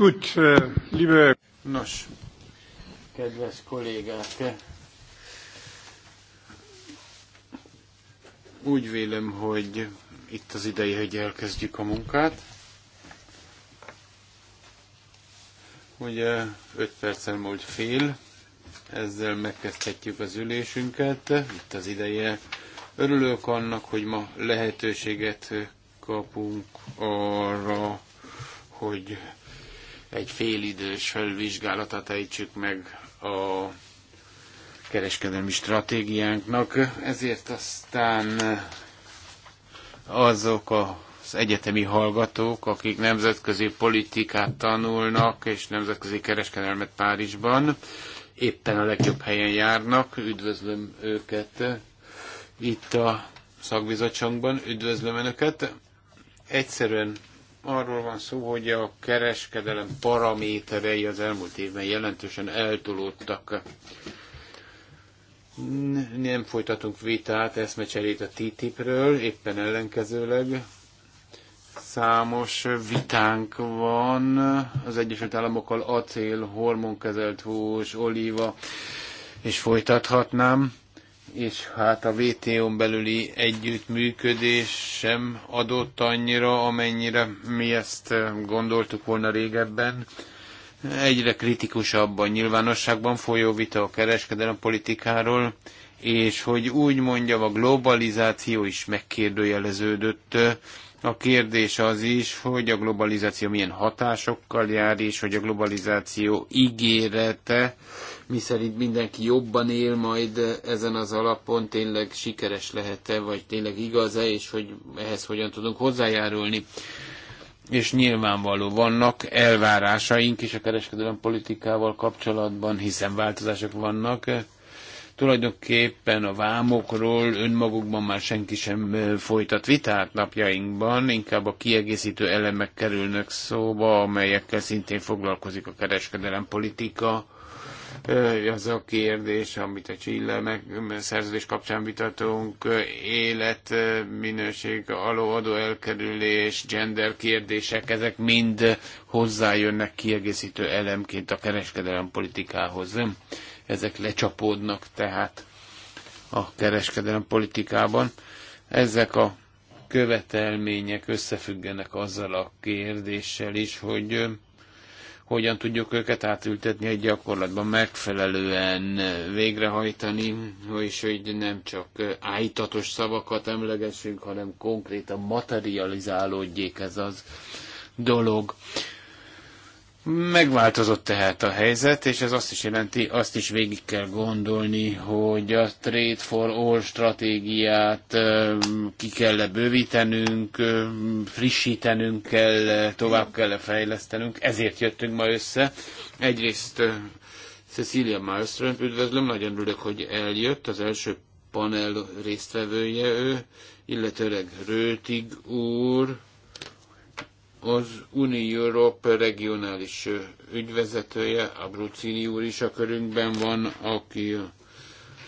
Gut, äh, liebe... Nos, kedves kollégák, úgy vélem, hogy itt az ideje, hogy elkezdjük a munkát. Ugye 5 perccel múlt fél, ezzel megkezdhetjük az ülésünket. Itt az ideje. Örülök annak, hogy ma lehetőséget kapunk arra, hogy egy félidős felvizsgálata tejtsük meg a kereskedelmi stratégiánknak, ezért aztán azok az egyetemi hallgatók, akik nemzetközi politikát tanulnak, és nemzetközi kereskedelmet Párizsban, éppen a legjobb helyen járnak. Üdvözlöm őket itt a szakbizottságban, üdvözlöm Önöket. Egyszerűen arról van szó, hogy a kereskedelem paraméterei az elmúlt évben jelentősen eltolódtak. Nem folytatunk vitát, eszmecserét a TTIP-ről, éppen ellenkezőleg számos vitánk van az Egyesült Államokkal acél, hormonkezelt hús, olíva, és folytathatnám és hát a WTO-n belüli együttműködés sem adott annyira, amennyire mi ezt eh, gondoltuk volna régebben. Egyre kritikusabb a nyilvánosságban folyó vita a kereskedelem politikáról, és hogy úgy mondjam, a globalizáció is megkérdőjeleződött, eh, a kérdés az is, hogy a globalizáció milyen hatásokkal jár, és hogy a globalizáció ígérete, miszerint mindenki jobban él majd ezen az alapon, tényleg sikeres lehet-e, vagy tényleg igaz-e, és hogy ehhez hogyan tudunk hozzájárulni. És nyilvánvaló vannak elvárásaink is a kereskedelem politikával kapcsolatban, hiszen változások vannak, Tulajdonképpen a vámokról önmagukban már senki sem folytat vitát napjainkban, inkább a kiegészítő elemek kerülnek szóba, amelyekkel szintén foglalkozik a kereskedelem politika. Az a kérdés, amit a Csille meg szerződés kapcsán vitatunk, életminőség, alóadó elkerülés, gender kérdések, ezek mind hozzájönnek kiegészítő elemként a kereskedelem politikához ezek lecsapódnak tehát a kereskedelem politikában. Ezek a követelmények összefüggenek azzal a kérdéssel is, hogy hogyan tudjuk őket átültetni egy gyakorlatban megfelelően végrehajtani, és hogy nem csak állítatos szavakat emlegessünk, hanem konkrétan materializálódjék ez az dolog. Megváltozott tehát a helyzet, és ez azt is jelenti, azt is végig kell gondolni, hogy a Trade for All stratégiát ki kell -e bővítenünk, frissítenünk kell, -e, tovább kell -e fejlesztenünk, ezért jöttünk ma össze. Egyrészt Cecilia Malmström, üdvözlöm, nagyon örülök, hogy eljött, az első panel résztvevője ő, illetőleg Rőtig úr, az Uni Europe regionális ügyvezetője, Abruzzini úr is a körünkben van, aki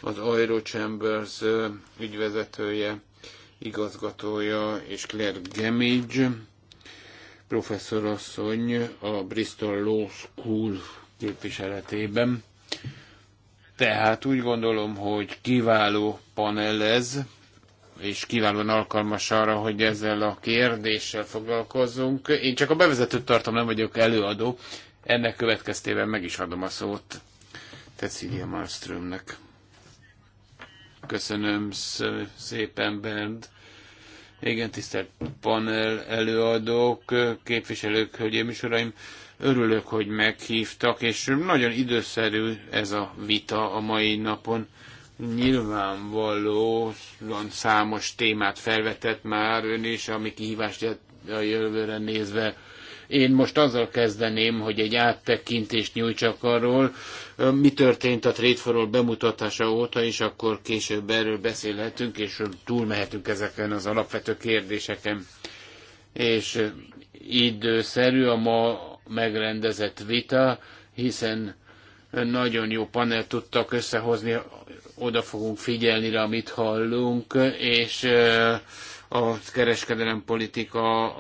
az Aero Chambers ügyvezetője, igazgatója, és Claire Gemage, professzorasszony a Bristol Law School képviseletében. Tehát úgy gondolom, hogy kiváló panel ez, és kiválóan alkalmas arra, hogy ezzel a kérdéssel foglalkozzunk. Én csak a bevezetőt tartom, nem vagyok előadó. Ennek következtében meg is adom a szót Cecilia Malmströmnek. Köszönöm szépen, Bernd. Igen, tisztelt panel előadók, képviselők, hölgyeim és uraim, örülök, hogy meghívtak, és nagyon időszerű ez a vita a mai napon nyilvánvalóan számos témát felvetett már ön is, ami kihívást a jövőre nézve. Én most azzal kezdeném, hogy egy áttekintést nyújtsak arról, mi történt a Trade bemutatása óta, és akkor később erről beszélhetünk, és túlmehetünk ezeken az alapvető kérdéseken. És időszerű a ma megrendezett vita, hiszen nagyon jó panelt tudtak összehozni oda fogunk figyelni rá, amit hallunk, és a kereskedelem politika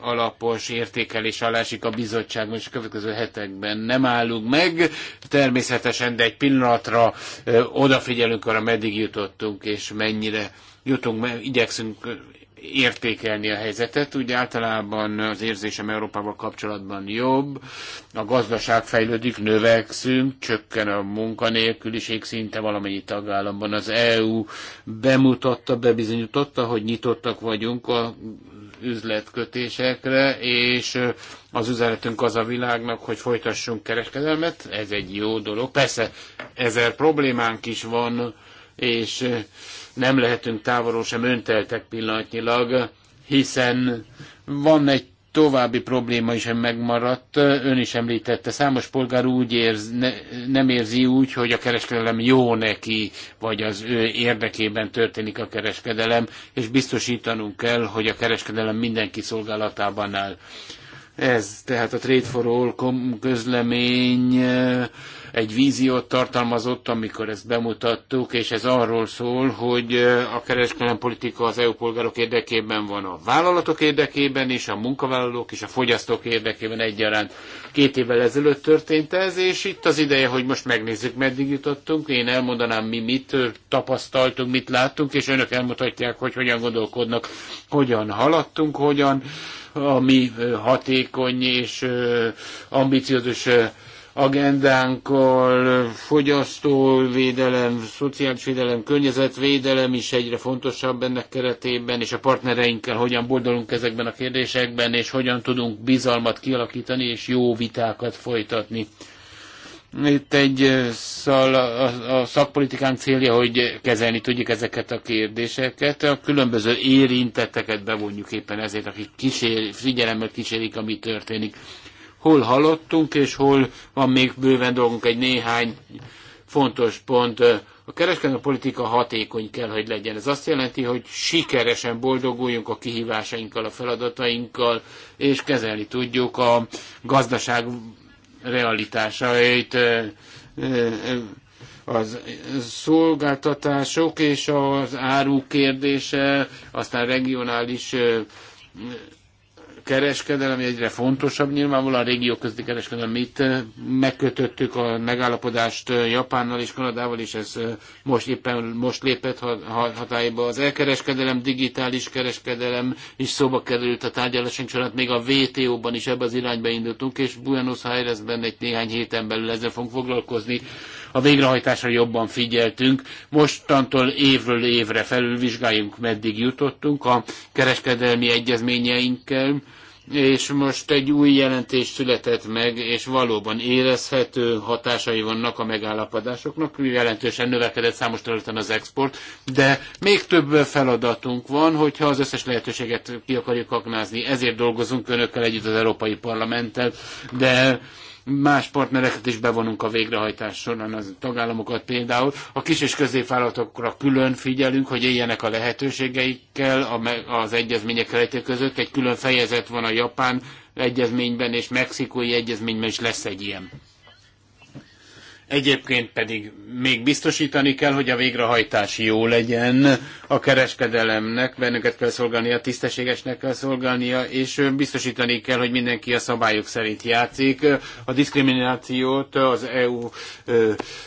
alapos értékelés alásik a bizottságban, és a következő hetekben nem állunk meg. Természetesen, de egy pillanatra odafigyelünk arra, meddig jutottunk, és mennyire jutunk, igyekszünk értékelni a helyzetet. Ugye általában az érzésem Európával kapcsolatban jobb, a gazdaság fejlődik, növekszünk, csökken a munkanélküliség szinte valamennyi tagállamban. Az EU bemutatta, bebizonyította, hogy nyitottak vagyunk a üzletkötésekre, és az üzenetünk az a világnak, hogy folytassunk kereskedelmet, ez egy jó dolog. Persze ezer problémánk is van, és nem lehetünk távolról sem önteltek pillanatnyilag, hiszen van egy további probléma is megmaradt. Ön is említette, számos polgár úgy érz, ne, nem érzi úgy, hogy a kereskedelem jó neki, vagy az ő érdekében történik a kereskedelem, és biztosítanunk kell, hogy a kereskedelem mindenki szolgálatában áll. Ez tehát a Trade for All közlemény egy víziót tartalmazott, amikor ezt bemutattuk, és ez arról szól, hogy a kereskedelmi politika az EU polgárok érdekében van a vállalatok érdekében, és a munkavállalók és a fogyasztók érdekében egyaránt. Két évvel ezelőtt történt ez, és itt az ideje, hogy most megnézzük, meddig jutottunk. Én elmondanám, mi mit tapasztaltunk, mit láttunk, és önök elmutatják, hogy hogyan gondolkodnak, hogyan haladtunk, hogyan ami hatékony és ambiciózus agendánkkal, fogyasztóvédelem, szociális védelem, környezetvédelem is egyre fontosabb ennek keretében, és a partnereinkkel hogyan boldolunk ezekben a kérdésekben, és hogyan tudunk bizalmat kialakítani, és jó vitákat folytatni itt egy szal, a, a szakpolitikánk célja, hogy kezelni tudjuk ezeket a kérdéseket. A különböző érintetteket bevonjuk éppen ezért, akik kísér, figyelemmel kísérik, ami történik. Hol halottunk, és hol van még bőven dolgunk egy néhány fontos pont. A kereskedelmi politika hatékony kell, hogy legyen. Ez azt jelenti, hogy sikeresen boldoguljunk a kihívásainkkal, a feladatainkkal, és kezelni tudjuk a gazdaság itt az szolgáltatások és az áru kérdése, aztán regionális kereskedelem egyre fontosabb. Nyilvánvalóan a régió közti kereskedelem itt eh, megkötöttük a megállapodást eh, Japánnal és Kanadával, és ez eh, most éppen most lépett hatályba. Az elkereskedelem, digitális kereskedelem is szóba került a tárgyalásunk során, még a WTO-ban is ebbe az irányba indultunk, és Buenos Airesben egy néhány héten belül ezzel fogunk foglalkozni a végrehajtásra jobban figyeltünk. Mostantól évről évre felülvizsgáljuk, meddig jutottunk a kereskedelmi egyezményeinkkel, és most egy új jelentés született meg, és valóban érezhető hatásai vannak a megállapodásoknak, jelentősen növekedett számos területen az export, de még több feladatunk van, hogyha az összes lehetőséget ki akarjuk aknázni, ezért dolgozunk önökkel együtt az Európai Parlamenttel, de más partnereket is bevonunk a végrehajtás során, az tagállamokat például. A kis és középvállalatokra külön figyelünk, hogy éljenek a lehetőségeikkel az egyezmények keretei között. Egy külön fejezet van a japán egyezményben, és mexikói egyezményben is lesz egy ilyen. Egyébként pedig még biztosítani kell, hogy a végrehajtás jó legyen a kereskedelemnek, bennünket kell szolgálnia, tisztességesnek kell szolgálnia, és biztosítani kell, hogy mindenki a szabályok szerint játszik. A diszkriminációt az EU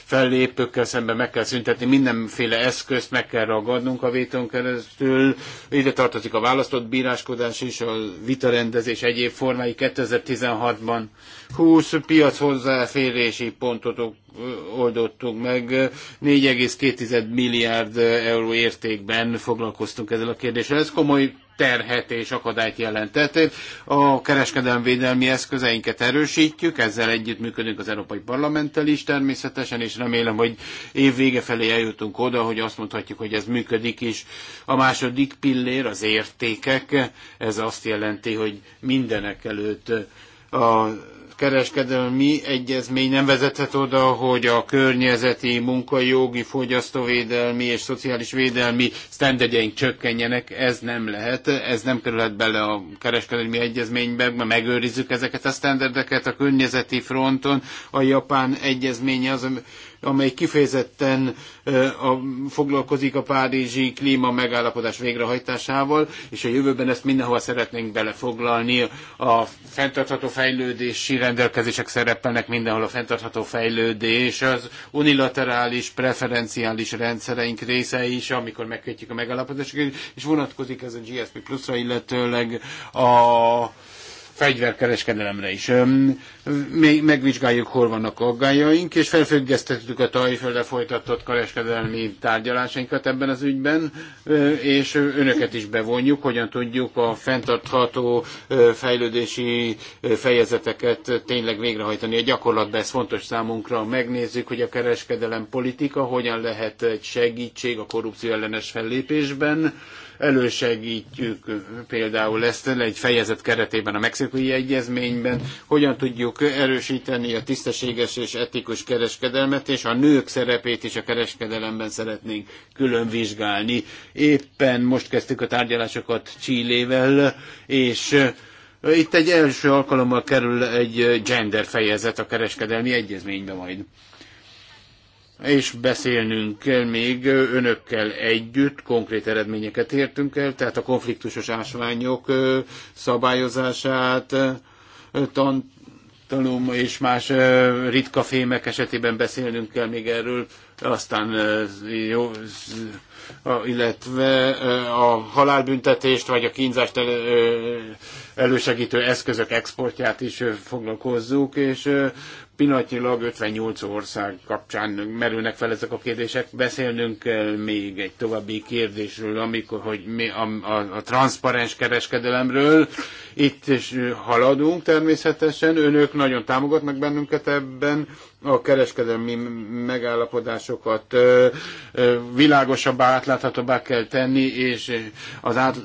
fellépőkkel szemben meg kell szüntetni, mindenféle eszközt meg kell ragadnunk a véton keresztül. Ide tartozik a választott bíráskodás és a vitarendezés egyéb formái 2016-ban 20 piac hozzáférési pontot oldottunk meg, 4,2 milliárd euró értékben foglalkoztunk ezzel a kérdéssel. Ez komoly terhet és akadályt jelentett. A kereskedelmvédelmi eszközeinket erősítjük, ezzel együttműködünk az Európai Parlamenttel is természetesen, és remélem, hogy év vége felé eljutunk oda, hogy azt mondhatjuk, hogy ez működik is. A második pillér az értékek, ez azt jelenti, hogy mindenek előtt a kereskedelmi egyezmény nem vezethet oda, hogy a környezeti, munkajogi, fogyasztóvédelmi és szociális védelmi sztendegyeink csökkenjenek. Ez nem lehet, ez nem kerülhet bele a kereskedelmi egyezménybe, mert megőrizzük ezeket a sztenderdeket a környezeti fronton. A japán egyezménye az, amely kifejezetten a, foglalkozik a párizsi klíma megállapodás végrehajtásával, és a jövőben ezt mindenhova szeretnénk belefoglalni. A fenntartható fejlődési rendelkezések szerepelnek mindenhol a fenntartható fejlődés, az unilaterális, preferenciális rendszereink része is, amikor megkötjük a megállapodásokat, és vonatkozik ez a GSP pluszra, illetőleg a fegyverkereskedelemre is. Még megvizsgáljuk, hol vannak aggájaink, és felfüggesztettük a Tajfölde folytatott kereskedelmi tárgyalásainkat ebben az ügyben, és önöket is bevonjuk, hogyan tudjuk a fenntartható fejlődési fejezeteket tényleg végrehajtani. A gyakorlatban ez fontos számunkra. Megnézzük, hogy a kereskedelem politika hogyan lehet egy segítség a korrupció ellenes fellépésben, elősegítjük például ezt egy fejezet keretében a mexikói egyezményben, hogyan tudjuk erősíteni a tisztességes és etikus kereskedelmet, és a nők szerepét is a kereskedelemben szeretnénk külön vizsgálni. Éppen most kezdtük a tárgyalásokat Csillével, és itt egy első alkalommal kerül egy gender fejezet a kereskedelmi egyezménybe majd és beszélnünk kell még önökkel együtt, konkrét eredményeket értünk el, tehát a konfliktusos ásványok szabályozását, tantalum és más ritka fémek esetében beszélnünk kell még erről, aztán jó, illetve a halálbüntetést vagy a kínzást elősegítő eszközök exportját is foglalkozzuk, és Pillanatnyilag 58 ország kapcsán merülnek fel ezek a kérdések. Beszélnünk kell még egy további kérdésről, amikor, hogy mi a, a, a transzparens kereskedelemről. Itt is haladunk természetesen. Önök nagyon támogatnak bennünket ebben a kereskedelmi megállapodásokat világosabbá, átláthatóbbá kell tenni, és az át,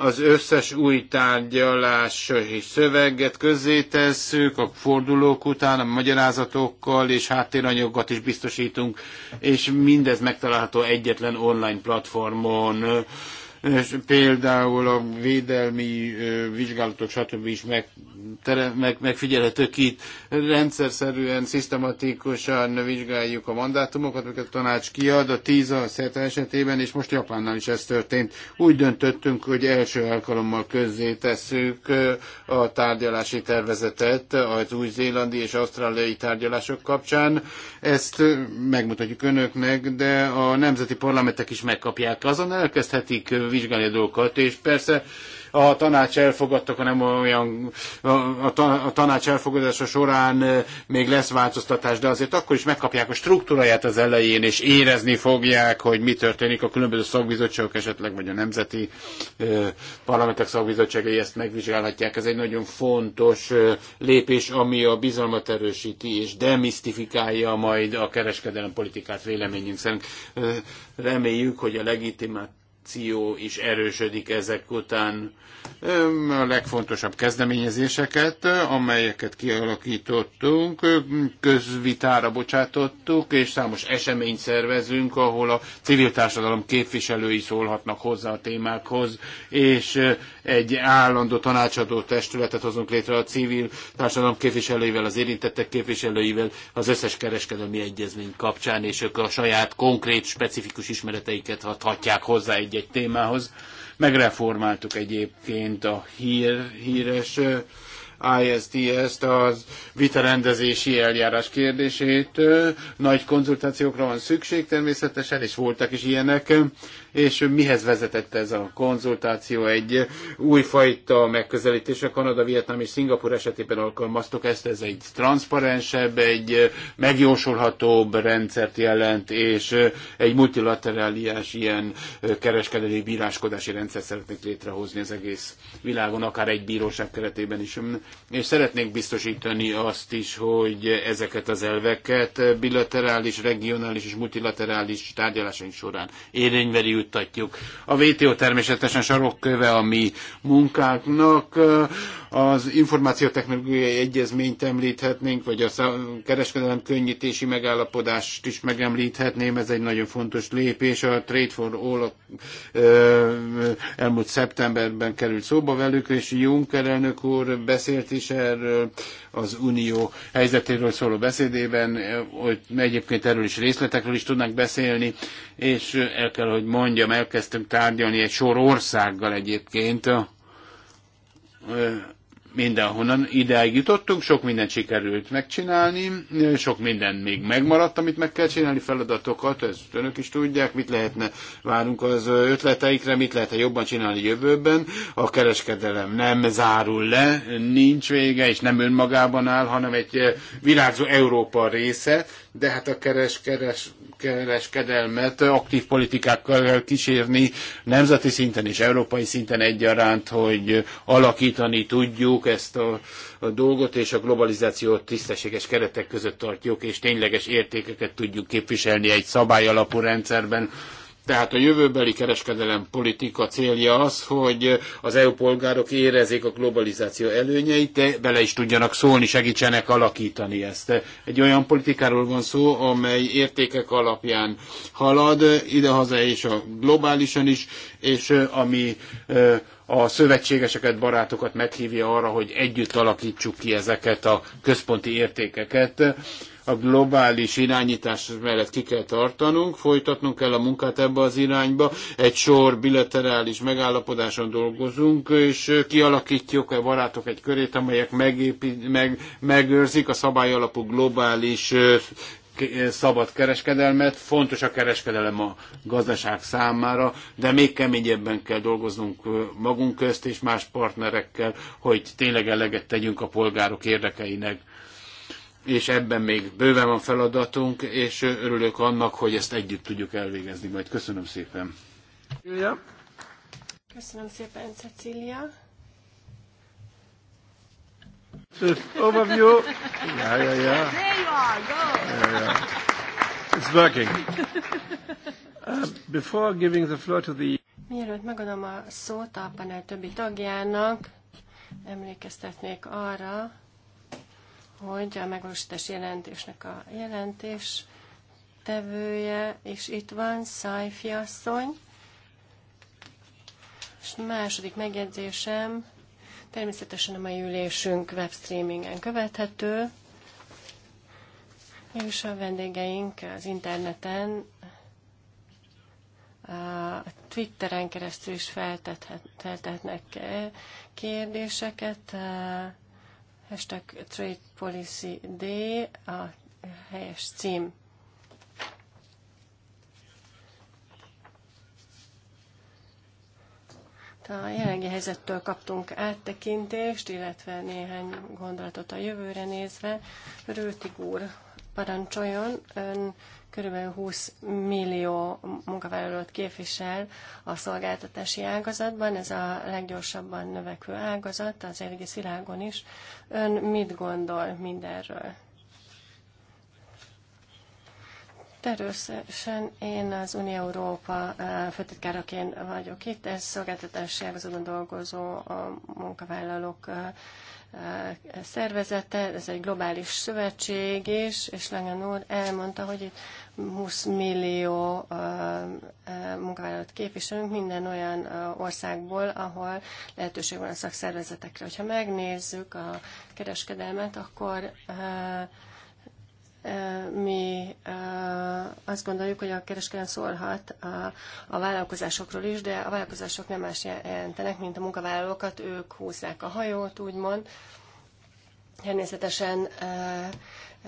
az összes új tárgyalási szöveget közzétesszük, a fordulók után a magyarázatokkal és háttéranyagokat is biztosítunk, és mindez megtalálható egyetlen online platformon például a védelmi vizsgálatok, stb. is meg, tere, meg, megfigyelhetők itt. szerűen, szisztematikusan vizsgáljuk a mandátumokat, amiket a tanács kiad, a tíza SZETA esetében, és most Japánnal is ez történt. Úgy döntöttünk, hogy első alkalommal közzé tesszük a tárgyalási tervezetet az új-zélandi és ausztráliai tárgyalások kapcsán. Ezt megmutatjuk önöknek, de a nemzeti parlamentek is megkapják. Azon elkezdhetik vizsgálni a dolgokat, és persze a tanács elfogadtak, hanem olyan a tanács elfogadása során még lesz változtatás, de azért akkor is megkapják a struktúráját az elején, és érezni fogják, hogy mi történik a különböző szakbizottságok esetleg, vagy a nemzeti parlamentek szakbizottságai ezt megvizsgálhatják. Ez egy nagyon fontos lépés, ami a bizalmat erősíti, és demisztifikálja majd a kereskedelem politikát véleményünk szerint. Reméljük, hogy a legitimát reakció is erősödik ezek után a legfontosabb kezdeményezéseket, amelyeket kialakítottunk, közvitára bocsátottuk, és számos eseményt szervezünk, ahol a civil társadalom képviselői szólhatnak hozzá a témákhoz, és egy állandó tanácsadó testületet hozunk létre a civil társadalom képviselőivel, az érintettek képviselőivel, az összes kereskedelmi egyezmény kapcsán, és ők a saját konkrét, specifikus ismereteiket adhatják hozzá egy-egy témához Megreformáltuk egyébként a hír, híres ISTS-t, az vitarendezési eljárás kérdését. Nagy konzultációkra van szükség természetesen, és voltak is ilyenek és mihez vezetett ez a konzultáció? Egy újfajta megközelítés a Kanada, Vietnám és Szingapur esetében alkalmaztuk ezt, ez egy transzparensebb, egy megjósolhatóbb rendszert jelent, és egy multilateráliás ilyen kereskedelmi bíráskodási rendszer szeretnék létrehozni az egész világon, akár egy bíróság keretében is. És szeretnék biztosítani azt is, hogy ezeket az elveket bilaterális, regionális és multilaterális tárgyalásaink során érvényveri juttatjuk. A VTO természetesen sarokköve a mi munkánknak, az információtechnológiai egyezményt említhetnénk, vagy a kereskedelem könnyítési megállapodást is megemlíthetném, ez egy nagyon fontos lépés. A Trade for All elmúlt szeptemberben került szóba velük, és Juncker elnök úr beszélt is erről az unió helyzetéről szóló beszédében, hogy egyébként erről is részletekről is tudnánk beszélni, és el kell, hogy mondjam, elkezdtünk tárgyalni egy sor országgal egyébként, mindenhonnan ideig jutottunk, sok mindent sikerült megcsinálni, sok minden még megmaradt, amit meg kell csinálni, feladatokat, ezt önök is tudják, mit lehetne, várunk az ötleteikre, mit lehetne jobban csinálni jövőben, a kereskedelem nem zárul le, nincs vége, és nem önmagában áll, hanem egy virágzó Európa része, de hát a kereskedelem kereskedelmet aktív politikákkal kell kísérni, nemzeti szinten és európai szinten egyaránt, hogy alakítani tudjuk ezt a, a dolgot, és a globalizációt tisztességes keretek között tartjuk, és tényleges értékeket tudjuk képviselni egy szabályalapú rendszerben tehát a jövőbeli kereskedelem politika célja az, hogy az EU polgárok érezzék a globalizáció előnyeit, de bele is tudjanak szólni, segítsenek alakítani ezt. Egy olyan politikáról van szó, amely értékek alapján halad idehaza és a globálisan is, és ami a szövetségeseket, barátokat meghívja arra, hogy együtt alakítsuk ki ezeket a központi értékeket. A globális irányítás mellett ki kell tartanunk, folytatnunk kell a munkát ebbe az irányba. Egy sor bilaterális megállapodáson dolgozunk, és kialakítjuk a barátok egy körét, amelyek megépi, meg, megőrzik a szabályalapú globális Eh, szabad kereskedelmet, fontos a kereskedelem a gazdaság számára, de még keményebben kell dolgoznunk eh, magunk közt és más partnerekkel, hogy tényleg eleget tegyünk a polgárok érdekeinek és ebben még bőven van feladatunk, és örülök annak, hogy ezt együtt tudjuk elvégezni majd. Köszönöm szépen. Köszönöm szépen, Cecília. Overview. Yeah, yeah, yeah. There you are. Go. Yeah, yeah. It's working. Um, before giving the floor to the... Mielőtt megadom a szót a panel többi tagjának, emlékeztetnék arra, hogy a megvalósítás jelentésnek a jelentés tevője, és itt van Szájfi asszony. És második megjegyzésem, Természetesen a mai ülésünk webstreamingen követhető, és a vendégeink az interneten, a Twitteren keresztül is feltethetnek kérdéseket. Hashtag Trade Policy D a helyes cím. A jelenlegi helyzettől kaptunk áttekintést, illetve néhány gondolatot a jövőre nézve. Rőtig úr, parancsoljon, ön körülbelül 20 millió munkavállalót képvisel a szolgáltatási ágazatban, ez a leggyorsabban növekvő ágazat az egész világon is. Ön mit gondol mindenről? Természetesen én az Unió Európa eh, főtitkáraként vagyok itt, ez szolgáltatási ágazatban dolgozó a munkavállalók eh, eh, szervezete, ez egy globális szövetség is, és Langan úr elmondta, hogy itt 20 millió munkavállalót képviselünk minden olyan országból, ahol lehetőség van a szakszervezetekre. Ha megnézzük a kereskedelmet, akkor mi azt gondoljuk, hogy a kereskedelem szólhat a, a vállalkozásokról is, de a vállalkozások nem más jelentenek, mint a munkavállalókat, ők húzzák a hajót, úgymond. Természetesen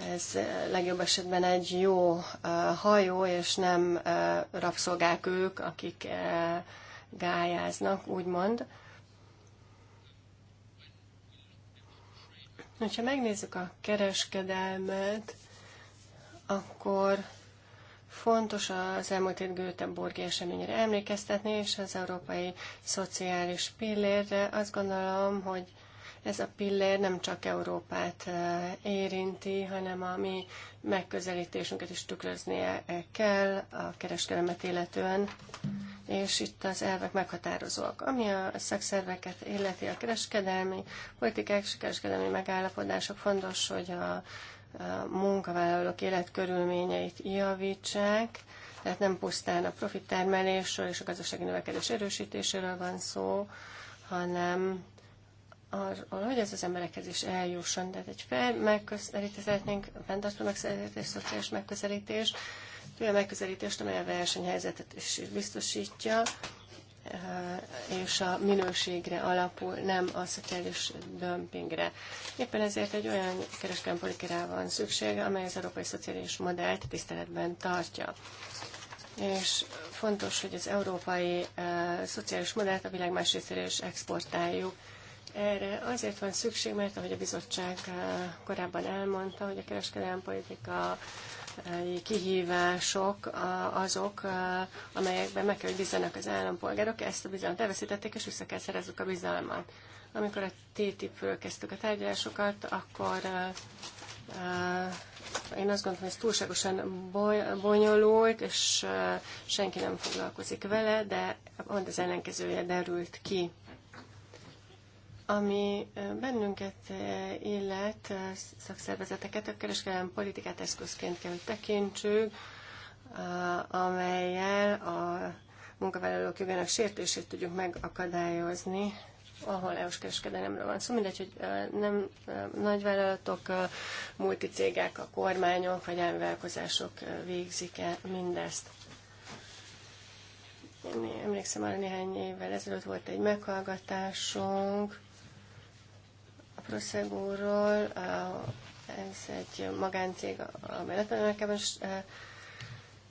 ez legjobb esetben egy jó hajó, és nem rabszolgák ők, akik gályáznak, úgymond. Ha megnézzük a kereskedelmet, akkor fontos az elmúlt hét Göteborgi eseményre emlékeztetni, és az európai szociális pillérre. Azt gondolom, hogy ez a pillér nem csak Európát eh, érinti, hanem a mi megközelítésünket is tükröznie kell a kereskedelmet illetően, és itt az elvek meghatározóak. Ami a szakszerveket illeti a kereskedelmi politikák és kereskedelmi megállapodások, fontos, hogy a munkavállalók életkörülményeit javítsák, tehát nem pusztán a profittermelésről és a gazdasági növekedés erősítéséről van szó, hanem arról, hogy ez az emberekhez is eljusson. Tehát egy fel megközelítés szeretnénk, fenntartó megközelítés, szociális megközelítés, olyan megközelítést, amely a versenyhelyzetet is biztosítja, és a minőségre alapul, nem a szociális dömpingre. Éppen ezért egy olyan kereskedelmi politikára van szükség, amely az európai szociális modellt tiszteletben tartja. És fontos, hogy az európai e, szociális modellt a világ más részére is exportáljuk. Erre azért van szükség, mert ahogy a bizottság korábban elmondta, hogy a kereskedelmi politika kihívások azok, amelyekben meg kell, hogy bizonyak az állampolgárok. Ezt a bizalmat elveszítették, és vissza kell szerezzük a bizalmat. Amikor a TTIP-ről kezdtük a tárgyalásokat, akkor én azt gondolom, hogy ez túlságosan bonyolult, és senki nem foglalkozik vele, de pont az ellenkezője derült ki. Ami bennünket illet, szakszervezeteket, a kereskedelmi politikát eszközként kell, hogy tekintsük, amelyel a munkavállalók jogának sértését tudjuk megakadályozni, ahol EU-s kereskedelemről van szó. Szóval mindegy, hogy nem nagyvállalatok, multicégek, a kormányok vagy elvállalkozások végzik el mindezt. Én emlékszem, arra néhány évvel ezelőtt volt egy meghallgatásunk, Proszegóról ez egy magáncég, amely latin is e,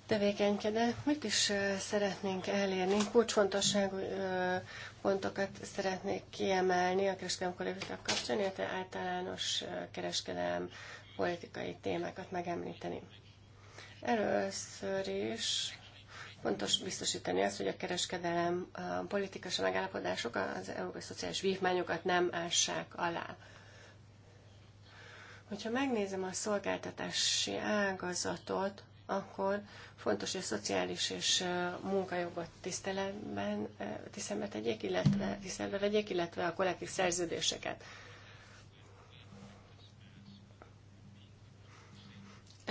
tevékenykedett. Mit is e, szeretnénk elérni? Kulcsfontosságú e, pontokat szeretnék kiemelni a kereskedelmi politikák kapcsán, illetve általános kereskedelmi politikai témákat megemlíteni. Először is Fontos biztosítani azt, hogy a kereskedelem a politikus a megállapodások az európai szociális vívmányokat nem ássák alá. Hogyha megnézem a szolgáltatási ágazatot, akkor fontos, hogy a szociális és munkajogot tiszteletben tiszteletbe tegyék, illetve tiszteletben vegyék, illetve a kollektív szerződéseket.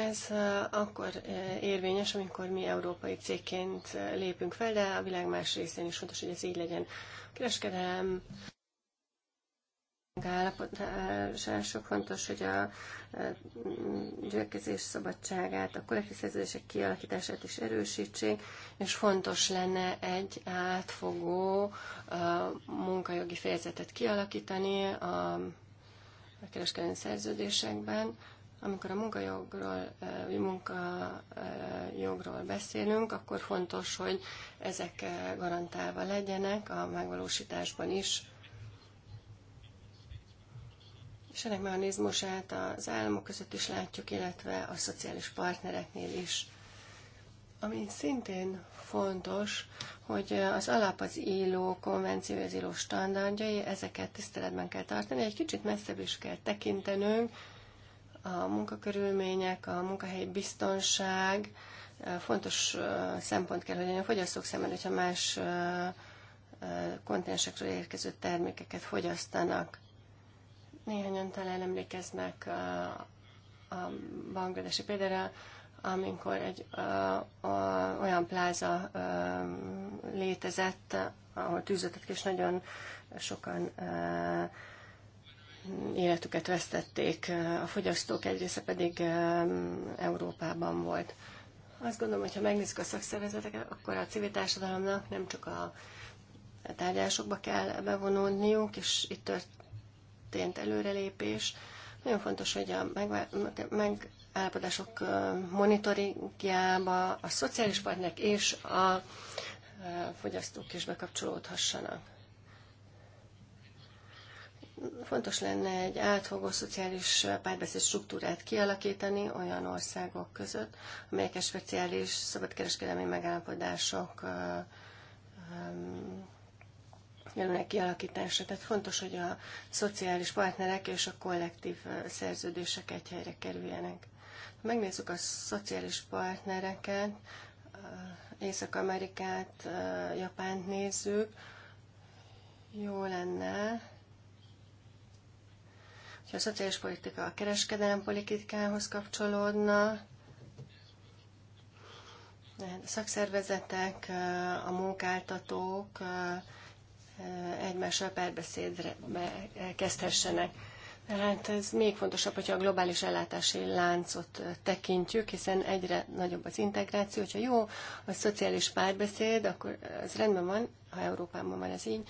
Ez akkor érvényes, amikor mi európai cégként lépünk fel, de a világ más részén is fontos, hogy ez így legyen. A kereskedelem megállapodások fontos, hogy a gyülekezés szabadságát, a kollektív szerződések kialakítását is erősítsék, és fontos lenne egy átfogó munkajogi fejezetet kialakítani a kereskedelmi szerződésekben, amikor a munkajogról, munkajogról beszélünk, akkor fontos, hogy ezek garantálva legyenek a megvalósításban is. És ennek mechanizmusát az államok között is látjuk, illetve a szociális partnereknél is. Ami szintén fontos, hogy az alap az ILO konvenció, az ILO standardjai, ezeket tiszteletben kell tartani, egy kicsit messzebb is kell tekintenünk, a munkakörülmények, a munkahelyi biztonság fontos szempont kell, hogy a fogyasztók szemben, hogyha más kontinensekről érkező termékeket fogyasztanak. Néhányan talán emlékeznek a, a bangladesi példára, amikor egy a, a, olyan pláza a, létezett, ahol tűzöttek, és nagyon sokan a, életüket vesztették, a fogyasztók egy része pedig Európában volt. Azt gondolom, hogy ha megnézzük a szakszervezeteket, akkor a civil társadalomnak nem csak a tárgyalásokba kell bevonódniuk, és itt történt előrelépés. Nagyon fontos, hogy a megállapodások monitoringjába a szociális partnerek és a fogyasztók is bekapcsolódhassanak. Fontos lenne egy átfogó szociális párbeszéd struktúrát kialakítani olyan országok között, amelyek a speciális szabadkereskedelmi megállapodások kerülnek kialakításra. Tehát fontos, hogy a szociális partnerek és a kollektív szerződések egy helyre kerüljenek. Ha megnézzük a szociális partnereket, Észak-Amerikát, Japánt nézzük, jó lenne, ha a szociális politika a kereskedelem politikához kapcsolódna, a szakszervezetek, a munkáltatók egymással párbeszédre kezdhessenek. Tehát ez még fontosabb, hogyha a globális ellátási láncot tekintjük, hiszen egyre nagyobb az integráció. Hogyha jó a szociális párbeszéd, akkor ez rendben van, ha Európában van ez így,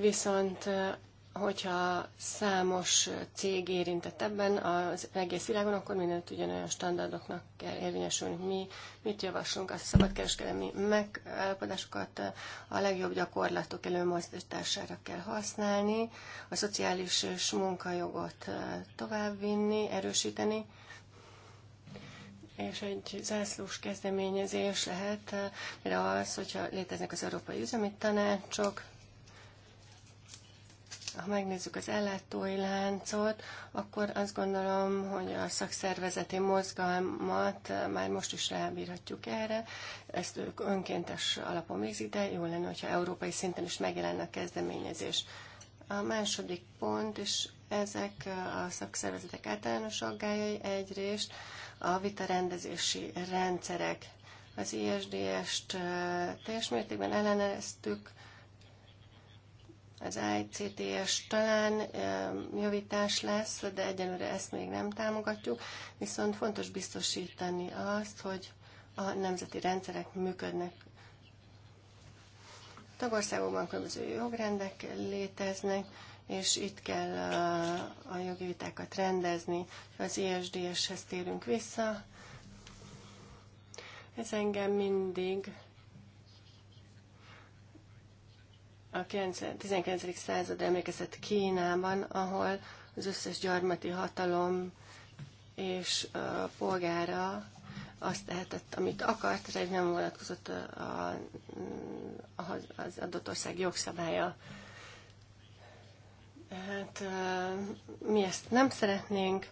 viszont hogyha számos cég érintett ebben az egész világon, akkor mindent ugyanolyan standardoknak kell érvényesülni. Mi mit javaslunk? A szabadkereskedelmi megállapodásokat a legjobb gyakorlatok előmozdítására kell használni, a szociális és munkajogot továbbvinni, erősíteni, és egy zászlós kezdeményezés lehet, de az, hogyha léteznek az európai üzemi tanácsok, ha megnézzük az ellátói láncot, akkor azt gondolom, hogy a szakszervezeti mozgalmat eh, már most is rábírhatjuk erre. Ezt ők önkéntes alapon végzik, de jó lenne, hogyha európai szinten is megjelenne a kezdeményezés. A második pont, és ezek eh, a szakszervezetek általános aggályai egyrészt a vitarendezési rendszerek. Az ISDS-t eh, teljes mértékben elleneztük, az ICTS talán javítás lesz, de egyelőre ezt még nem támogatjuk, viszont fontos biztosítani azt, hogy a nemzeti rendszerek működnek. A tagországokban különböző jogrendek léteznek, és itt kell a jogi vitákat rendezni. Az ISDS-hez térünk vissza. Ez engem mindig a 19. század emlékezett Kínában, ahol az összes gyarmati hatalom és a polgára azt tehetett, amit akart, és egy nem vonatkozott a, a, az adott ország jogszabálya. Hát mi ezt nem szeretnénk,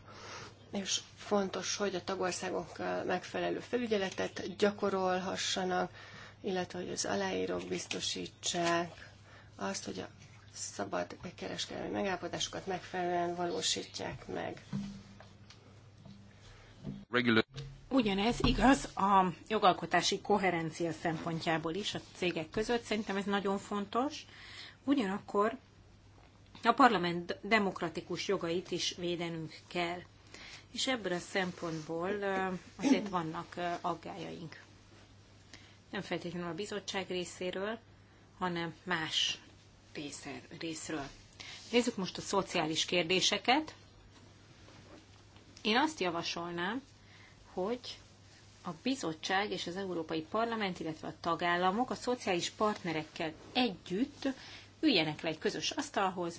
és fontos, hogy a tagországok megfelelő felügyeletet gyakorolhassanak, illetve hogy az aláírók biztosítsák azt, hogy a szabad kereskedelmi megállapodásokat megfelelően valósítják meg. Regular. Ugyanez igaz a jogalkotási koherencia szempontjából is a cégek között. Szerintem ez nagyon fontos. Ugyanakkor a parlament demokratikus jogait is védenünk kell. És ebből a szempontból azért vannak aggájaink. Nem feltétlenül a bizottság részéről, hanem más részről. Nézzük most a szociális kérdéseket. Én azt javasolnám, hogy a bizottság és az Európai Parlament, illetve a tagállamok a szociális partnerekkel együtt üljenek le egy közös asztalhoz,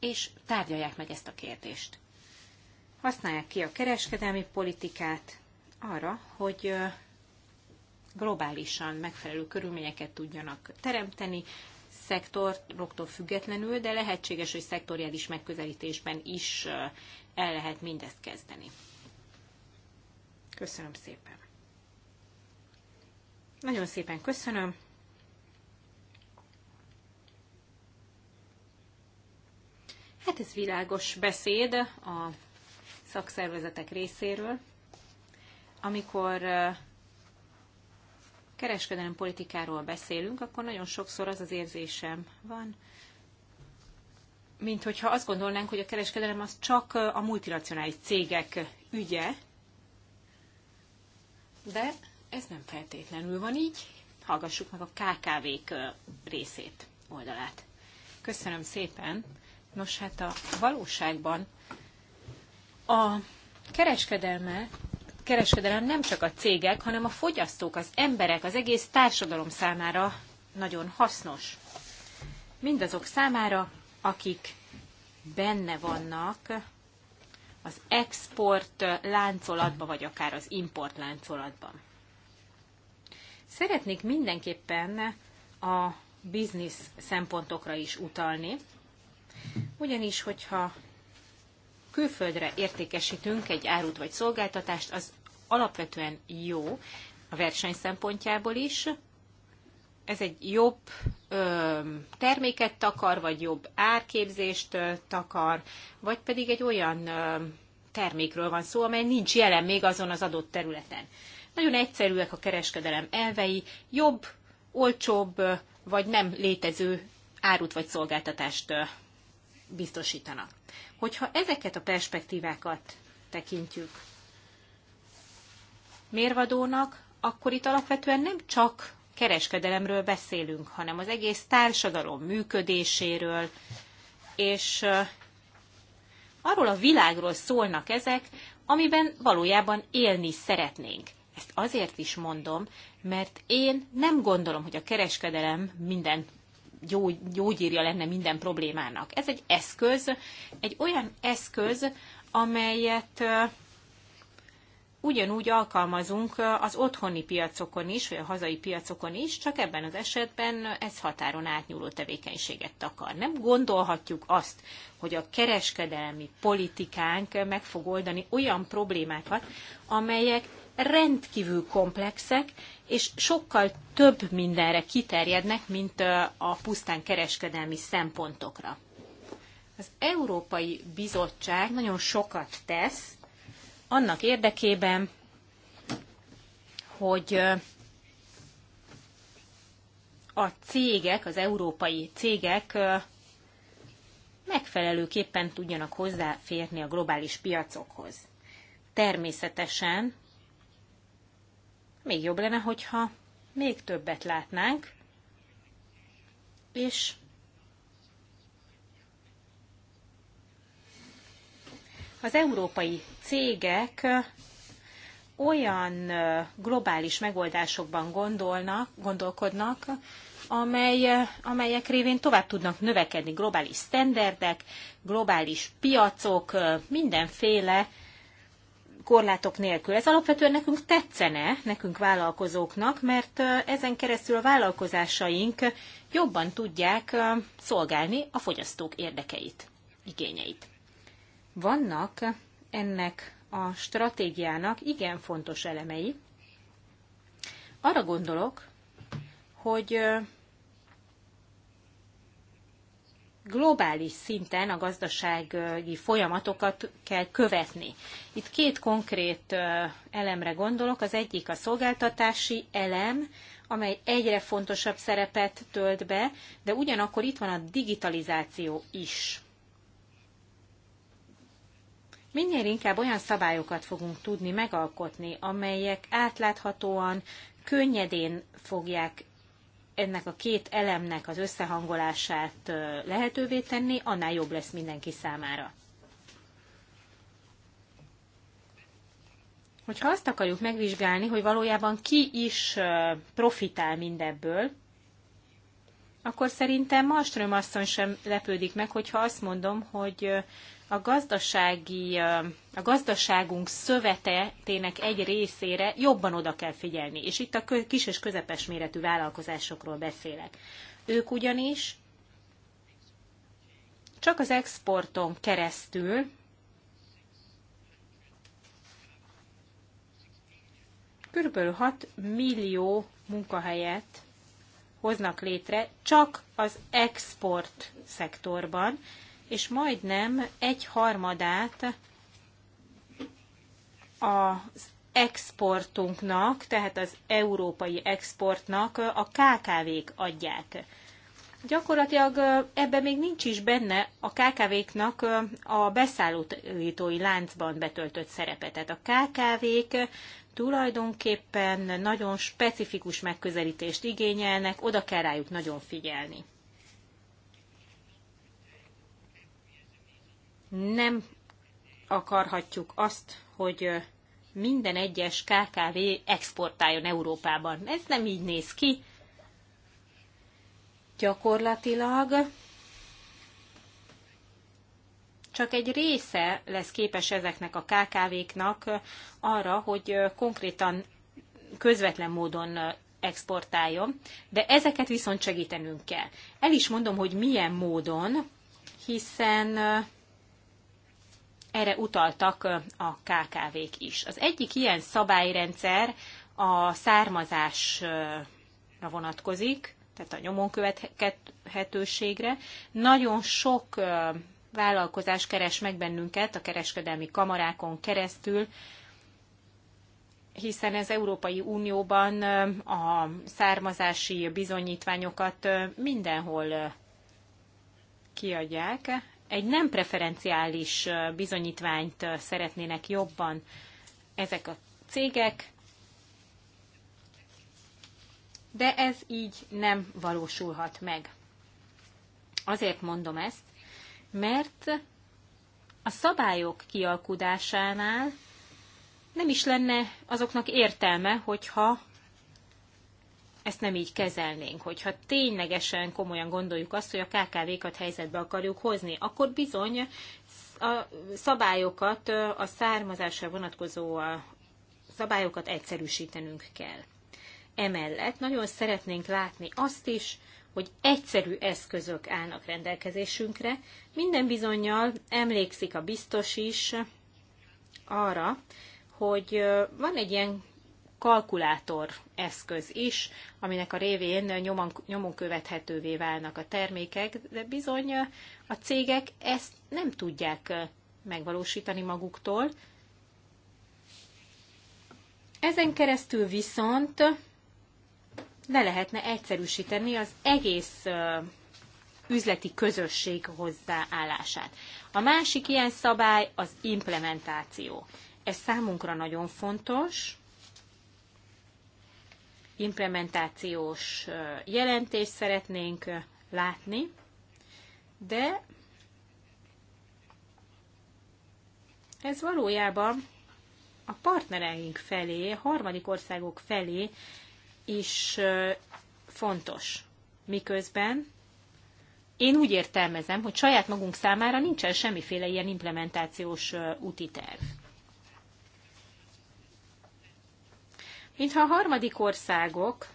és tárgyalják meg ezt a kérdést. Használják ki a kereskedelmi politikát arra, hogy globálisan megfelelő körülményeket tudjanak teremteni szektoroktól függetlenül, de lehetséges, hogy szektoriális megközelítésben is el lehet mindezt kezdeni. Köszönöm szépen. Nagyon szépen köszönöm. Hát ez világos beszéd a szakszervezetek részéről. Amikor kereskedelem politikáról beszélünk, akkor nagyon sokszor az az érzésem van, mint hogyha azt gondolnánk, hogy a kereskedelem az csak a multinacionális cégek ügye, de ez nem feltétlenül van így. Hallgassuk meg a KKV-k részét, oldalát. Köszönöm szépen. Nos, hát a valóságban a kereskedelme kereskedelem nem csak a cégek, hanem a fogyasztók, az emberek, az egész társadalom számára nagyon hasznos. Mindazok számára, akik benne vannak az export láncolatban, vagy akár az import láncolatban. Szeretnék mindenképpen a biznisz szempontokra is utalni, ugyanis, hogyha külföldre értékesítünk egy árut vagy szolgáltatást, az alapvetően jó a verseny szempontjából is. Ez egy jobb ö, terméket takar, vagy jobb árképzést ö, takar, vagy pedig egy olyan ö, termékről van szó, amely nincs jelen még azon az adott területen. Nagyon egyszerűek a kereskedelem elvei, jobb, olcsóbb, vagy nem létező árut vagy szolgáltatást biztosítanak. Hogyha ezeket a perspektívákat tekintjük mérvadónak, akkor itt alapvetően nem csak kereskedelemről beszélünk, hanem az egész társadalom működéséről, és arról a világról szólnak ezek, amiben valójában élni szeretnénk. Ezt azért is mondom, mert én nem gondolom, hogy a kereskedelem minden gyógyírja lenne minden problémának. Ez egy eszköz, egy olyan eszköz, amelyet ugyanúgy alkalmazunk az otthoni piacokon is, vagy a hazai piacokon is, csak ebben az esetben ez határon átnyúló tevékenységet takar. Nem gondolhatjuk azt, hogy a kereskedelmi politikánk meg fog oldani olyan problémákat, amelyek rendkívül komplexek, és sokkal több mindenre kiterjednek, mint a pusztán kereskedelmi szempontokra. Az Európai Bizottság nagyon sokat tesz, annak érdekében, hogy a cégek, az európai cégek megfelelőképpen tudjanak hozzáférni a globális piacokhoz. Természetesen még jobb lenne, hogyha még többet látnánk, és az európai cégek olyan globális megoldásokban gondolnak, gondolkodnak, amely, amelyek révén tovább tudnak növekedni globális sztenderdek, globális piacok, mindenféle korlátok nélkül. Ez alapvetően nekünk tetszene, nekünk vállalkozóknak, mert ezen keresztül a vállalkozásaink jobban tudják szolgálni a fogyasztók érdekeit, igényeit. Vannak ennek a stratégiának igen fontos elemei. Arra gondolok, hogy globális szinten a gazdasági folyamatokat kell követni. Itt két konkrét elemre gondolok. Az egyik a szolgáltatási elem, amely egyre fontosabb szerepet tölt be, de ugyanakkor itt van a digitalizáció is minél inkább olyan szabályokat fogunk tudni megalkotni, amelyek átláthatóan, könnyedén fogják ennek a két elemnek az összehangolását lehetővé tenni, annál jobb lesz mindenki számára. Hogyha azt akarjuk megvizsgálni, hogy valójában ki is profitál mindebből, akkor szerintem Malmström asszony sem lepődik meg, hogyha azt mondom, hogy a, gazdasági, a gazdaságunk szövetetének egy részére jobban oda kell figyelni, és itt a kis és közepes méretű vállalkozásokról beszélek. Ők ugyanis csak az exporton keresztül kb. 6 millió munkahelyet hoznak létre csak az export szektorban, és majdnem egy harmadát az exportunknak, tehát az európai exportnak a KKV-k adják. Gyakorlatilag ebbe még nincs is benne a KKV-knak a beszállítói láncban betöltött szerepe. Tehát a KKV-k tulajdonképpen nagyon specifikus megközelítést igényelnek, oda kell rájuk nagyon figyelni. nem akarhatjuk azt, hogy minden egyes KKV exportáljon Európában. Ez nem így néz ki. Gyakorlatilag csak egy része lesz képes ezeknek a KKV-knak arra, hogy konkrétan közvetlen módon exportáljon, de ezeket viszont segítenünk kell. El is mondom, hogy milyen módon, hiszen erre utaltak a KKV-k is. Az egyik ilyen szabályrendszer a származásra vonatkozik, tehát a nyomon követhetőségre. Nagyon sok vállalkozás keres meg bennünket a kereskedelmi kamarákon keresztül, hiszen ez Európai Unióban a származási bizonyítványokat mindenhol kiadják egy nem preferenciális bizonyítványt szeretnének jobban ezek a cégek, de ez így nem valósulhat meg. Azért mondom ezt, mert a szabályok kialkudásánál nem is lenne azoknak értelme, hogyha ezt nem így kezelnénk. Hogyha ténylegesen komolyan gondoljuk azt, hogy a KKV-kat helyzetbe akarjuk hozni, akkor bizony a szabályokat, a származásra vonatkozó szabályokat egyszerűsítenünk kell. Emellett nagyon szeretnénk látni azt is, hogy egyszerű eszközök állnak rendelkezésünkre. Minden bizonyal emlékszik a biztos is arra, hogy van egy ilyen kalkulátor eszköz is, aminek a révén nyomon, nyomon követhetővé válnak a termékek, de bizony a cégek ezt nem tudják megvalósítani maguktól. Ezen keresztül viszont le lehetne egyszerűsíteni az egész üzleti közösség hozzáállását. A másik ilyen szabály az implementáció. Ez számunkra nagyon fontos, implementációs jelentést szeretnénk látni, de ez valójában a partnereink felé, harmadik országok felé is fontos. Miközben én úgy értelmezem, hogy saját magunk számára nincsen semmiféle ilyen implementációs útiterv. mintha a harmadik országok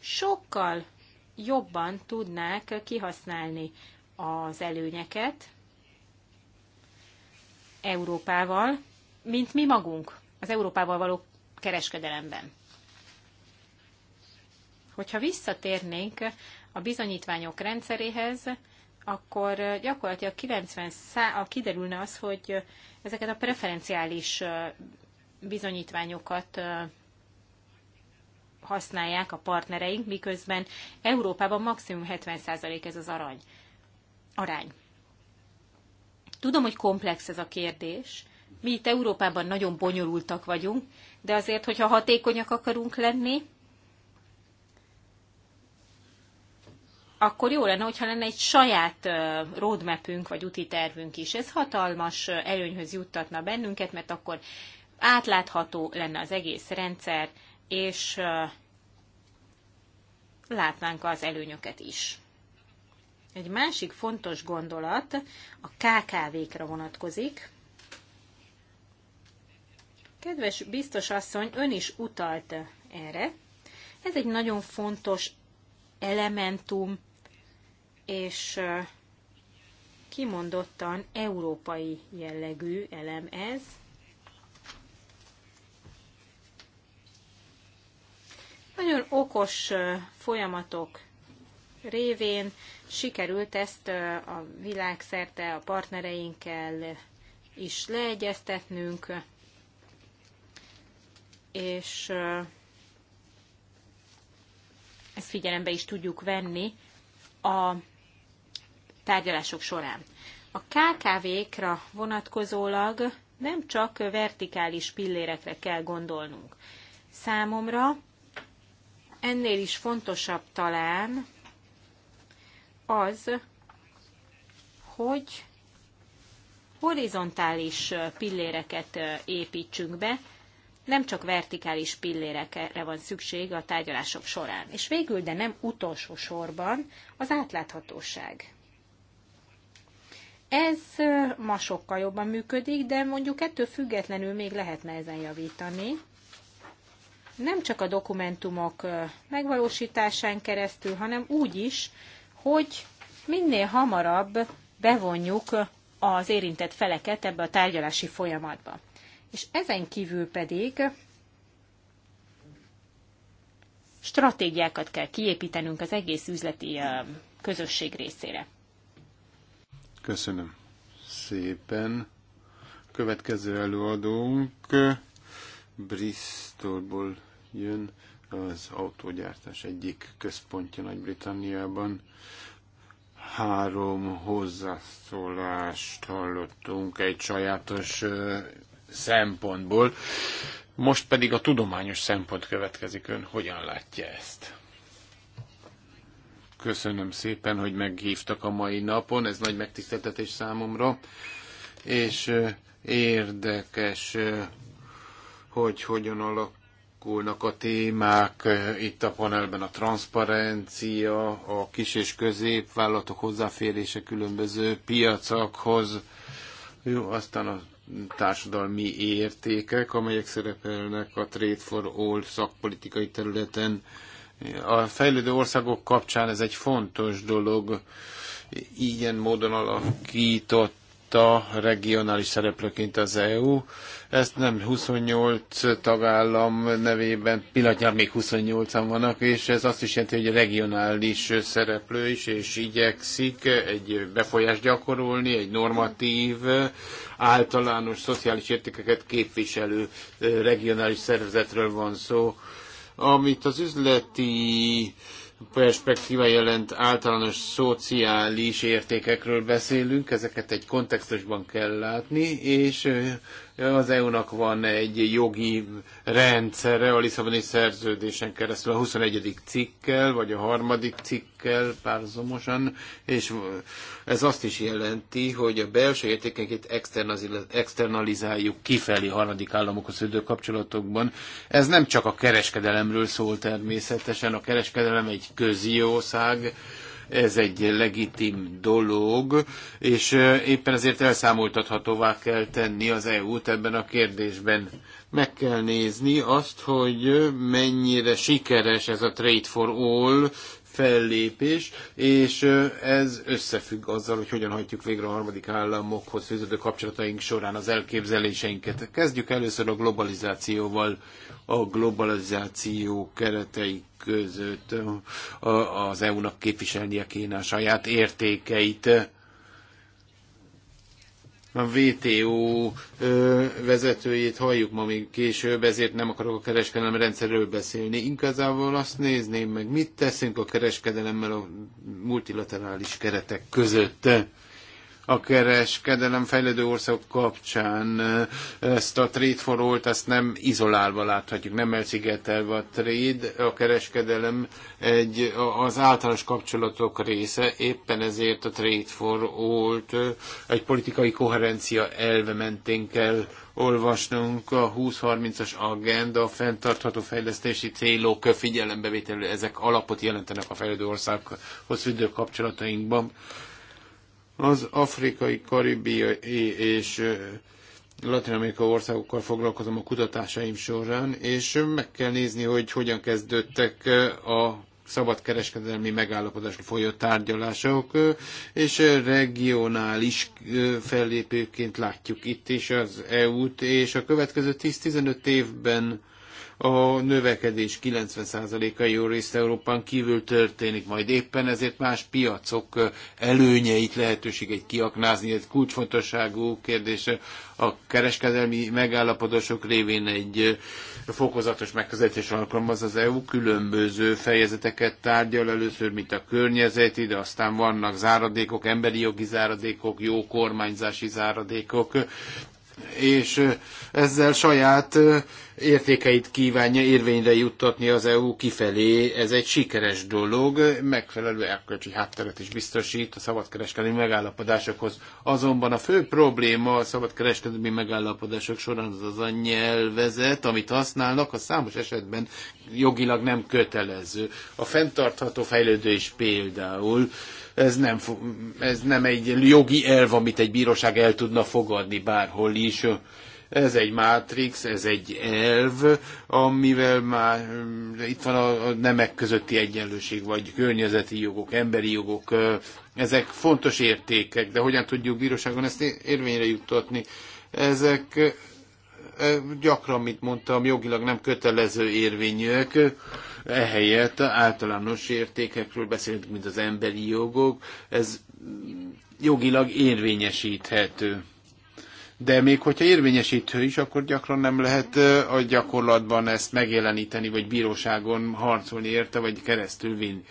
sokkal jobban tudnák kihasználni az előnyeket Európával, mint mi magunk az Európával való kereskedelemben. Hogyha visszatérnénk a bizonyítványok rendszeréhez, akkor gyakorlatilag 90 szá- kiderülne az, hogy ezeket a preferenciális bizonyítványokat használják a partnereink, miközben Európában maximum 70% ez az arany. arány. Tudom, hogy komplex ez a kérdés. Mi itt Európában nagyon bonyolultak vagyunk, de azért, hogyha hatékonyak akarunk lenni, akkor jó lenne, hogyha lenne egy saját roadmapünk vagy úti tervünk is. Ez hatalmas előnyhöz juttatna bennünket, mert akkor átlátható lenne az egész rendszer, és látnánk az előnyöket is. Egy másik fontos gondolat a KKV-kra vonatkozik. Kedves biztos asszony, ön is utalt erre. Ez egy nagyon fontos elementum, és kimondottan európai jellegű elem ez, Nagyon okos folyamatok révén sikerült ezt a világszerte a partnereinkkel is leegyeztetnünk, és ezt figyelembe is tudjuk venni a tárgyalások során. A KKV-kra vonatkozólag nem csak vertikális pillérekre kell gondolnunk. Számomra ennél is fontosabb talán az, hogy horizontális pilléreket építsünk be, nem csak vertikális pillérekre van szükség a tárgyalások során. És végül, de nem utolsó sorban, az átláthatóság. Ez ma sokkal jobban működik, de mondjuk ettől függetlenül még lehetne ezen javítani nem csak a dokumentumok megvalósításán keresztül, hanem úgy is, hogy minél hamarabb bevonjuk az érintett feleket ebbe a tárgyalási folyamatba. És ezen kívül pedig stratégiákat kell kiépítenünk az egész üzleti közösség részére. Köszönöm szépen. Következő előadónk Bristolból jön az autógyártás egyik központja Nagy-Britanniában. Három hozzászólást hallottunk egy sajátos szempontból. Most pedig a tudományos szempont következik ön. Hogyan látja ezt? Köszönöm szépen, hogy meghívtak a mai napon. Ez nagy megtiszteltetés számomra. És érdekes, hogy hogyan alak alakulnak a témák eh, itt a panelben, a transzparencia, a kis és középvállalatok hozzáférése különböző piacokhoz, jó, aztán a társadalmi értékek, amelyek szerepelnek a Trade for All szakpolitikai területen. A fejlődő országok kapcsán ez egy fontos dolog, ilyen módon alakított vita regionális szereplőként az EU. Ezt nem 28 tagállam nevében, pillanatnyilag még 28-an vannak, és ez azt is jelenti, hogy a regionális szereplő is, és igyekszik egy befolyás gyakorolni, egy normatív, általános szociális értékeket képviselő regionális szervezetről van szó, amit az üzleti perspektíva jelent általános szociális értékekről beszélünk, ezeket egy kontextusban kell látni, és az EU-nak van egy jogi rendszere a Lisszaboni szerződésen keresztül a 21. cikkel, vagy a harmadik cikkel párzomosan, és ez azt is jelenti, hogy a belső értékeinket externalizáljuk kifelé harmadik államokhoz szűdő kapcsolatokban. Ez nem csak a kereskedelemről szól természetesen, a kereskedelem egy közjószág, ez egy legitim dolog, és éppen ezért elszámoltathatóvá kell tenni az EU-t ebben a kérdésben. Meg kell nézni azt, hogy mennyire sikeres ez a Trade for All fellépés, és ez összefügg azzal, hogy hogyan hajtjuk végre a harmadik államokhoz fűződő kapcsolataink során az elképzeléseinket. Kezdjük először a globalizációval a globalizáció keretei között az EU-nak képviselnie kéne a saját értékeit. A WTO vezetőjét halljuk ma még később, ezért nem akarok a kereskedelem rendszerről beszélni. Inkább azt nézném meg, mit teszünk a kereskedelemmel a multilaterális keretek között a kereskedelem fejlődő országok kapcsán ezt a trade for all ezt nem izolálva láthatjuk, nem elszigetelve a trade, a kereskedelem egy, az általános kapcsolatok része, éppen ezért a trade for all egy politikai koherencia elve mentén kell olvasnunk a 2030-as agenda, a fenntartható fejlesztési célok figyelembevételő, ezek alapot jelentenek a fejlődő országhoz fűdő kapcsolatainkban az afrikai, karibiai és latin-amerikai országokkal foglalkozom a kutatásaim során, és meg kell nézni, hogy hogyan kezdődtek a szabadkereskedelmi megállapodásra folyó tárgyalások, és regionális fellépőként látjuk itt is az EU-t, és a következő 10-15 évben a növekedés 90%-a jó részt Európán kívül történik, majd éppen ezért más piacok előnyeit, lehetőségeit kiaknázni. egy kulcsfontosságú kérdés. A kereskedelmi megállapodások révén egy fokozatos megközelítés alkalmaz az EU, különböző fejezeteket tárgyal először, mint a környezet, de aztán vannak záradékok, emberi jogi záradékok, jó kormányzási záradékok, és ezzel saját értékeit kívánja érvényre juttatni az EU kifelé. Ez egy sikeres dolog, megfelelő erkölcsi hátteret is biztosít a szabadkereskedelmi megállapodásokhoz. Azonban a fő probléma a szabadkereskedelmi megállapodások során az az a nyelvezet, amit használnak, a számos esetben jogilag nem kötelező. A fenntartható fejlődés például ez nem, ez nem egy jogi elv, amit egy bíróság el tudna fogadni bárhol is. Ez egy mátrix, ez egy elv, amivel már itt van a, nemek közötti egyenlőség, vagy környezeti jogok, emberi jogok. Ezek fontos értékek, de hogyan tudjuk bíróságon ezt érvényre juttatni? Ezek gyakran, mint mondtam, jogilag nem kötelező érvényűek, Ehelyett általános értékekről beszélünk, mint az emberi jogok. Ez jogilag érvényesíthető. De még hogyha érvényesítő is, akkor gyakran nem lehet a gyakorlatban ezt megjeleníteni, vagy bíróságon harcolni érte, vagy keresztül vinni.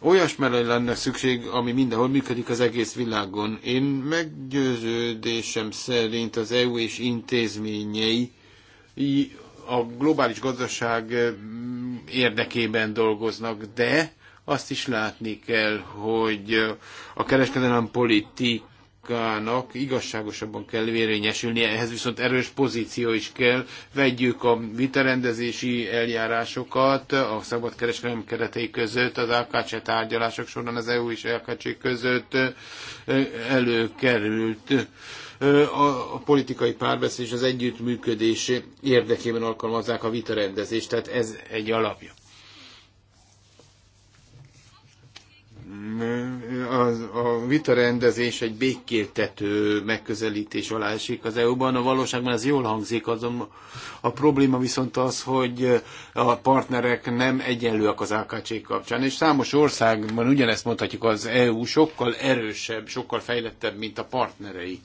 Olyasmire lenne szükség, ami mindenhol működik az egész világon. Én meggyőződésem szerint az EU és intézményei a globális gazdaság érdekében dolgoznak, de azt is látni kell, hogy a kereskedelem politikának igazságosabban kell vérényesülnie, ehhez viszont erős pozíció is kell. Vegyük a vitarendezési eljárásokat a szabadkereskedelmi keretei között, az AKC tárgyalások során az EU és AKC e között előkerült a politikai párbeszéd és az együttműködés érdekében alkalmazzák a vitarendezést, tehát ez egy alapja. A, a vitarendezés egy békéltető megközelítés alá esik az EU-ban. A valóságban ez jól hangzik, azon a probléma viszont az, hogy a partnerek nem egyenlőek az AKC kapcsán, és számos országban ugyanezt mondhatjuk, az EU sokkal erősebb, sokkal fejlettebb, mint a partnerei.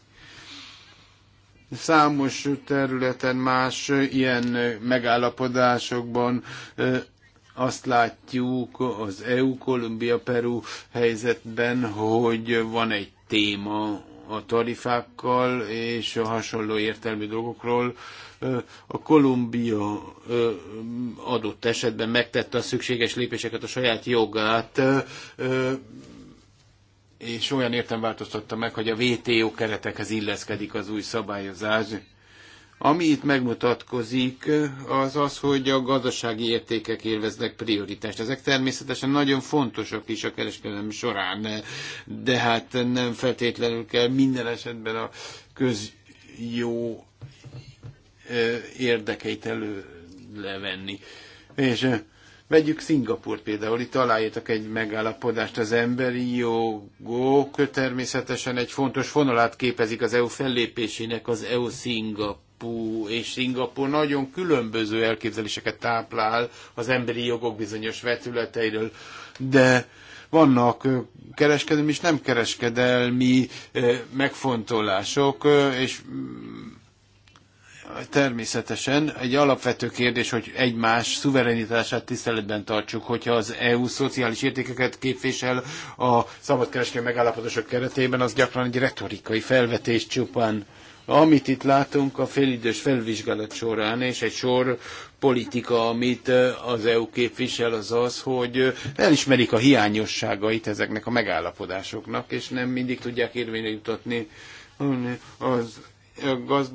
Számos területen más ilyen megállapodásokban azt látjuk az EU-Kolumbia-Peru helyzetben, hogy van egy téma a tarifákkal és a hasonló értelmi dolgokról. A Kolumbia adott esetben megtette a szükséges lépéseket a saját jogát és olyan értem változtatta meg, hogy a WTO keretekhez illeszkedik az új szabályozás. Ami itt megmutatkozik, az az, hogy a gazdasági értékek élveznek prioritást. Ezek természetesen nagyon fontosak is a kereskedelem során, de hát nem feltétlenül kell minden esetben a közjó érdekeit levenni. És Vegyük Szingapur például, itt aláírtak egy megállapodást, az emberi jogok természetesen egy fontos fonalát képezik az EU fellépésének, az EU Szingapur és Szingapur nagyon különböző elképzeléseket táplál az emberi jogok bizonyos vetületeiről, de vannak kereskedelmi és nem kereskedelmi megfontolások, és mm, természetesen egy alapvető kérdés, hogy egymás szuverenitását tiszteletben tartsuk, hogyha az EU szociális értékeket képvisel a szabadkereskedelmi megállapodások keretében, az gyakran egy retorikai felvetés csupán. Amit itt látunk a félidős felvizsgálat során, és egy sor politika, amit az EU képvisel, az az, hogy elismerik a hiányosságait ezeknek a megállapodásoknak, és nem mindig tudják érvényre jutatni az gazd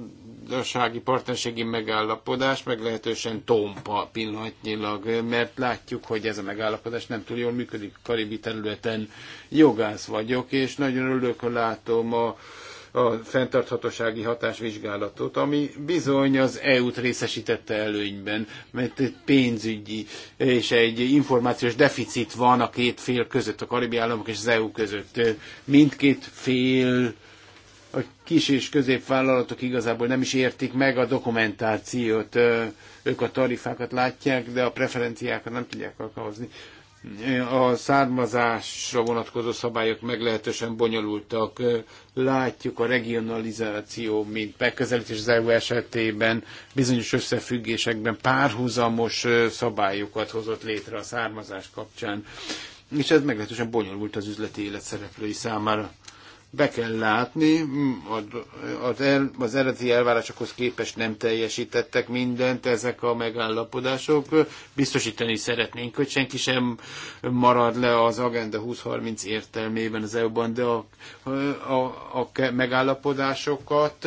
gazdasági partnerségi megállapodás meglehetősen tompa pillanatnyilag, mert látjuk, hogy ez a megállapodás nem túl jól működik a karibi területen. Jogász vagyok, és nagyon örülök, hogy látom a a fenntarthatósági hatásvizsgálatot, ami bizony az EU-t részesítette előnyben, mert egy pénzügyi és egy információs deficit van a két fél között, a karibi államok és az EU között. Mindkét fél a kis és középvállalatok igazából nem is értik meg a dokumentációt, ők a tarifákat látják, de a preferenciákat nem tudják alkalmazni. A származásra vonatkozó szabályok meglehetősen bonyolultak. Látjuk a regionalizáció, mint megközelítés az EU esetében bizonyos összefüggésekben párhuzamos szabályokat hozott létre a származás kapcsán. És ez meglehetősen bonyolult az üzleti élet szereplői számára be kell látni, az, el, az eredeti elvárásokhoz képest nem teljesítettek mindent ezek a megállapodások. Biztosítani szeretnénk, hogy senki sem marad le az Agenda 2030 értelmében az EU-ban, de a, a, a megállapodásokat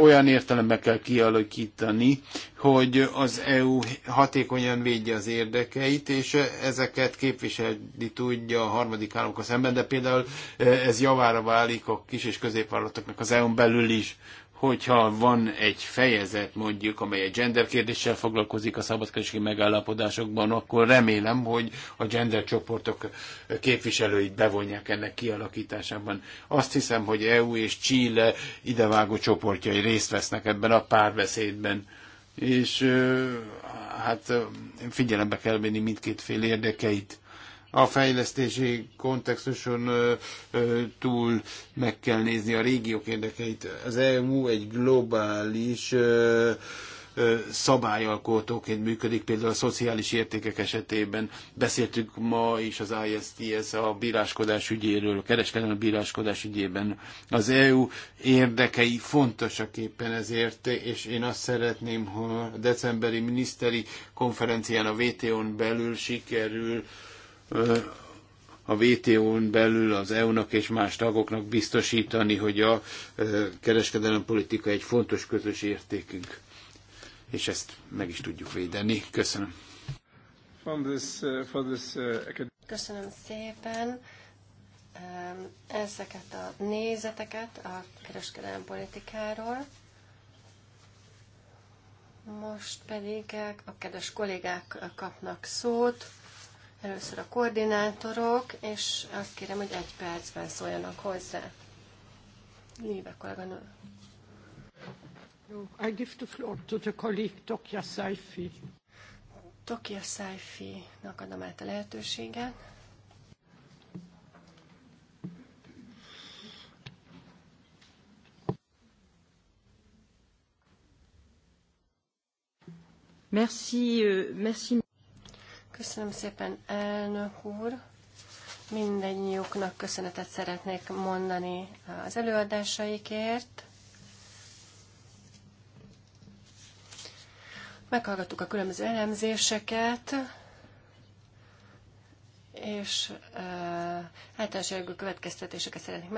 olyan értelemben kell kialakítani, hogy az EU hatékonyan védje az érdekeit, és ezeket képviselni tudja a harmadik államokkal szemben, de például ez javára vált válik a kis és középvállalatoknak az EU-n belül is, hogyha van egy fejezet mondjuk, amely a gender kérdéssel foglalkozik a szabadkereskedelmi megállapodásokban, akkor remélem, hogy a gender csoportok képviselőit bevonják ennek kialakításában. Azt hiszem, hogy EU és Chile idevágó csoportjai részt vesznek ebben a párbeszédben. És hát figyelembe kell venni mindkét fél érdekeit a fejlesztési kontextuson túl meg kell nézni a régiók érdekeit. Az EU egy globális szabályalkotóként működik, például a szociális értékek esetében. beszéltük ma is az ISTS a bíráskodás ügyéről, a kereskedelmi bíráskodás ügyében. Az EU érdekei fontosak éppen ezért, és én azt szeretném, ha a decemberi miniszteri konferencián a WTO-n belül sikerül a WTO-n belül az EU-nak és más tagoknak biztosítani, hogy a kereskedelempolitika politika egy fontos közös értékünk. És ezt meg is tudjuk védeni. Köszönöm. Uh, uh, Köszönöm szépen um, ezeket a nézeteket a kereskedelmi Most pedig a kedves kollégák kapnak szót. Először a koordinátorok, és azt kérem, hogy egy percben szóljanak hozzá. Líve kolléganő. I give the floor to the colleague Tokia Saifi. Tokia Saifi-nak adom át a lehetőséget. Merci, euh, merci. Köszönöm szépen, elnök úr. Mindennyiuknak köszönetet szeretnék mondani az előadásaikért. Meghallgattuk a különböző elemzéseket, és uh, általánosságú következtetéseket szeretnék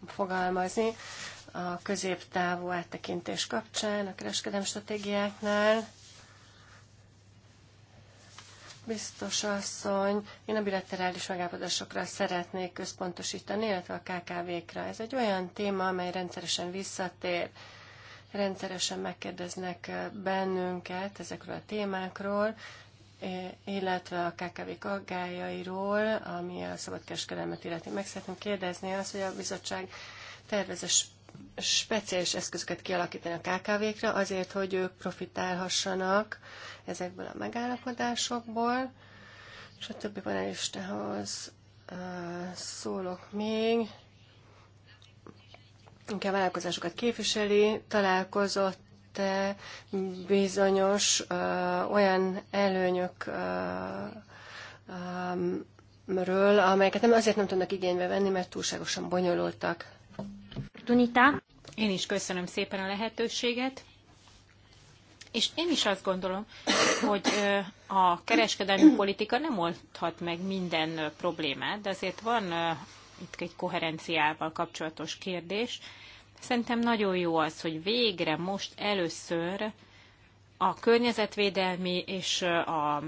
megfogalmazni mm, a középtávú áttekintés kapcsán, a kereskedelmi stratégiáknál. Biztos asszony, én a bilaterális megállapodásokra szeretnék központosítani, illetve a KKV-kra. Ez egy olyan téma, amely rendszeresen visszatér, rendszeresen megkérdeznek eh, bennünket ezekről a témákról, eh, illetve a KKV aggájairól, ami a szabadkereskedelmet illeti. Meg szeretném kérdezni azt, hogy a bizottság tervezes speciális eszközöket kialakítani a KKV-kra azért, hogy ők profitálhassanak ezekből a megállapodásokból, és a többi panelistához szólok még. Inkább vállalkozásokat képviseli, találkozott de bizonyos ö, olyan előnyök amelyeket nem, azért nem tudnak igénybe venni, mert túlságosan bonyolultak. Én is köszönöm szépen a lehetőséget. És én is azt gondolom, hogy a kereskedelmi politika nem oldhat meg minden problémát, de azért van itt egy koherenciával kapcsolatos kérdés. Szerintem nagyon jó az, hogy végre most először a környezetvédelmi és a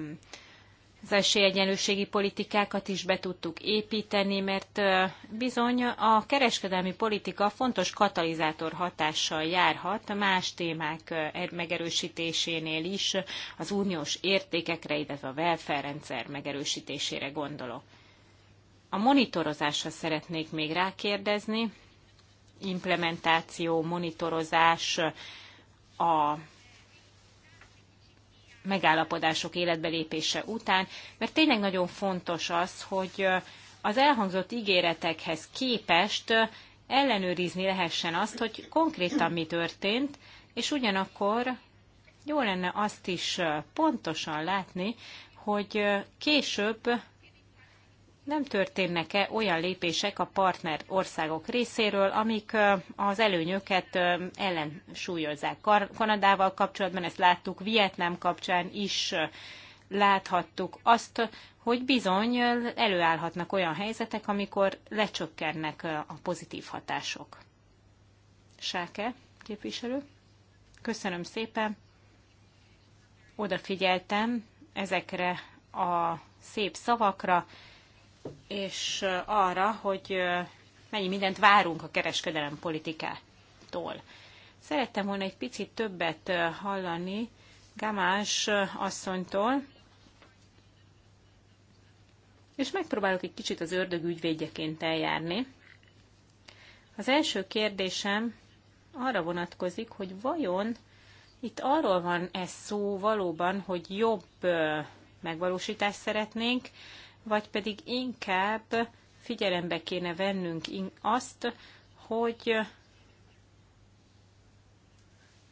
az esélyegyenlőségi politikákat is be tudtuk építeni, mert bizony a kereskedelmi politika fontos katalizátor hatással járhat más témák er-, megerősítésénél is, az uniós értékekre, illetve a welfare rendszer megerősítésére gondolok. A monitorozásra szeretnék még rákérdezni, implementáció, monitorozás, a megállapodások életbelépése után, mert tényleg nagyon fontos az, hogy az elhangzott ígéretekhez képest ellenőrizni lehessen azt, hogy konkrétan mi történt, és ugyanakkor jó lenne azt is pontosan látni, hogy később nem történnek-e olyan lépések a partner országok részéről, amik az előnyöket ellensúlyozzák. Kanadával kapcsolatban ezt láttuk, Vietnám kapcsán is láthattuk azt, hogy bizony előállhatnak olyan helyzetek, amikor lecsökkennek a pozitív hatások. Sáke képviselő, köszönöm szépen. Odafigyeltem ezekre a szép szavakra, és arra, hogy mennyi mindent várunk a kereskedelem politikától. Szerettem volna egy picit többet hallani Gamás asszonytól, és megpróbálok egy kicsit az ördög ügyvédjeként eljárni. Az első kérdésem arra vonatkozik, hogy vajon itt arról van ez szó valóban, hogy jobb megvalósítást szeretnénk, vagy pedig inkább figyelembe kéne vennünk azt, hogy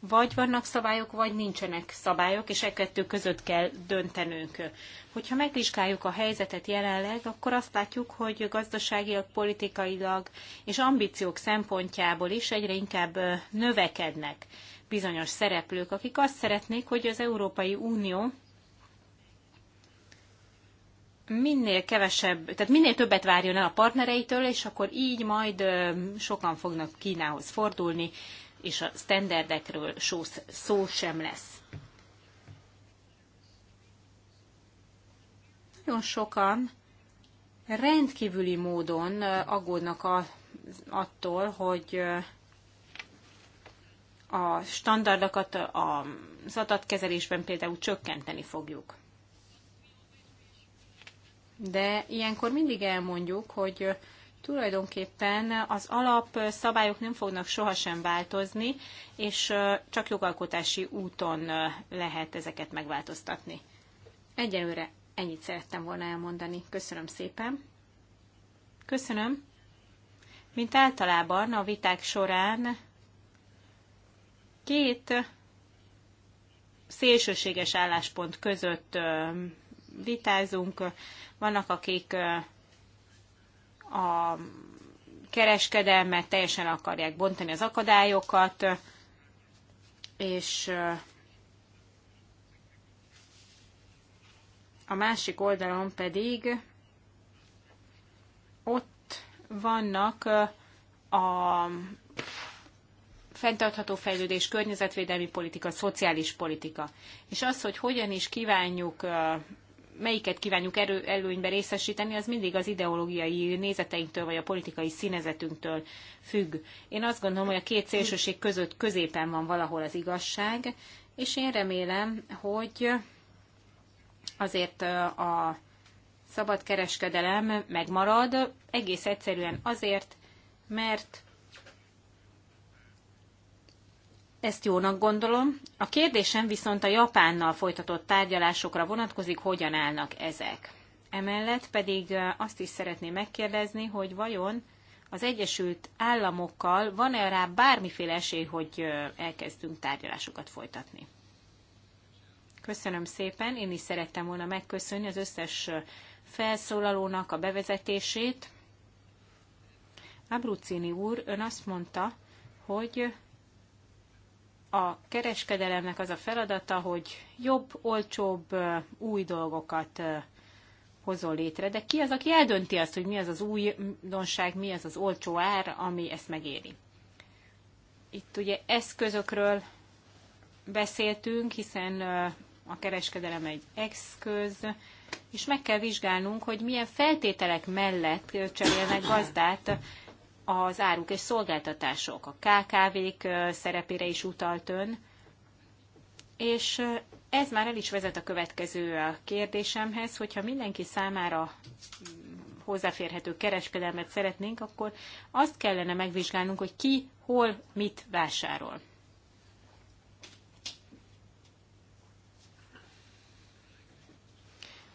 vagy vannak szabályok, vagy nincsenek szabályok, és e kettő között kell döntenünk. Hogyha megvizsgáljuk a helyzetet jelenleg, akkor azt látjuk, hogy gazdaságilag, politikailag és ambíciók szempontjából is egyre inkább növekednek bizonyos szereplők, akik azt szeretnék, hogy az Európai Unió minél kevesebb, tehát minél többet várjon el a partnereitől, és akkor így majd sokan fognak Kínához fordulni, és a standardekről szó, szó sem lesz. Nagyon sokan rendkívüli módon aggódnak a, attól, hogy a standardokat az adatkezelésben például csökkenteni fogjuk de ilyenkor mindig elmondjuk, hogy tulajdonképpen az alapszabályok nem fognak sohasem változni, és csak jogalkotási úton lehet ezeket megváltoztatni. Egyelőre ennyit szerettem volna elmondani. Köszönöm szépen. Köszönöm. Mint általában a viták során két szélsőséges álláspont között vitázunk. Vannak, akik a kereskedelmet teljesen akarják bontani az akadályokat, és a másik oldalon pedig ott vannak a fenntartható fejlődés, környezetvédelmi politika, szociális politika. És az, hogy hogyan is kívánjuk melyiket kívánjuk erő, előnybe részesíteni, az mindig az ideológiai nézeteinktől vagy a politikai színezetünktől függ. Én azt gondolom, hogy a két szélsőség között középen van valahol az igazság, és én remélem, hogy azért a szabad kereskedelem megmarad, egész egyszerűen azért, mert Ezt jónak gondolom. A kérdésem viszont a Japánnal folytatott tárgyalásokra vonatkozik, hogyan állnak ezek. Emellett pedig azt is szeretném megkérdezni, hogy vajon az Egyesült Államokkal van-e rá bármiféle esély, hogy elkezdünk tárgyalásokat folytatni? Köszönöm szépen, én is szerettem volna megköszönni az összes felszólalónak a bevezetését. Abruzzini úr, ön azt mondta, hogy a kereskedelemnek az a feladata, hogy jobb, olcsóbb, új dolgokat hozol létre, de ki az, aki eldönti azt, hogy mi az az újdonság, mi az az olcsó ár, ami ezt megéri. Itt ugye eszközökről beszéltünk, hiszen a kereskedelem egy eszköz, és meg kell vizsgálnunk, hogy milyen feltételek mellett cserélnek gazdát az áruk és szolgáltatások, a KKV-k szerepére is utalt ön, és ez már el is vezet a következő kérdésemhez, hogyha mindenki számára mm, hozzáférhető kereskedelmet szeretnénk, akkor azt kellene megvizsgálnunk, hogy ki, hol, mit vásárol.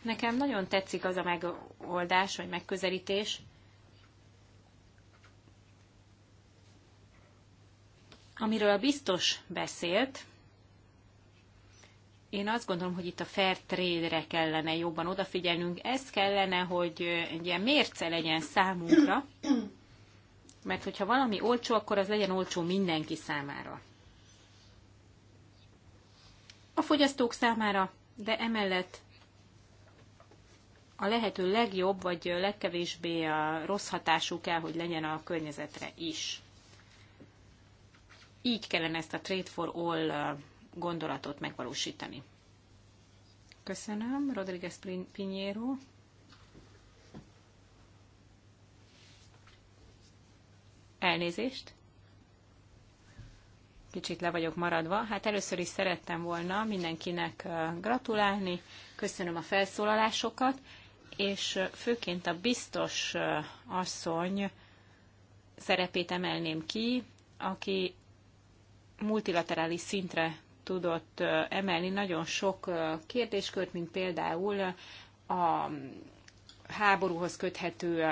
Nekem nagyon tetszik az a megoldás, vagy megközelítés, Amiről a biztos beszélt, én azt gondolom, hogy itt a fair trade-re kellene jobban odafigyelnünk. Ez kellene, hogy egy ilyen mérce legyen számunkra, mert hogyha valami olcsó, akkor az legyen olcsó mindenki számára. A fogyasztók számára, de emellett a lehető legjobb, vagy legkevésbé a rossz hatású kell, hogy legyen a környezetre is így kellene ezt a Trade for All gondolatot megvalósítani. Köszönöm, Rodriguez Pinheiro. Elnézést. Kicsit le vagyok maradva. Hát először is szerettem volna mindenkinek gratulálni, köszönöm a felszólalásokat, és főként a biztos asszony szerepét emelném ki, aki multilaterális szintre tudott emelni nagyon sok kérdéskört, mint például a háborúhoz köthető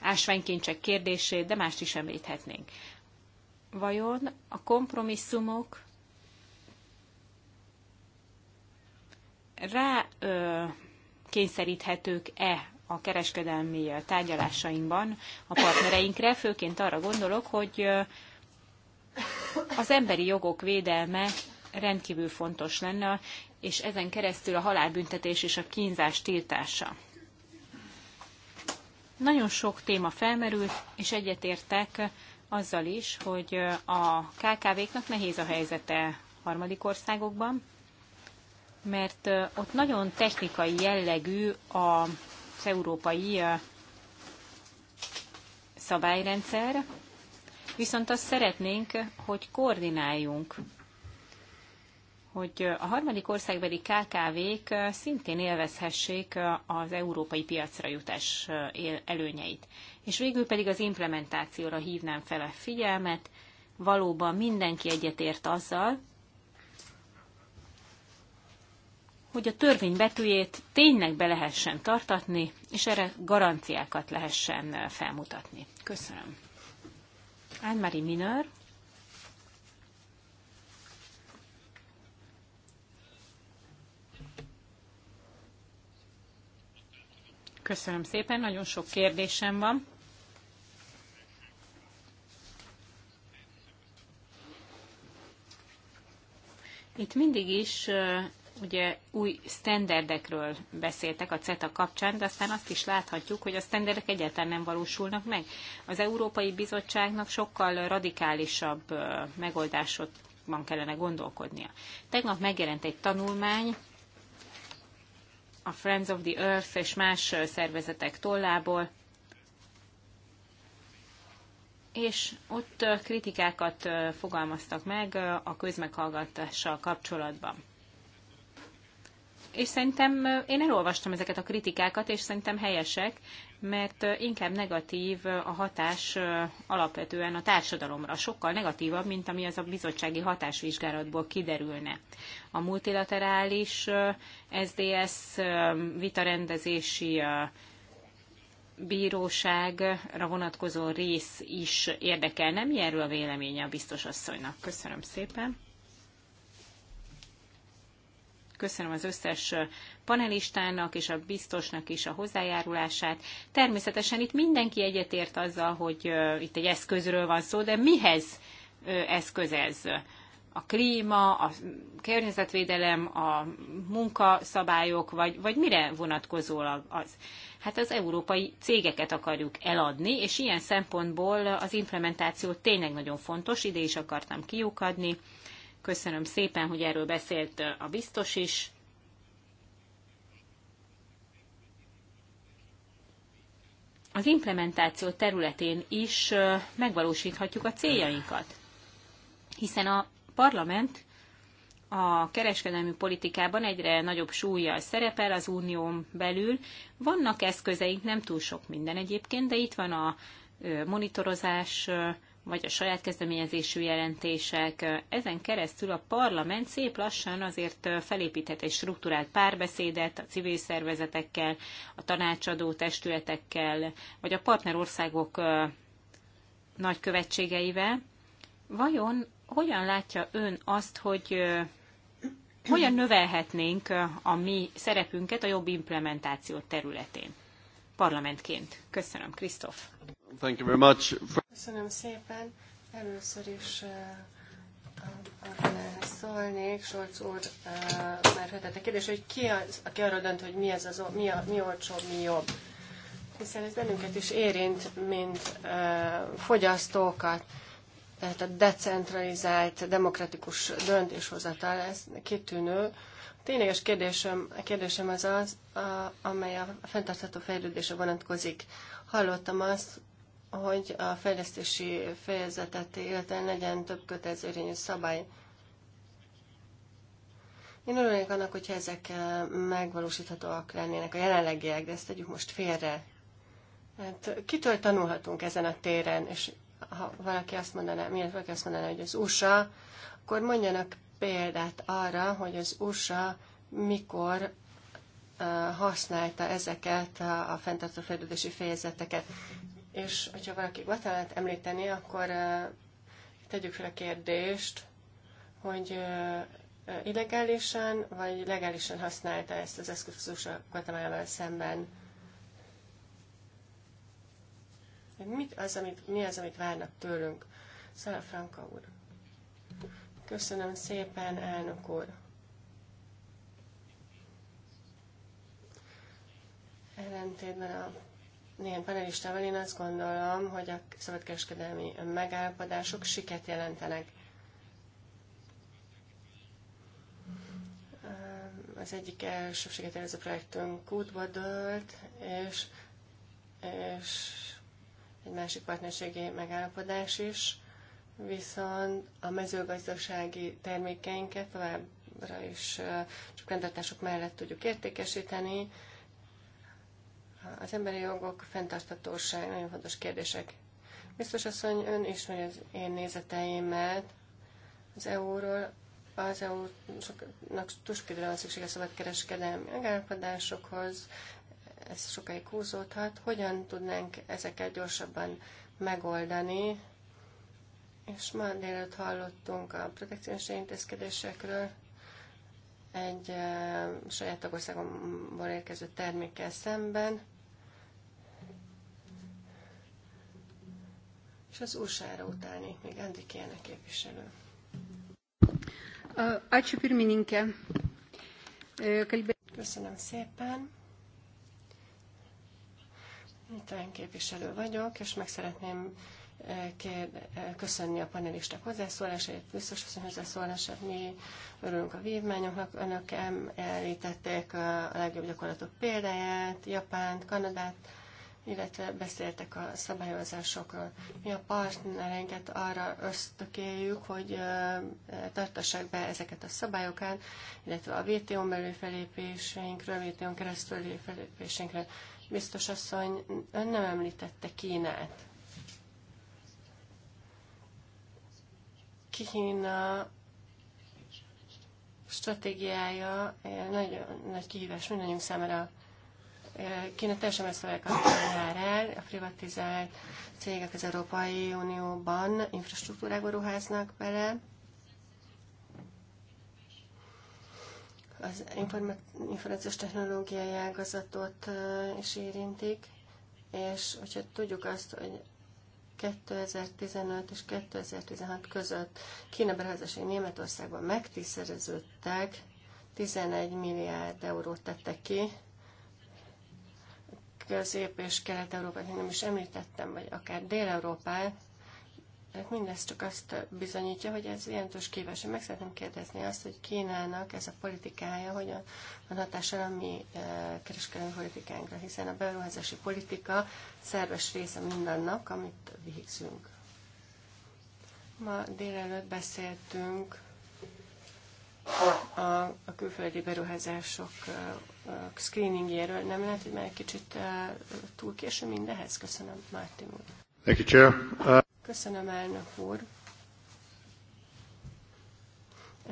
ásványkincsek kérdését, de mást is említhetnénk. Vajon a kompromisszumok rá ö, kényszeríthetők-e a kereskedelmi tárgyalásainkban a partnereinkre, főként arra gondolok, hogy az emberi jogok védelme rendkívül fontos lenne, és ezen keresztül a halálbüntetés és a kínzás tiltása. Nagyon sok téma felmerült, és egyetértek azzal is, hogy a KKV-knak nehéz a helyzete harmadik országokban, mert ott nagyon technikai jellegű az európai szabályrendszer, viszont azt szeretnénk, hogy koordináljunk hogy a harmadik országbeli KKV-k szintén élvezhessék az európai piacra jutás előnyeit. És végül pedig az implementációra hívnám fel a figyelmet. Valóban mindenki egyetért azzal, hogy a törvény betűjét tényleg be lehessen tartatni, és erre garanciákat lehessen felmutatni. Köszönöm. Anne-Marie Minör. Köszönöm szépen, nagyon sok kérdésem van. Itt mindig is ugye új sztenderdekről beszéltek a CETA kapcsán, de aztán azt is láthatjuk, hogy a sztenderdek egyáltalán nem valósulnak meg. Az Európai Bizottságnak sokkal radikálisabb van kellene gondolkodnia. Tegnap megjelent egy tanulmány, a Friends of the Earth és más szervezetek tollából, és ott kritikákat fogalmaztak meg a közmeghallgatással kapcsolatban és szerintem én elolvastam ezeket a kritikákat, és szerintem helyesek, mert inkább negatív a hatás alapvetően a társadalomra. Sokkal negatívabb, mint ami az a bizottsági hatásvizsgálatból kiderülne. A multilaterális SDS vitarendezési bíróságra vonatkozó rész is érdekel nem ilyenről a véleménye a biztos asszonynak? Köszönöm szépen. Köszönöm az összes panelistának és a biztosnak is a hozzájárulását. Természetesen itt mindenki egyetért azzal, hogy itt egy eszközről van szó, de mihez eszköz ez? A klíma, a környezetvédelem, a munkaszabályok, vagy, vagy mire vonatkozólag az? Hát az európai cégeket akarjuk eladni, és ilyen szempontból az implementáció tényleg nagyon fontos, ide is akartam kiukadni Köszönöm szépen, hogy erről beszélt a biztos is. Az implementáció területén is megvalósíthatjuk a céljainkat, hiszen a parlament a kereskedelmi politikában egyre nagyobb súlyjal szerepel az unión belül. Vannak eszközeink, nem túl sok minden egyébként, de itt van a monitorozás, vagy a saját kezdeményezésű jelentések. Ezen keresztül a parlament szép lassan azért felépíthet egy struktúrált párbeszédet a civil szervezetekkel, a tanácsadó testületekkel, vagy a partnerországok nagykövetségeivel. Vajon hogyan látja ön azt, hogy hogyan növelhetnénk a mi szerepünket a jobb implementáció területén? parlamentként. Köszönöm, Krisztof. Thank you very much. Köszönöm szépen. Először is uh, arra szólnék, Solc úr uh, mert feltette kérdés, hogy ki az, aki arra dönt, hogy mi, ez az, mi, a, mi olcsó, mi jobb. Hiszen ez bennünket is érint, mint uh, fogyasztókat. Tehát a decentralizált, demokratikus döntéshozatal, ez kitűnő, Tényleges kérdésem, kérdésem az az, a, amely a fenntartható fejlődésre vonatkozik. Hallottam azt, hogy a fejlesztési fejezetet illetve legyen több kötelező szabály. Én örülnék annak, hogyha ezek eh, megvalósíthatóak lennének a jelenlegiek, de ezt tegyük most félre. Hát kitől tanulhatunk ezen a téren, és ha valaki azt mondaná, miért valaki azt mondaná, hogy az USA, akkor mondjanak példát arra, hogy az USA mikor használta ezeket a fenntartó fejlődési fejezeteket. És hogyha valaki Guatemalát említeni, akkor tegyük fel a kérdést, hogy illegálisan vagy legálisan használta ezt az eszközt az Guatemalával szemben. Mit az, amit, mi az, amit várnak tőlünk? Szala Franka úr. Köszönöm szépen, elnök úr. Ellentétben a néhány panelistával én azt gondolom, hogy a szabadkereskedelmi megállapodások siket jelentenek. Az egyik első ez a projektünk útba dölt, és, és egy másik partnerségi megállapodás is viszont a mezőgazdasági termékeinket továbbra is csökkentások mellett tudjuk értékesíteni. Az emberi jogok, fenntartatóság nagyon fontos kérdések. Biztos asszony, ön ismeri az én nézeteimet az EU-ról, az EU-nak tuskidőre van szüksége szabadkereskedelmi megállapodásokhoz, ez sokáig húzódhat. Hogyan tudnánk ezeket gyorsabban megoldani, és ma délelőtt hallottunk a protekciós intézkedésekről, egy uh, saját tagországomból érkező termékkel szemben, és az USA-ra utálnék még Andrikének képviselő. Köszönöm szépen. Itt képviselő vagyok, és meg szeretném kér, köszönni a panelistek hozzászólásait, biztos köszönöm hozzászólását. Mi örülünk a vívmányoknak. Önök említették a legjobb gyakorlatok példáját, Japánt, Kanadát, illetve beszéltek a szabályozásokról. Mi a partnereinket arra ösztökéljük, hogy tartassák be ezeket a szabályokat, illetve a WTO-n belül felépéseinkről, WTO-n keresztül felépéseinkről. Biztos asszony, ön nem említette Kínát. Kína stratégiája eh, nagyon nagy kihívás mindannyiunk számára. Eh, Kína teljesen megszólják a jár el, a privatizált cégek az Európai Unióban infrastruktúrákba ruháznak bele. Az információs technológiai ágazatot eh, is érintik, és hogyha tudjuk azt, hogy 2015 és 2016 között Kína beruházásai Németországban megtízszereződtek, 11 milliárd eurót tettek ki. Közép- és Kelet-Európát nem is említettem, vagy akár Dél-Európát, tehát mindez csak azt bizonyítja, hogy ez jelentős kívás. Meg szeretném kérdezni azt, hogy Kínának ez a politikája hogyan van hatással a mi e, kereskedelmi politikánkra, hiszen a beruházási politika szerves része mindannak, amit végzünk. Ma délelőtt beszéltünk a, a külföldi beruházások e, e, screeningjéről. Nem lehet, hogy már egy kicsit túl késő mindehez? Köszönöm, márti úr. Thank you, Chair. Uh... Köszönöm, elnök úr.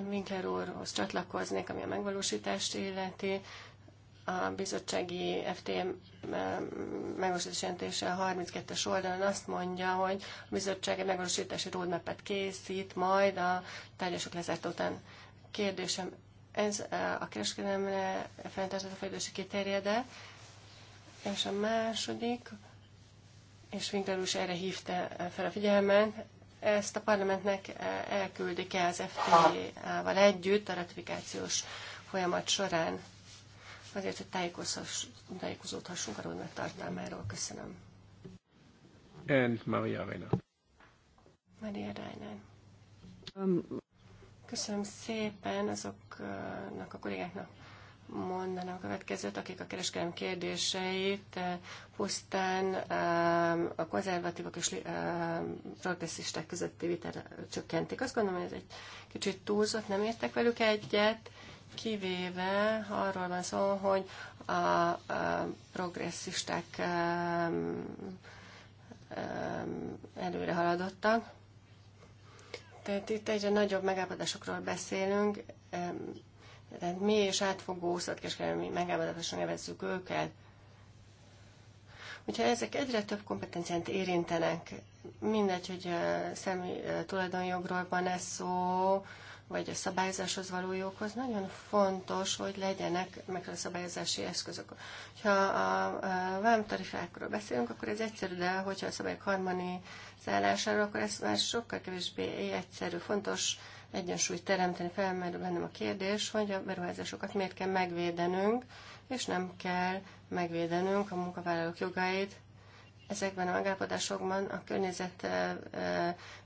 Winkler úrhoz csatlakoznék, ami a megvalósítást illeti. A bizottsági FTM eh, megvalósítás jelentése 32-es oldalon azt mondja, hogy a bizottság egy megvalósítási roadmap készít, majd a tárgyások lezárt után. Kérdésem, ez eh, a kereskedelemre fenntartható fejlődési kiterjede, és a második, és Winkler úr erre hívta fel a figyelmet, ezt a parlamentnek elküldik el az FTA-val együtt a ratifikációs folyamat során, azért, hogy tájékozódhassunk a roadmap tartalmáról. Köszönöm. And Maria Reina. Maria Reina. Um, Köszönöm szépen azoknak a kollégáknak, mondanám a következőt, akik a kereskedelem kérdéseit eh, pusztán eh, a konzervatívok és eh, progresszisták közötti vitára csökkentik. Azt gondolom, hogy ez egy kicsit túlzott, nem értek velük egyet, kivéve arról van szó, hogy a, a progresszisták előre haladottak. Tehát itt egyre nagyobb megállapodásokról beszélünk, tehát mi és átfogó szabadkereskedelmi megállapodásra nevezzük őket. Hogyha ezek egyre több kompetenciát érintenek, mindegy, hogy a személy tulajdonjogról van ez szó, vagy a szabályozáshoz való joghoz, nagyon fontos, hogy legyenek meg a szabályozási eszközök. Ha a vámtarifákról beszélünk, akkor ez egyszerű, de hogyha a szabályok harmonizálásáról, akkor ez már sokkal kevésbé egyszerű. Fontos egyensúlyt teremteni, felmerül bennem a kérdés, hogy a beruházásokat miért kell megvédenünk, és nem kell megvédenünk a munkavállalók jogait. Ezekben a megállapodásokban a környezet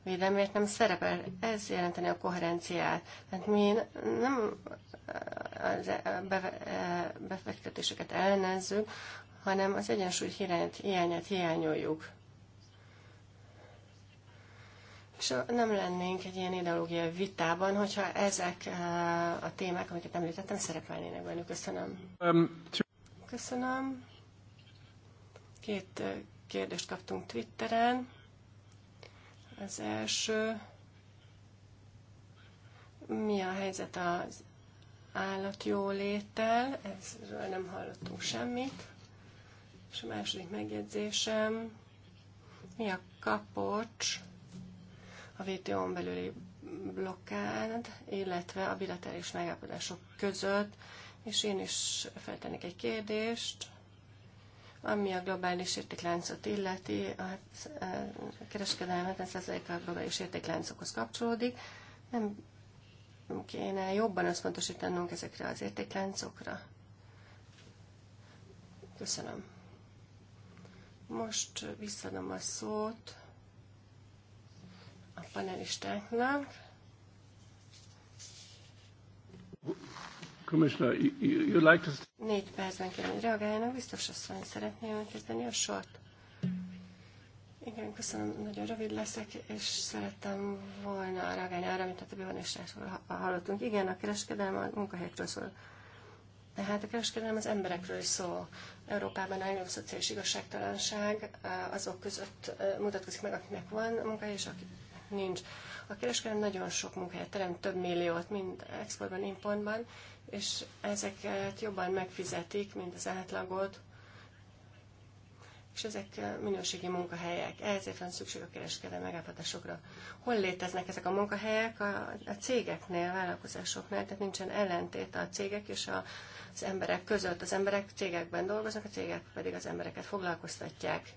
védelmért nem szerepel. Ez jelenteni a koherenciát. Tehát mi nem az befektetéseket ellenezzük, hanem az egyensúly hiányát, hiányát hiányoljuk. És nem lennénk egy ilyen ideológiai vitában, hogyha ezek eh, a témák, amiket említettem, szerepelnének bennük. Köszönöm. Um, Köszönöm. Két eh, kérdést kaptunk Twitteren. Az első, mi a helyzet az állatjóléttel? Ezről nem hallottunk semmit. És a második megjegyzésem, mi a kapocs a WTO-n belüli blokkád, illetve a bilaterális megállapodások között, és én is feltennék egy kérdést, ami a globális értékláncot illeti, a kereskedelem 70%-a a globális értékláncokhoz kapcsolódik. Nem kéne jobban összpontosítanunk ezekre az értékláncokra? Köszönöm. Most visszadom a szót a panelistáknak. Commissioner, you'd like to... Négy percben kell, hogy reagáljanak. Biztos asszony szeretné megkezdeni a sort. Igen, köszönöm, nagyon rövid leszek, és szerettem volna reagálni arra, amit a többi vonásról hallottunk. Igen, a kereskedelem a munkahelyekről szól. Tehát a kereskedelem az emberekről is szól. Európában a legnagyobb szociális igazságtalanság eh, azok között eh, mutatkozik meg, akinek van munkahely, és akik nincs. A kereskedelem nagyon sok munkahelyet teremt, több milliót, mind exportban, importban, és ezeket jobban megfizetik, mint az átlagot, és ezek minőségi munkahelyek. Ezért van szükség a kereskedelmi megállapodásokra. Hol léteznek ezek a munkahelyek? A, a cégeknél, a vállalkozásoknál, tehát nincsen ellentét a cégek és a, az emberek között. Az emberek cégekben dolgoznak, a cégek pedig az embereket foglalkoztatják.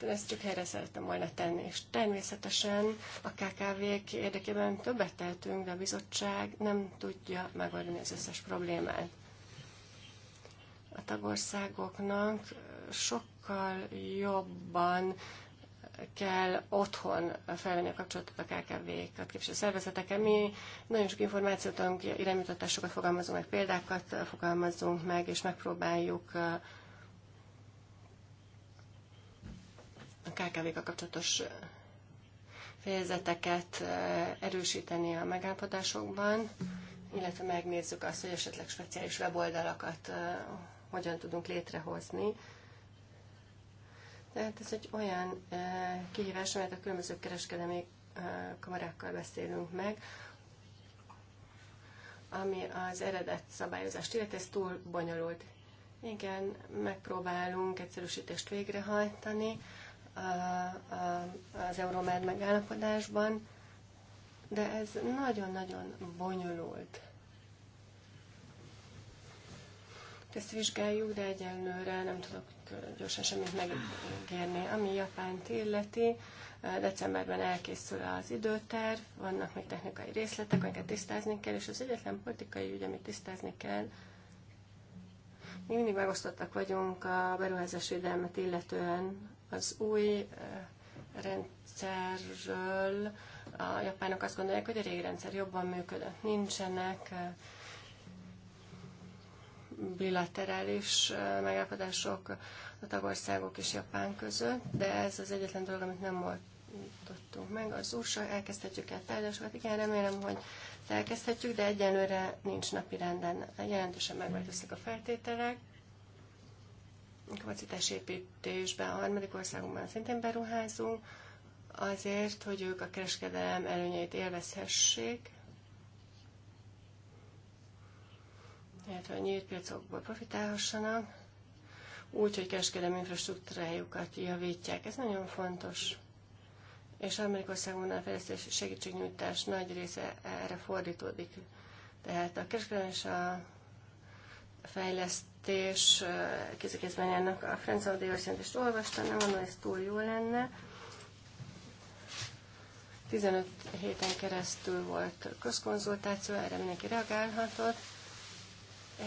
Hát ezt helyre szerettem volna tenni. És természetesen a KKV-k érdekében többet tehetünk, de a bizottság nem tudja megoldani az összes problémát. A tagországoknak sokkal jobban kell otthon felvenni a kapcsolatot a KKV-kat képviselő szervezetekkel. Mi nagyon sok információt adunk, irányítatásokat fogalmazunk meg, példákat fogalmazunk meg, és megpróbáljuk a KKV-kkal kapcsolatos fejezeteket erősíteni a megállapodásokban, illetve megnézzük azt, hogy esetleg speciális weboldalakat hogyan tudunk létrehozni. Tehát ez egy olyan kihívás, amelyet a különböző kereskedelmi kamarákkal beszélünk meg, ami az eredet szabályozást illeti, ez túl bonyolult. Igen, megpróbálunk egyszerűsítést végrehajtani, az Euromed megállapodásban, de ez nagyon-nagyon bonyolult. Ezt vizsgáljuk, de egyelőre nem tudok gyorsan semmit megígérni. Ami Japánt illeti, decemberben elkészül az időterv, vannak még technikai részletek, amiket tisztázni kell, és az egyetlen politikai ügy, amit tisztázni kell, mi mindig megosztottak vagyunk a beruházás védelmet illetően az új eh, rendszerről a japánok azt gondolják, hogy a régi rendszer jobban működött. Nincsenek eh, bilaterális eh, megállapodások a tagországok és Japán között, de ez az egyetlen dolog, amit nem oldottunk meg. Az USA elkezdhetjük el tárgyalásokat. Igen, remélem, hogy elkezdhetjük, de egyelőre nincs napi renden. Jelentősen megváltoztak a feltételek kapacitásépítésben a harmadik országunkban szintén beruházunk, azért, hogy ők a kereskedelem előnyeit élvezhessék, illetve a nyílt piacokból profitálhassanak, úgy, hogy kereskedelmi infrastruktúrájukat javítják. Ez nagyon fontos. És Amerikországban a fejlesztés segítségnyújtás nagy része erre fordítódik. Tehát a kereskedelem és a fejlesztés jelentés, kézikézben ennek a Friends jelentést olvastam, nem mondom, ez túl jó lenne. 15 héten keresztül volt közkonzultáció, erre mindenki reagálhatott,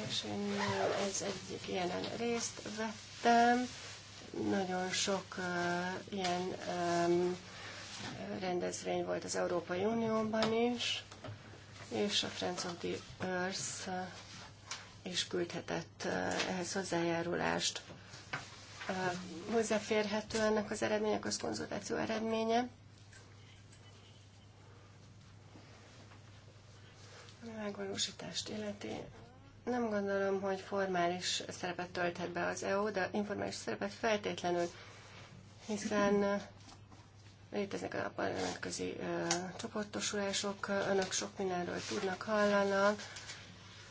és én ez egyik ilyen részt vettem. Nagyon sok uh, ilyen um, rendezvény volt az Európai Unióban is, és a Friends of the Earth és küldhetett ehhez hozzájárulást. Hozzáférhető ennek az eredmények, az konzultáció eredménye. A megvalósítást illeti. Nem gondolom, hogy formális szerepet tölthet be az EU, de informális szerepet feltétlenül, hiszen léteznek a parlamentközi csoportosulások, önök sok mindenről tudnak, hallanak,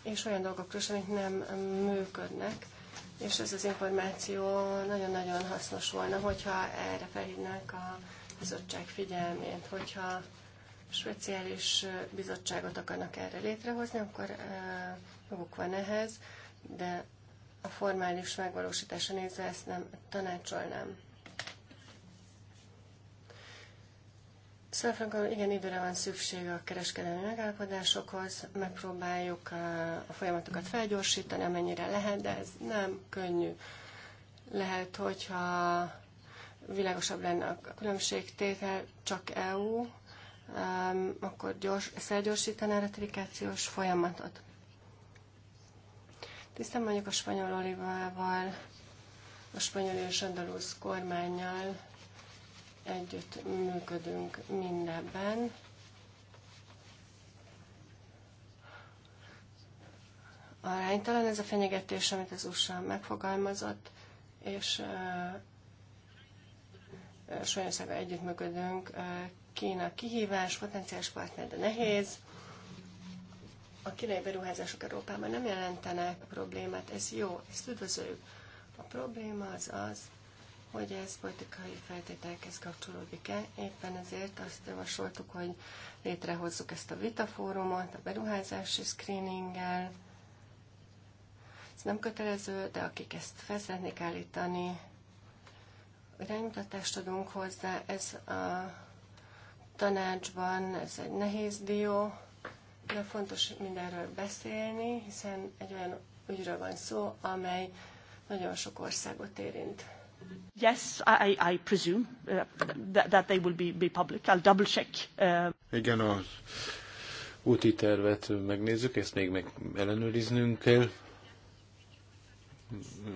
és olyan dolgokról is, amik nem működnek. És ez az információ nagyon-nagyon hasznos volna, hogyha erre felhívnák a bizottság figyelmét, hogyha speciális bizottságot akarnak erre létrehozni, akkor joguk eh, van ehhez, de a formális megvalósítása nézve ezt nem tanácsolnám. Szóval igen időre van szükség a kereskedelmi megállapodásokhoz, megpróbáljuk uh, a folyamatokat felgyorsítani, amennyire lehet, de ez nem könnyű. Lehet, hogyha világosabb lenne a különbségtétel, csak EU, um, akkor gyors, felgyorsítaná a ratifikációs folyamatot. Tisztán mondjuk a spanyol olivával, a spanyol és andalusz kormányjal, együtt működünk mindebben. Aránytalan ez a fenyegetés, amit az USA megfogalmazott, és uh, Soroszággal együttműködünk. Uh, Kína kihívás, potenciális partner, de nehéz. A kínai beruházások Európában nem jelentenek problémát, ez jó, ezt üdvözöljük. A probléma az az, hogy ez politikai feltételekhez kapcsolódik-e. Éppen ezért azt javasoltuk, hogy létrehozzuk ezt a vitafórumot a beruházási screeninggel. Ez nem kötelező, de akik ezt fel szeretnék állítani, iránymutatást adunk hozzá. Ez a tanácsban, ez egy nehéz dió, de fontos mindenről beszélni, hiszen egy olyan ügyről van szó, amely nagyon sok országot érint. Yes, I, I presume uh, that they will be, be public. I'll double check. Uh, Igen, az úti tervet megnézzük, ezt még meg ellenőriznünk kell.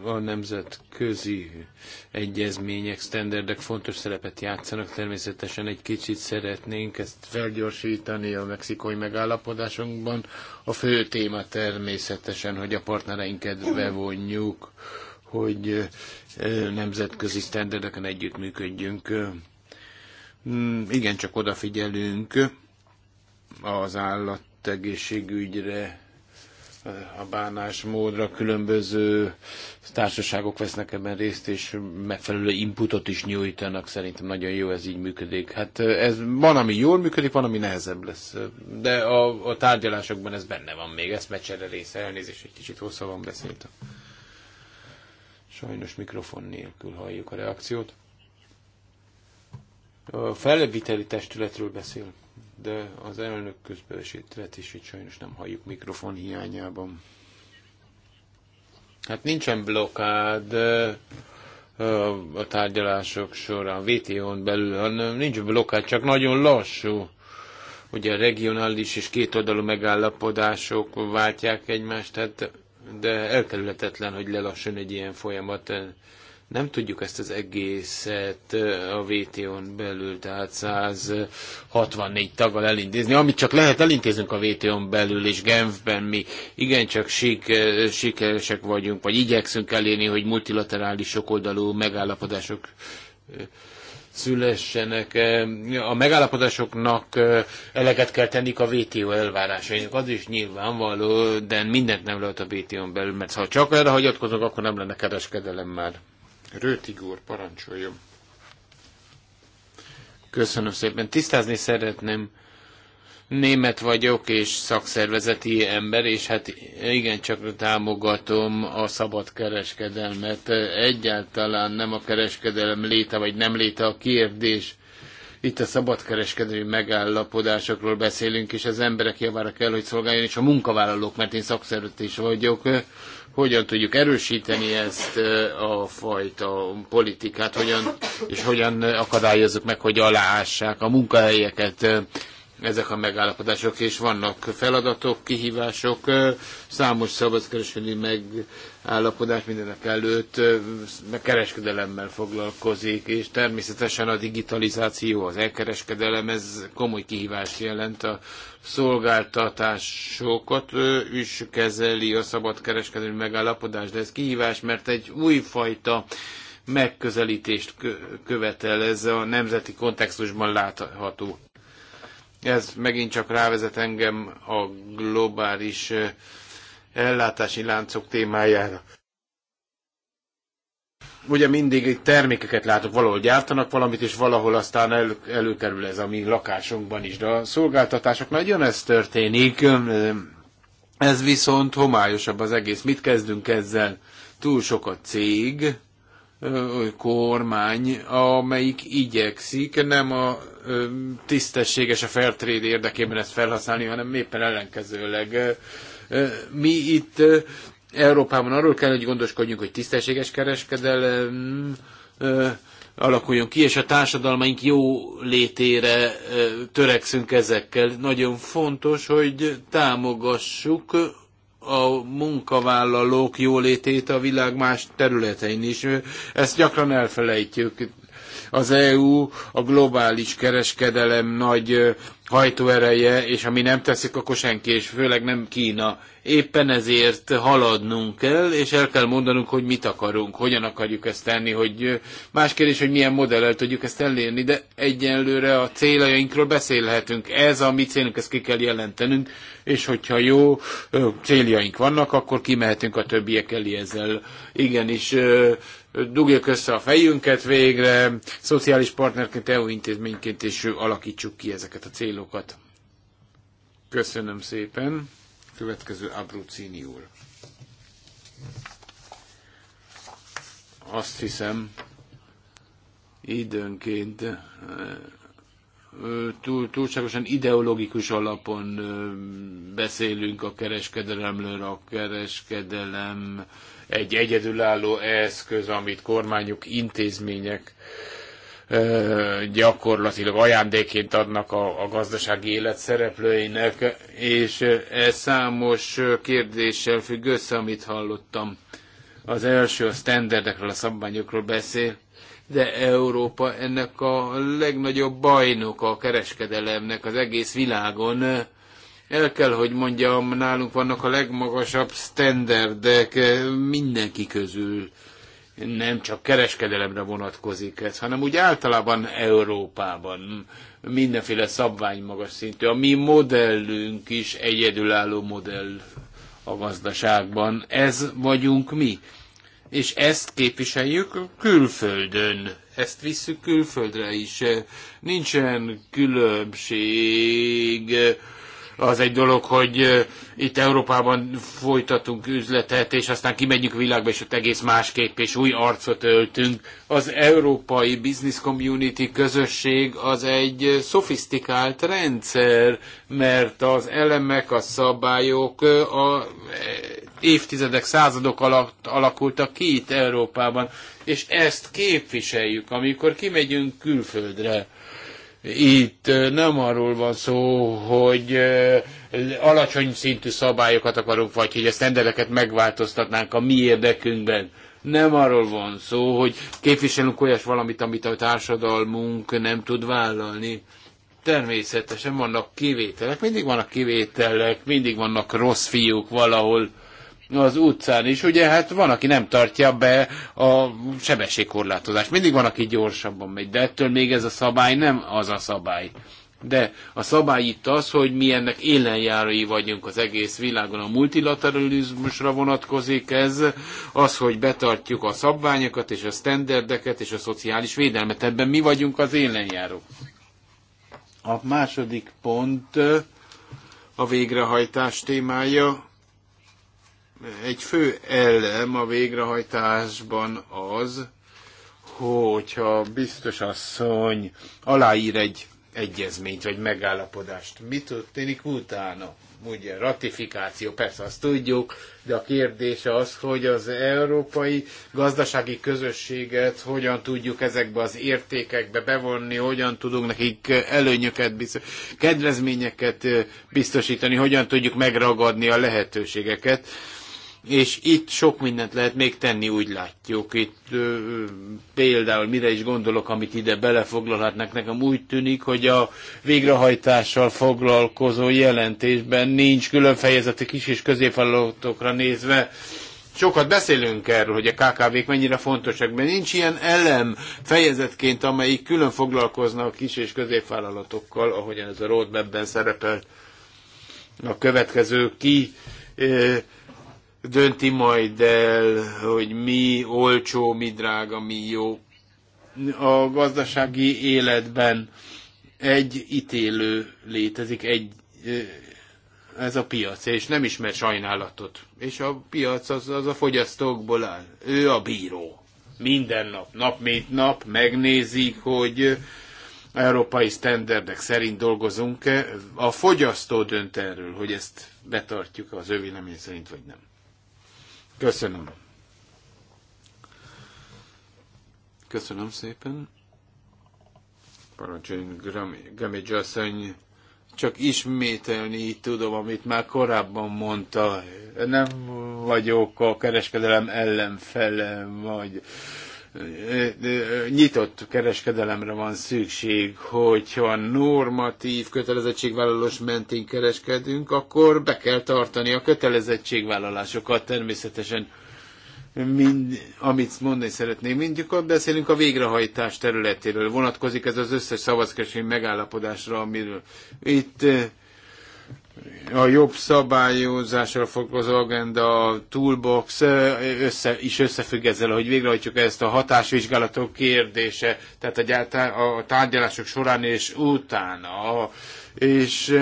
A nemzetközi egyezmények, standardek fontos szerepet játszanak. Természetesen egy kicsit szeretnénk ezt felgyorsítani a mexikói megállapodásunkban. A fő téma természetesen, hogy a partnereinket bevonjuk hogy nemzetközi sztenderdeken együttműködjünk. Mm, igen, csak odafigyelünk az állategészségügyre, a bánásmódra különböző társaságok vesznek ebben részt, és megfelelő inputot is nyújtanak. Szerintem nagyon jó ez így működik. Hát ez van, ami jól működik, van, ami nehezebb lesz. De a, a tárgyalásokban ez benne van még, ezt mecsere része, elnézést, egy kicsit hosszabban beszéltem. Sajnos mikrofon nélkül halljuk a reakciót. A felviteli testületről beszél, de az elnök közbelesítretését sajnos nem halljuk mikrofon hiányában. Hát nincsen blokád a tárgyalások során, VTO-n belül, hanem nincs blokád, csak nagyon lassú. Ugye regionális és kétoldalú megállapodások váltják egymást, tehát de elkerülhetetlen, hogy lelassul egy ilyen folyamat. Nem tudjuk ezt az egészet a VTO-n belül, tehát 164 taggal elintézni, amit csak lehet elintézünk a VTO-n belül, és Genfben mi igencsak siker, sikeresek vagyunk, vagy igyekszünk elérni, hogy multilaterális sokoldalú megállapodások szülessenek. Eh, a megállapodásoknak eh, eleget kell tenni a VTO elvárásainak, az is nyilvánvaló, de mindent nem lehet a vto n belül, mert ha csak erre hagyatkozunk, akkor nem lenne kereskedelem már. Rőtig úr, parancsoljon. Köszönöm szépen. Tisztázni szeretném, német vagyok, és szakszervezeti ember, és hát igen, csak támogatom a szabad kereskedelmet. Egyáltalán nem a kereskedelem léte vagy nem léte a kérdés. Itt a szabadkereskedelmi megállapodásokról beszélünk, és az emberek javára kell, hogy szolgáljon, és a munkavállalók, mert én szakszervezeti vagyok, hogyan tudjuk erősíteni ezt a fajta politikát, hogyan, és hogyan akadályozzuk meg, hogy aláássák a munkahelyeket ezek a megállapodások, és vannak feladatok, kihívások, számos szabadkereskedelmi megállapodás mindenek előtt kereskedelemmel foglalkozik, és természetesen a digitalizáció, az elkereskedelem, ez komoly kihívást jelent a szolgáltatásokat is kezeli a szabadkereskedelmi megállapodás, de ez kihívás, mert egy újfajta megközelítést követel, ez a nemzeti kontextusban látható. Ez megint csak rávezet engem a globális ellátási láncok témájára. Ugye mindig termékeket látok, valahol gyártanak valamit, és valahol aztán el, előkerül ez a mi lakásunkban is, de a nagyon ez történik, ez viszont homályosabb az egész. Mit kezdünk ezzel? Túl sok a cég, kormány, amelyik igyekszik nem a tisztességes, a fair trade érdekében ezt felhasználni, hanem éppen ellenkezőleg. Mi itt Európában arról kell, hogy gondoskodjunk, hogy tisztességes kereskedelem alakuljon ki, és a társadalmaink jó létére törekszünk ezekkel. Nagyon fontos, hogy támogassuk a munkavállalók jólétét a világ más területein is. Ezt gyakran elfelejtjük. Az EU a globális kereskedelem nagy hajtóereje, és ha mi nem teszik, akkor senki, és főleg nem Kína. Éppen ezért haladnunk kell, és el kell mondanunk, hogy mit akarunk, hogyan akarjuk ezt tenni, hogy más kérdés, hogy milyen modellel tudjuk ezt elérni, de egyenlőre a céljainkról beszélhetünk. Ez a mi célunk, ezt ki kell jelentenünk, és hogyha jó céljaink vannak, akkor kimehetünk a többiek elé ezzel. Igenis, dugjuk össze a fejünket végre, szociális partnerként, EU intézményként, és alakítsuk ki ezeket a célokat. Köszönöm szépen. Következő Abruzzini úr. Azt hiszem, időnként túl, túlságosan ideológikus alapon beszélünk a kereskedelemről, a kereskedelem egy egyedülálló eszköz, amit kormányok, intézmények gyakorlatilag ajándéként adnak a, a gazdasági élet szereplőinek, és ez számos kérdéssel függ össze, amit hallottam. Az első a standardekről, a szabványokról beszél, de Európa ennek a legnagyobb bajnoka a kereskedelemnek az egész világon, el kell, hogy mondjam, nálunk vannak a legmagasabb standardek eh, mindenki közül. Nem csak kereskedelemre vonatkozik ez, hanem úgy általában Európában mindenféle szabvány magas szintű. A mi modellünk is egyedülálló modell a gazdaságban. Ez vagyunk mi. És ezt képviseljük külföldön. Ezt visszük külföldre is. Nincsen különbség az egy dolog, hogy itt Európában folytatunk üzletet, és aztán kimegyünk világba, és ott egész másképp, és új arcot öltünk. Az európai business community közösség az egy szofisztikált rendszer, mert az elemek, a szabályok a e, évtizedek, századok alatt alakultak ki itt Európában, és ezt képviseljük, amikor kimegyünk külföldre itt nem arról van szó, hogy alacsony szintű szabályokat akarunk, vagy hogy a sztendereket megváltoztatnánk a mi érdekünkben. Nem arról van szó, hogy képviselünk olyas valamit, amit a társadalmunk nem tud vállalni. Természetesen vannak kivételek, mindig vannak kivételek, mindig vannak rossz fiúk valahol, az utcán is, ugye hát van, aki nem tartja be a sebességkorlátozást. Mindig van, aki gyorsabban megy, de ettől még ez a szabály nem az a szabály. De a szabály itt az, hogy mi ennek élenjárói vagyunk az egész világon. A multilateralizmusra vonatkozik ez, az, hogy betartjuk a szabványokat és a standardeket és a szociális védelmet. Ebben mi vagyunk az élenjárók. A második pont a végrehajtás témája egy fő elem a végrehajtásban az, hogyha biztos asszony aláír egy egyezményt vagy megállapodást, mi történik utána? Ugye ratifikáció, persze azt tudjuk, de a kérdés az, hogy az európai gazdasági közösséget hogyan tudjuk ezekbe az értékekbe bevonni, hogyan tudunk nekik előnyöket, kedvezményeket biztosítani, hogyan tudjuk megragadni a lehetőségeket és itt sok mindent lehet még tenni, úgy látjuk. Itt ö, például mire is gondolok, amit ide belefoglalhatnak, nekem úgy tűnik, hogy a végrehajtással foglalkozó jelentésben nincs külön fejezeti kis és középvállalatokra nézve, sokat beszélünk erről, hogy a KKV-k mennyire fontosak, mert nincs ilyen elem fejezetként, amelyik külön foglalkozna a kis és középvállalatokkal, ahogyan ez a roadmapben szerepel a következő ki dönti majd el, hogy mi olcsó, mi drága, mi jó. A gazdasági életben egy ítélő létezik, egy, ez a piac, és nem ismer sajnálatot. És a piac az, az a fogyasztókból áll. Ő a bíró. Minden nap, nap mint nap megnézik, hogy európai sztenderdek szerint dolgozunk-e. A fogyasztó dönt erről, hogy ezt betartjuk az ő vélemény szerint, vagy nem. Köszönöm. Köszönöm szépen. Parancsoljunk, Gami asszony, csak ismételni tudom, amit már korábban mondta. Nem vagyok a kereskedelem ellenfele, vagy nyitott kereskedelemre van szükség, hogyha normatív kötelezettségvállalós mentén kereskedünk, akkor be kell tartani a kötelezettségvállalásokat természetesen. Mind, amit mondani szeretném, mindjuk beszélünk a végrehajtás területéről. Vonatkozik ez az összes szavazkesény megállapodásra, amiről itt a jobb szabályozással foglalkozó agenda, a toolbox össze, is összefügg ezzel, hogy végrehajtjuk ezt a hatásvizsgálatok kérdése, tehát a, a tárgyalások során és utána. És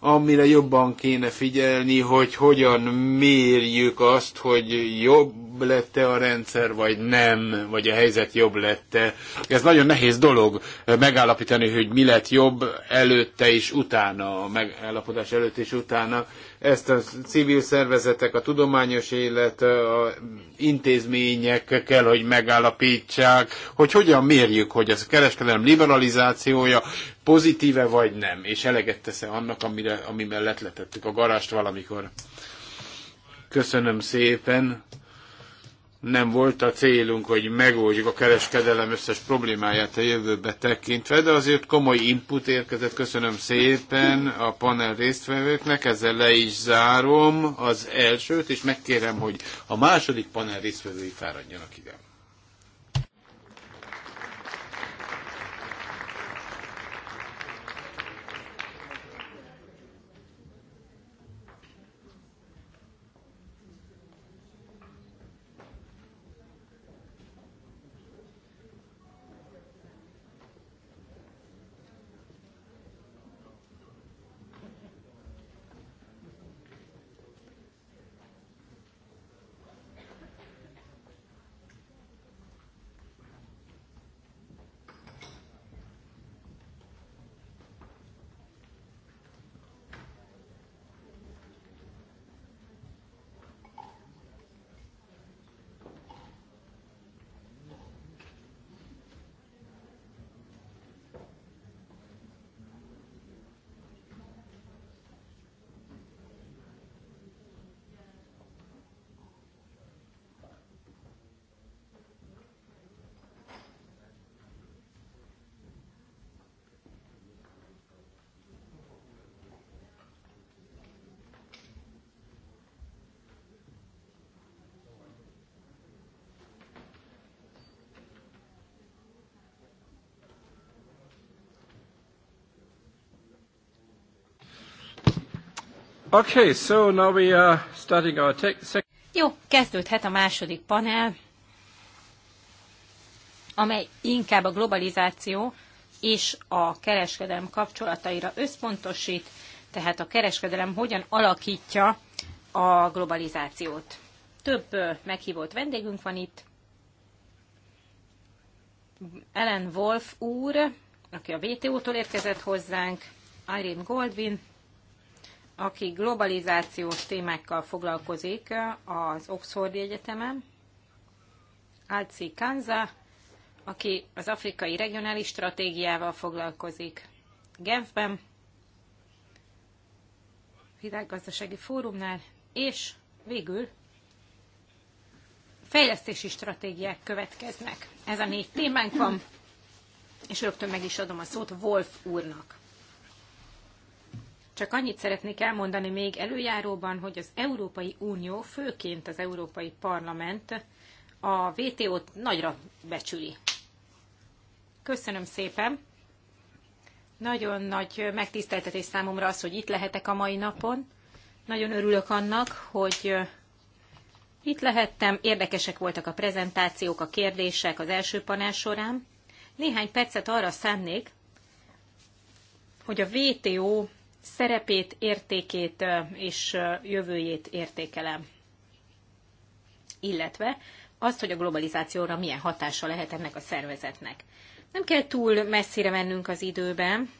amire jobban kéne figyelni, hogy hogyan mérjük azt, hogy jobb lett-e a rendszer, vagy nem, vagy a helyzet jobb lett-e. Ez nagyon nehéz dolog megállapítani, hogy mi lett jobb előtte és utána, a megállapodás előtt és utána. Ezt a civil szervezetek, a tudományos élet, a intézmények kell, hogy megállapítsák, hogy hogyan mérjük, hogy ez a kereskedelem liberalizációja pozitíve vagy nem, és eleget tesz e annak, amire, amiben letletettük a garást valamikor. Köszönöm szépen nem volt a célunk, hogy megoldjuk a kereskedelem összes problémáját a jövőbe tekintve, de azért komoly input érkezett. Köszönöm szépen a panel résztvevőknek, ezzel le is zárom az elsőt, és megkérem, hogy a második panel résztvevői fáradjanak ide. Okay, so now we are starting our tech Jó, kezdődhet a második panel, amely inkább a globalizáció és a kereskedelem kapcsolataira összpontosít, tehát a kereskedelem hogyan alakítja a globalizációt. Több meghívott vendégünk van itt. Ellen Wolf úr, aki a WTO-tól érkezett hozzánk, Irene Goldwyn, aki globalizációs témákkal foglalkozik az Oxfordi Egyetemen, Alci Kanza, aki az afrikai regionális stratégiával foglalkozik Genfben, világgazdasági fórumnál, és végül fejlesztési stratégiák következnek. Ez a négy témánk van, és rögtön meg is adom a szót Wolf úrnak. Csak annyit szeretnék elmondani még előjáróban, hogy az Európai Unió, főként az Európai Parlament a WTO-t nagyra becsüli. Köszönöm szépen! Nagyon nagy megtiszteltetés számomra az, hogy itt lehetek a mai napon. Nagyon örülök annak, hogy itt lehettem, érdekesek voltak a prezentációk, a kérdések az első panel során. Néhány percet arra szánnék, hogy a VTO szerepét, értékét és jövőjét értékelem. Illetve azt, hogy a globalizációra milyen hatása lehet ennek a szervezetnek. Nem kell túl messzire mennünk az időben,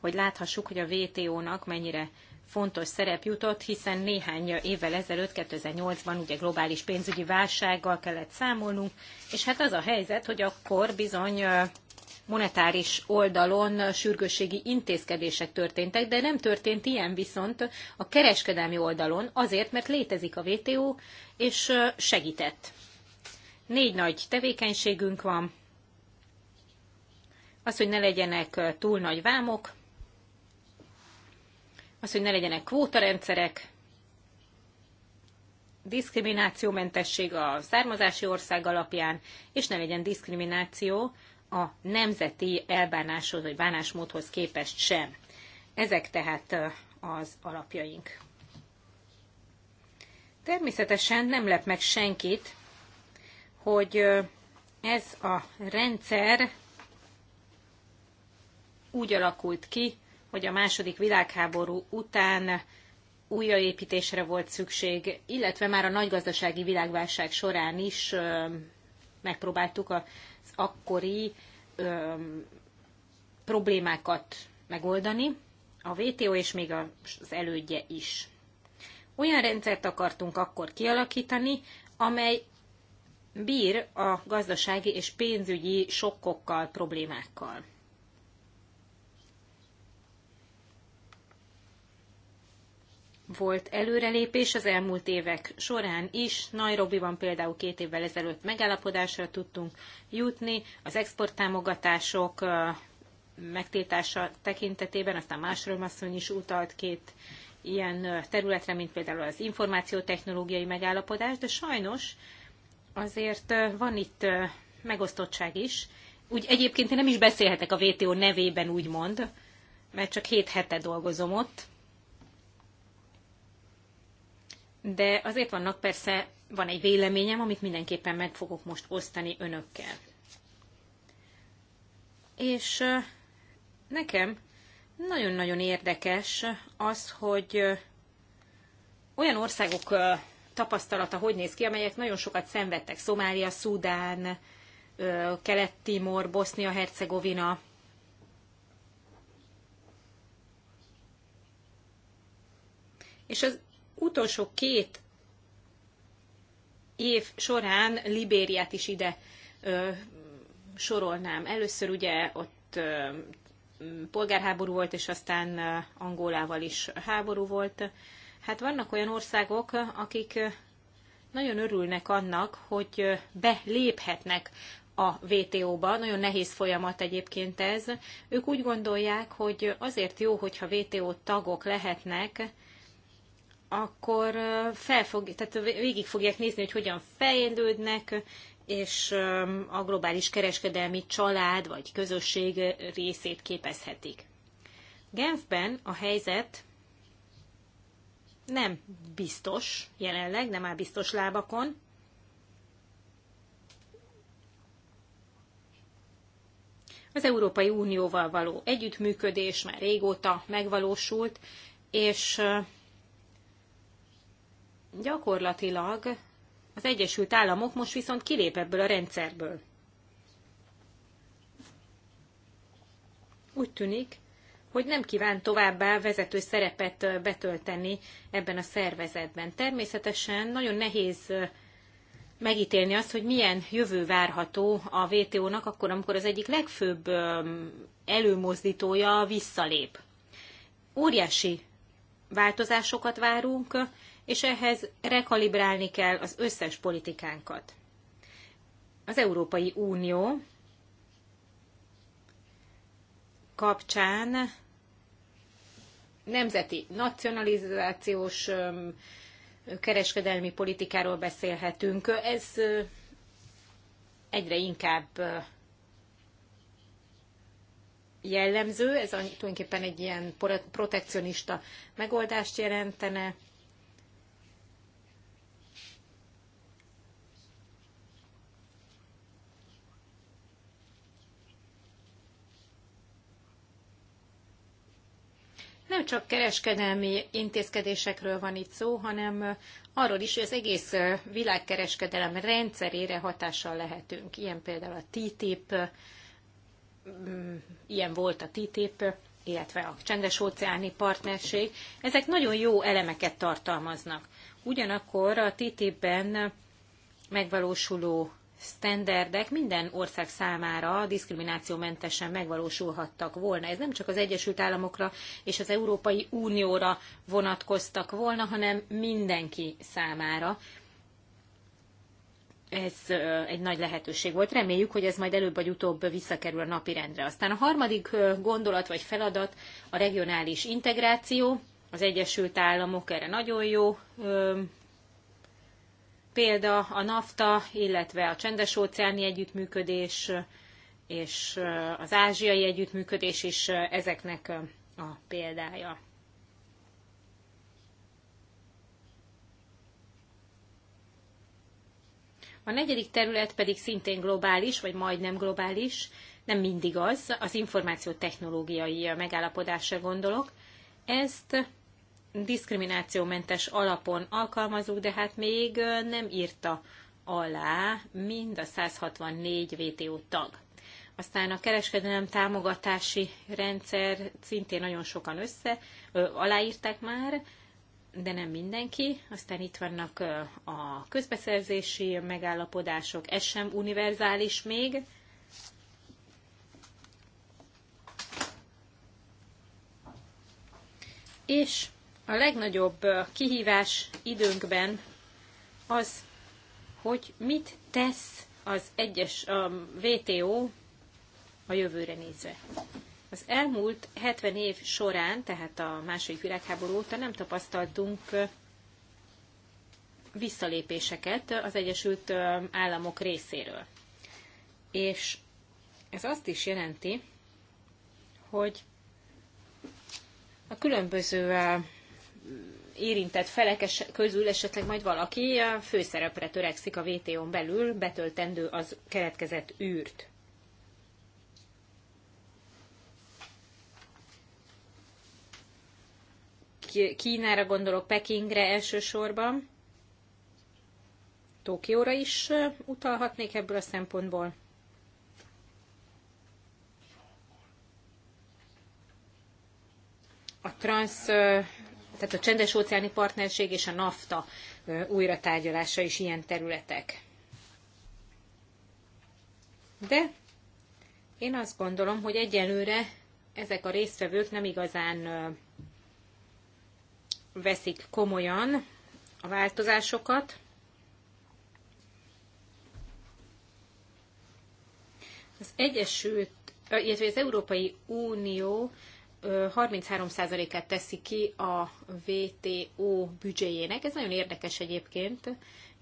hogy láthassuk, hogy a WTO-nak mennyire fontos szerep jutott, hiszen néhány évvel ezelőtt, 2008-ban ugye globális pénzügyi válsággal kellett számolnunk, és hát az a helyzet, hogy akkor bizony monetáris oldalon sürgősségi intézkedések történtek, de nem történt ilyen viszont a kereskedelmi oldalon, azért, mert létezik a WTO, és segített. Négy nagy tevékenységünk van. Az, hogy ne legyenek túl nagy vámok, az, hogy ne legyenek kvótarendszerek, diszkriminációmentesség a származási ország alapján, és ne legyen diszkrimináció a nemzeti elbánáshoz vagy bánásmódhoz képest sem. Ezek tehát az alapjaink. Természetesen nem lep meg senkit, hogy ez a rendszer úgy alakult ki, hogy a második világháború után újraépítésre volt szükség, illetve már a nagygazdasági világválság során is megpróbáltuk a akkori öm, problémákat megoldani, a VTO és még az elődje is. Olyan rendszert akartunk akkor kialakítani, amely bír a gazdasági és pénzügyi sokkokkal, problémákkal. volt előrelépés az elmúlt évek során is. Nairobiban például két évvel ezelőtt megállapodásra tudtunk jutni, az exporttámogatások megtiltása tekintetében, aztán másról asszony is utalt két ilyen területre, mint például az információtechnológiai megállapodás, de sajnos azért van itt megosztottság is. Úgy egyébként én nem is beszélhetek a WTO nevében, úgymond, mert csak hét hete dolgozom ott, de azért vannak persze, van egy véleményem, amit mindenképpen meg fogok most osztani önökkel. És nekem nagyon-nagyon érdekes az, hogy olyan országok tapasztalata hogy néz ki, amelyek nagyon sokat szenvedtek. Szomália, Szudán, Kelet-Timor, Bosznia-Hercegovina. És az utolsó két év során Libériát is ide ö, sorolnám. Először ugye ott ö, polgárháború volt, és aztán Angolával is háború volt. Hát vannak olyan országok, akik nagyon örülnek annak, hogy beléphetnek a VTO-ba. Nagyon nehéz folyamat egyébként ez. Ők úgy gondolják, hogy azért jó, hogyha VTO tagok lehetnek, akkor fel fog, tehát végig fogják nézni, hogy hogyan fejlődnek, és a globális kereskedelmi család vagy közösség részét képezhetik. Genfben a helyzet nem biztos jelenleg, nem áll biztos lábakon. Az Európai Unióval való együttműködés már régóta megvalósult, és Gyakorlatilag az Egyesült Államok most viszont kilép ebből a rendszerből. Úgy tűnik, hogy nem kíván továbbá vezető szerepet betölteni ebben a szervezetben. Természetesen nagyon nehéz megítélni azt, hogy milyen jövő várható a WTO-nak akkor, amikor az egyik legfőbb előmozdítója visszalép. Óriási változásokat várunk, és ehhez rekalibrálni kell az összes politikánkat. Az Európai Unió kapcsán nemzeti nacionalizációs kereskedelmi politikáról beszélhetünk. Ez egyre inkább jellemző, ez tulajdonképpen egy ilyen protekcionista megoldást jelentene. nem csak kereskedelmi intézkedésekről van itt szó, hanem arról is, hogy az egész világkereskedelem rendszerére hatással lehetünk. Ilyen például a TTIP, mm, ilyen volt a TTIP, illetve a csendes óceáni partnerség. Ezek nagyon jó elemeket tartalmaznak. Ugyanakkor a TTIP-ben megvalósuló sztenderdek minden ország számára diszkriminációmentesen megvalósulhattak volna. Ez nem csak az Egyesült Államokra és az Európai Unióra vonatkoztak volna, hanem mindenki számára. Ez egy nagy lehetőség volt. Reméljük, hogy ez majd előbb vagy utóbb visszakerül a napirendre. Aztán a harmadik gondolat vagy feladat a regionális integráció. Az Egyesült Államok erre nagyon jó példa a NAFTA, illetve a csendes-óceáni együttműködés és eh, az ázsiai együttműködés is eh, ezeknek eh, a példája. A negyedik terület pedig szintén globális, vagy majdnem globális, nem mindig az, az információ technológiai megállapodásra gondolok. Ezt diszkriminációmentes alapon alkalmazunk, de hát még nem írta alá mind a 164 VTO tag. Aztán a kereskedelem támogatási rendszer szintén nagyon sokan össze, ö, aláírták már, de nem mindenki. Aztán itt vannak a közbeszerzési megállapodások, ez sem univerzális még. És a legnagyobb kihívás időnkben az, hogy mit tesz az egyes a VTO a jövőre nézve. Az elmúlt 70 év során, tehát a második világháború óta nem tapasztaltunk visszalépéseket az Egyesült Államok részéről. És ez azt is jelenti, hogy a különböző érintett felek közül esetleg majd valaki a főszerepre törekszik a VTO-n belül, betöltendő az keletkezett űrt. Kínára gondolok, Pekingre elsősorban. Tokióra is utalhatnék ebből a szempontból. A transz tehát a csendes óceáni partnerség és a NAFTA újra tárgyalása is ilyen területek. De én azt gondolom, hogy egyelőre ezek a résztvevők nem igazán veszik komolyan a változásokat. Az Egyesült, illetve az Európai Unió 33%-át teszi ki a VTO büdzséjének. Ez nagyon érdekes egyébként,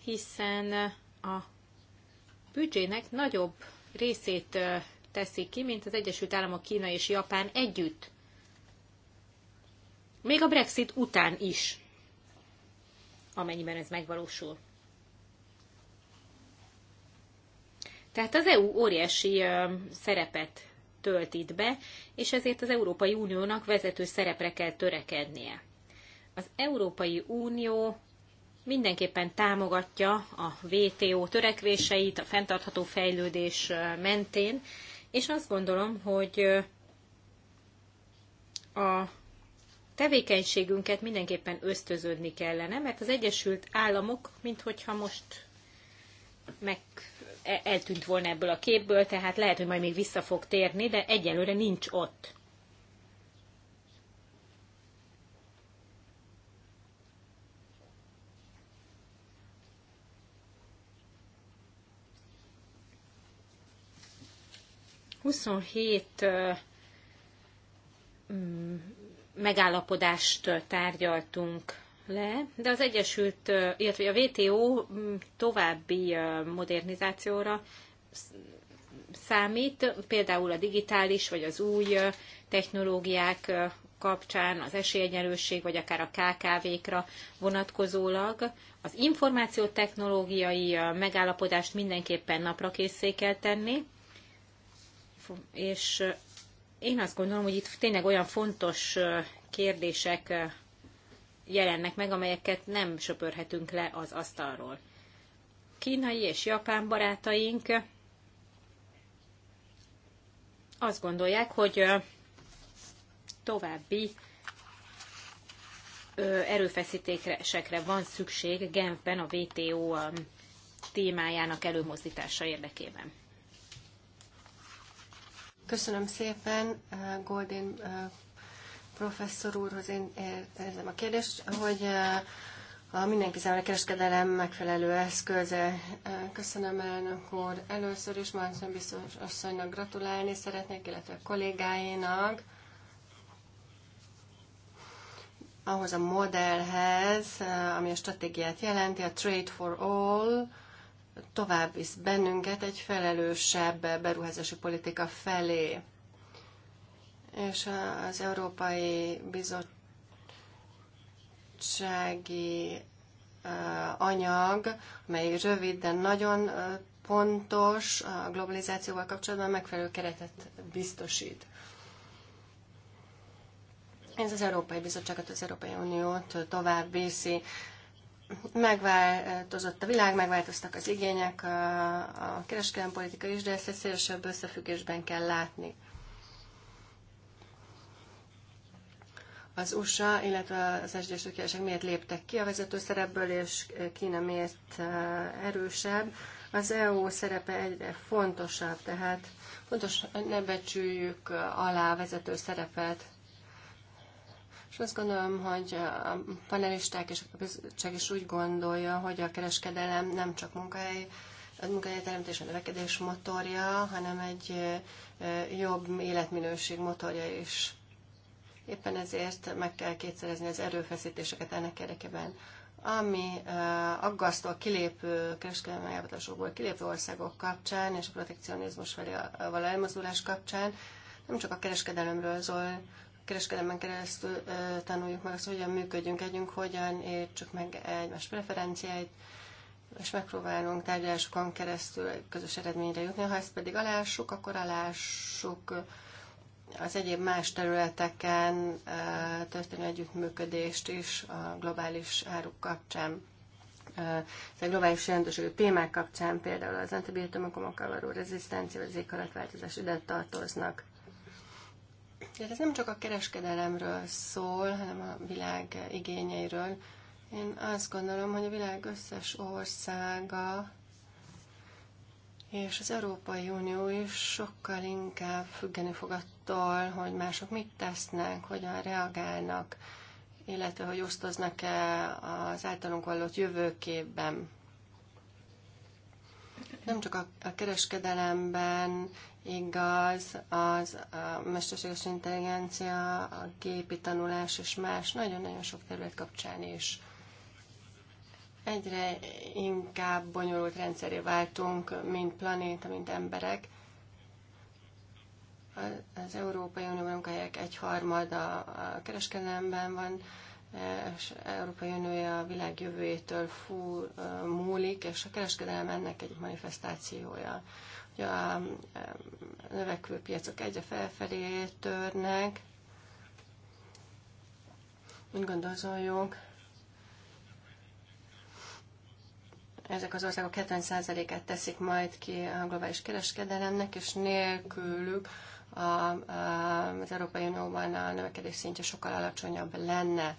hiszen a büdzsének nagyobb részét teszi ki, mint az Egyesült Államok, Kína és Japán együtt. Még a Brexit után is, amennyiben ez megvalósul. Tehát az EU óriási szerepet tölt itt be, és ezért az Európai Uniónak vezető szerepre kell törekednie. Az Európai Unió mindenképpen támogatja a WTO törekvéseit a fenntartható fejlődés mentén, és azt gondolom, hogy a tevékenységünket mindenképpen ösztöződni kellene, mert az Egyesült Államok, minthogyha most meg E, eltűnt volna ebből a képből, tehát lehet, hogy majd még vissza fog térni, de egyelőre nincs ott. Huszonhét mm, megállapodást tárgyaltunk le, de az Egyesült, illetve a WTO mm, további modernizációra számít, például a digitális vagy az új technológiák kapcsán, az esélyegyenlőség, vagy akár a KKV-kra vonatkozólag. Az információtechnológiai megállapodást mindenképpen napra készé kell tenni, és én azt gondolom, hogy itt tényleg olyan fontos kérdések jelennek meg, amelyeket nem söpörhetünk le az asztalról. Kínai és japán barátaink azt gondolják, hogy további erőfeszítésekre van szükség Genfben a WTO témájának előmozdítása érdekében. Köszönöm szépen, Goldin professzor úrhoz én érzem a kérdést, hogy eh, a mindenki számára kereskedelem megfelelő eszköze. Eh, köszönöm elnök úr. Először is Manson biztos asszonynak gratulálni szeretnék, illetve a kollégáinak ahhoz a modellhez, eh, ami a stratégiát jelenti, a Trade for All, tovább visz bennünket egy felelősebb beruházási politika felé és az Európai Bizottsági anyag, amely rövid, de nagyon pontos a globalizációval kapcsolatban megfelelő keretet biztosít. Ez az Európai Bizottságot, az Európai Uniót tovább viszi. Megváltozott a világ, megváltoztak az igények, a, kereskedelmi politika is, de ezt egy szélesebb összefüggésben kell látni. az USA, illetve az Egyesült Királyság miért léptek ki a vezető szerepből, és Kína miért eh, erősebb. Az EU szerepe egyre fontosabb, tehát fontos, ne becsüljük eh, alá a vezető szerepet. És azt gondolom, hogy a panelisták és a bizottság is úgy gondolja, hogy a kereskedelem nem csak munkahely, a teremtés a növekedés motorja, hanem egy eh, jobb életminőség motorja is. Éppen ezért meg kell kétszerezni az erőfeszítéseket ennek érdekében. Ami aggasztó a kilépő kereskedelmi megállapodásokból kilépő országok kapcsán és a protekcionizmus felé való elmozdulás kapcsán, nem csak a kereskedelemről szól, kereskedelmen keresztül tanuljuk meg azt, hogyan működjünk, együnk, hogyan értsük meg egymás preferenciáit, és megpróbálunk tárgyalásokon keresztül közös eredményre jutni. Ha ezt pedig alássuk, akkor alássuk az egyéb más területeken történő együttműködést is a globális áruk kapcsán, a globális jelentőségű témák kapcsán, például az antibiotomokomokkal való rezisztencia, az éghalatváltozás ide tartoznak. De ez nem csak a kereskedelemről szól, hanem a világ igényeiről. Én azt gondolom, hogy a világ összes országa és az Európai Unió is sokkal inkább függeni fog attól, hogy mások mit tesznek, hogyan reagálnak, illetve hogy osztoznak-e az általunk vallott jövőképben. Nem csak a, a kereskedelemben igaz, az a mesterséges intelligencia, a gépi tanulás és más nagyon-nagyon sok terület kapcsán is. Egyre inkább bonyolult rendszeré váltunk, mint planéta, mint emberek. Az Európai Unió munkahelyek egyharmada a kereskedelemben van, és Európai Uniója a világ jövőjétől fú, múlik, és a kereskedelem ennek egy manifestációja. Ugye a növekvő piacok egyre felfelé törnek, úgy gondoljunk, Ezek az országok 70%-át teszik majd ki a globális kereskedelemnek, és nélkülük a, a, az Európai Unióban a növekedés szintje sokkal alacsonyabb lenne.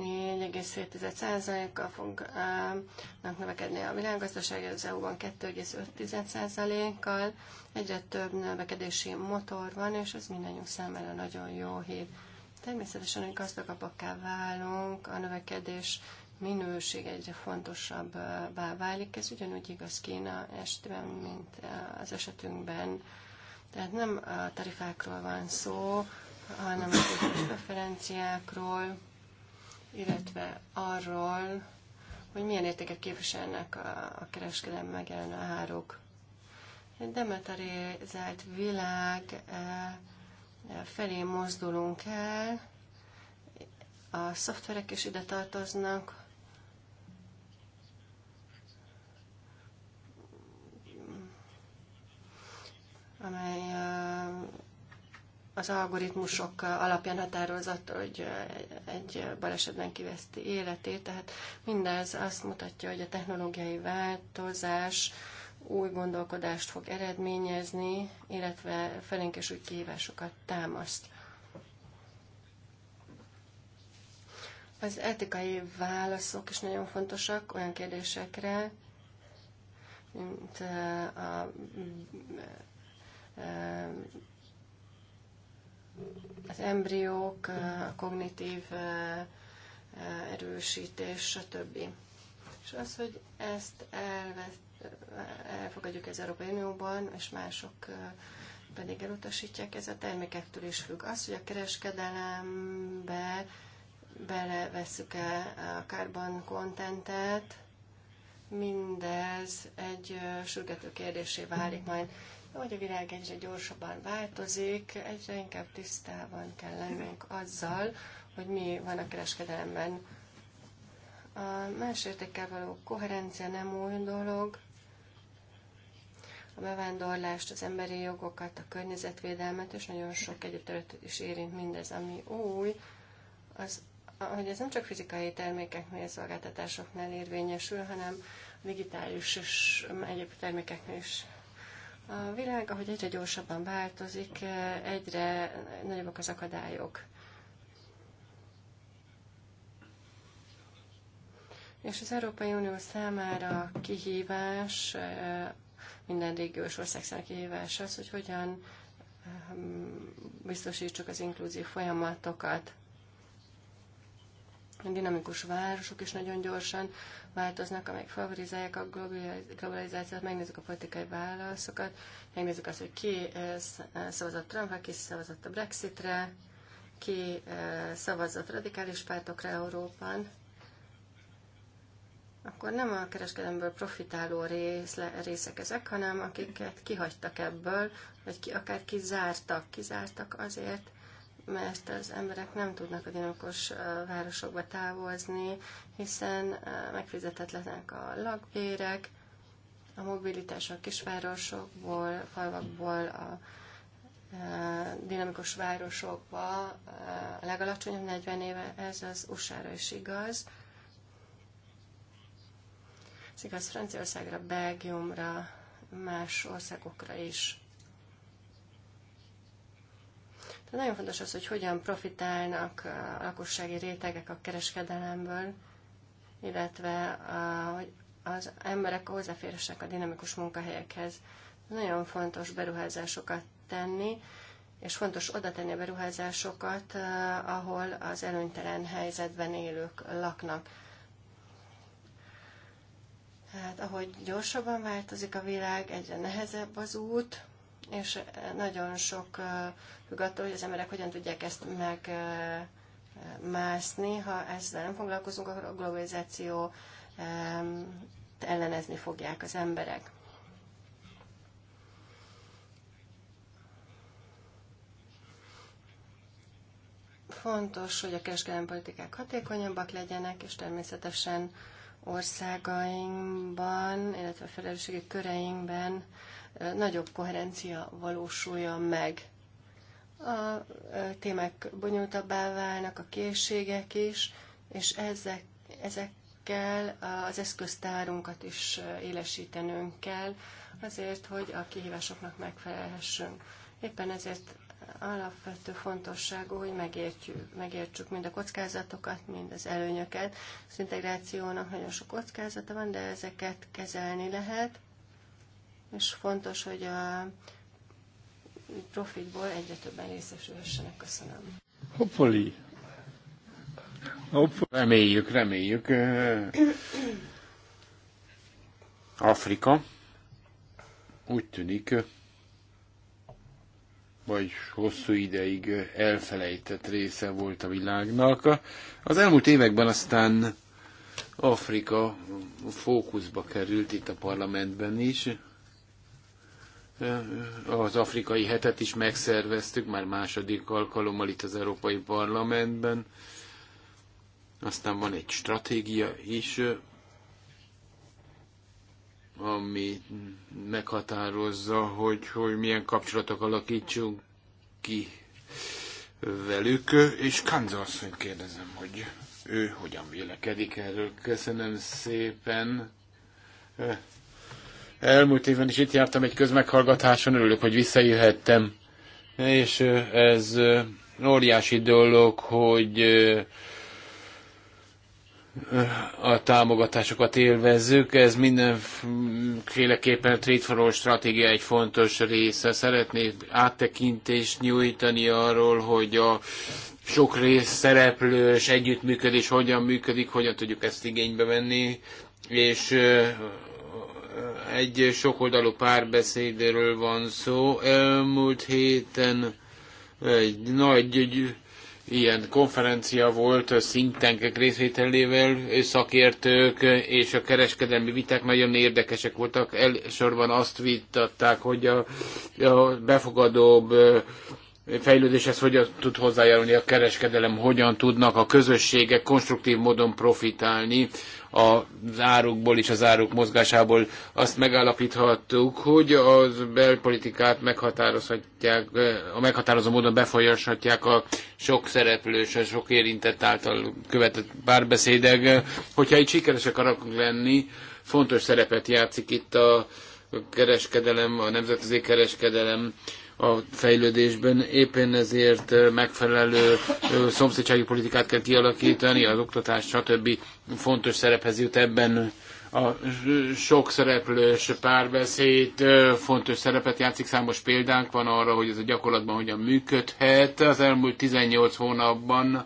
4,7%-kal fognak növekedni a világgazdaság, az EU-ban 2,5%-kal. Egyre több növekedési motor van, és ez mindannyiunk számára nagyon jó hír. Természetesen, hogy gazdagabbakká válunk, a növekedés minőség egyre fontosabb válik. Ez ugyanúgy igaz Kína esetben, mint az esetünkben. Tehát nem a tarifákról van szó, hanem a preferenciákról, illetve arról, hogy milyen értéket képviselnek a, a kereskedelmi megjelenő árok. Egy demetarizált világ eh, felé mozdulunk el, a szoftverek is ide tartoznak, amely eh, az algoritmusok alapján határozott, hogy egy balesetben kiveszti életét, tehát mindez azt mutatja, hogy a technológiai változás új gondolkodást fog eredményezni, illetve felénk is új kihívásokat támaszt. Az etikai válaszok is nagyon fontosak olyan kérdésekre, mint a, a, a az embriók, a kognitív erősítés, stb. És az, hogy ezt elvet, elfogadjuk az Európai Unióban, és mások pedig elutasítják, ez a termékektől is függ. Az, hogy a kereskedelembe belevesszük-e a carbon contentet, mindez egy sürgető kérdésé válik majd hogy a világ egyre gyorsabban változik, egyre inkább tisztában kell lennünk azzal, hogy mi van a kereskedelemben. A más értékkel való koherencia nem új dolog. A bevándorlást, az emberi jogokat, a környezetvédelmet és nagyon sok egyéb területet is érint mindez, ami új, az, hogy ez nem csak fizikai termékeknél, szolgáltatásoknál érvényesül, hanem digitális és egyéb termékeknél is a világ, ahogy egyre gyorsabban változik, egyre nagyobbak az akadályok. És az Európai Unió számára kihívás, minden régiós ország számára kihívás az, hogy hogyan ehm, biztosítsuk az inkluzív folyamatokat dinamikus városok is nagyon gyorsan változnak, amelyek favorizálják a globalizációt, megnézzük a politikai válaszokat, megnézzük azt, hogy ki eh, eh, szavazott Trumpra, ki szavazott a Brexitre, ki eh, szavazott radikális pártokra Európán, akkor nem a kereskedemből profitáló rész, részek ezek, hanem akiket kihagytak ebből, vagy ki, akár kizártak, kizártak azért, mert az emberek nem tudnak a dinamikos városokba távozni, hiszen megfizetetlenek a lakbérek, a mobilitás a kisvárosokból, falvakból a dinamikus városokba a legalacsonyabb 40 éve, ez az usa is igaz. Ez igaz Franciaországra, Belgiumra, más országokra is. De nagyon fontos az, hogy hogyan profitálnak a lakossági rétegek a kereskedelemből, illetve hogy az emberek hozzáférhessenek a dinamikus munkahelyekhez. Nagyon fontos beruházásokat tenni, és fontos oda tenni a beruházásokat, eh, ahol az előnytelen helyzetben élők laknak. Hát ahogy gyorsabban változik a világ, egyre nehezebb az út, és eh, nagyon sok eh, függ attól, hogy az emberek hogyan tudják ezt megmászni. Eh, ha ezzel nem foglalkozunk, akkor a globalizáció ellenezni fogják az emberek. Fontos, hogy a kereskedelmi politikák hatékonyabbak legyenek, és természetesen országainkban, illetve a felelősségi köreinkben nagyobb koherencia valósuljon meg. A témák bonyolultabbá válnak, a készségek is, és ezek, ezekkel az eszköztárunkat is élesítenünk kell, azért, hogy a kihívásoknak megfelelhessünk. Éppen ezért alapvető fontosságú, hogy megértjük, megértsük mind a kockázatokat, mind az előnyöket. Az integrációnak nagyon sok kockázata van, de ezeket kezelni lehet és fontos, hogy a profitból egyre többen részesülhessenek. Köszönöm. Hopefully. Hopefully. Reméljük, reméljük. Afrika úgy tűnik, vagy hosszú ideig elfelejtett része volt a világnak. Az elmúlt években aztán Afrika fókuszba került itt a parlamentben is, az afrikai hetet is megszerveztük, már második alkalommal itt az Európai Parlamentben. Aztán van egy stratégia is, ami meghatározza, hogy, hogy milyen kapcsolatok alakítsunk ki velük, és Kanza asszonyt kérdezem, hogy ő hogyan vélekedik erről. Köszönöm szépen. Elmúlt évben is itt jártam egy közmeghallgatáson, örülök, hogy visszajöhettem. És ez óriási dolog, hogy a támogatásokat élvezzük. Ez mindenféleképpen a Trade for All stratégia egy fontos része. Szeretnék áttekintést nyújtani arról, hogy a sok rész szereplős együttműködés hogyan működik, hogyan tudjuk ezt igénybe venni, és egy sokoldalú párbeszédről van szó. Elmúlt héten egy nagy egy, ilyen konferencia volt a szintenkek részvételével, szakértők és a kereskedelmi viták nagyon érdekesek voltak. Elsősorban azt vitatták, hogy a, a befogadóbb fejlődéshez hogyan tud hozzájárulni a kereskedelem, hogyan tudnak a közösségek konstruktív módon profitálni az árukból és az áruk mozgásából. Azt megállapíthattuk, hogy az belpolitikát meghatározhatják, a meghatározó módon befolyashatják a sok szereplős, a sok érintett által követett párbeszédek. Hogyha itt sikeresek akarunk lenni, fontos szerepet játszik itt a kereskedelem, a nemzetközi kereskedelem a fejlődésben. Éppen ezért megfelelő szomszédsági politikát kell kialakítani, az oktatás, stb. fontos szerephez jut ebben a sok szereplős párbeszéd fontos szerepet játszik. Számos példánk van arra, hogy ez a gyakorlatban hogyan működhet. Az elmúlt 18 hónapban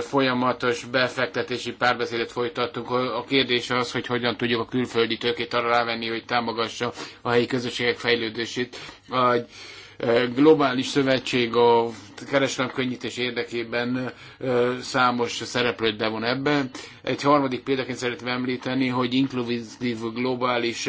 folyamatos befektetési párbeszédet folytattunk. A kérdés az, hogy hogyan tudjuk a külföldi tőkét arra rávenni, hogy támogassa a helyi közösségek fejlődését. A globális szövetség a kereskedelmi könnyítés érdekében számos szereplőt bevon ebbe. Egy harmadik példaként szeretném említeni, hogy inkluzív globális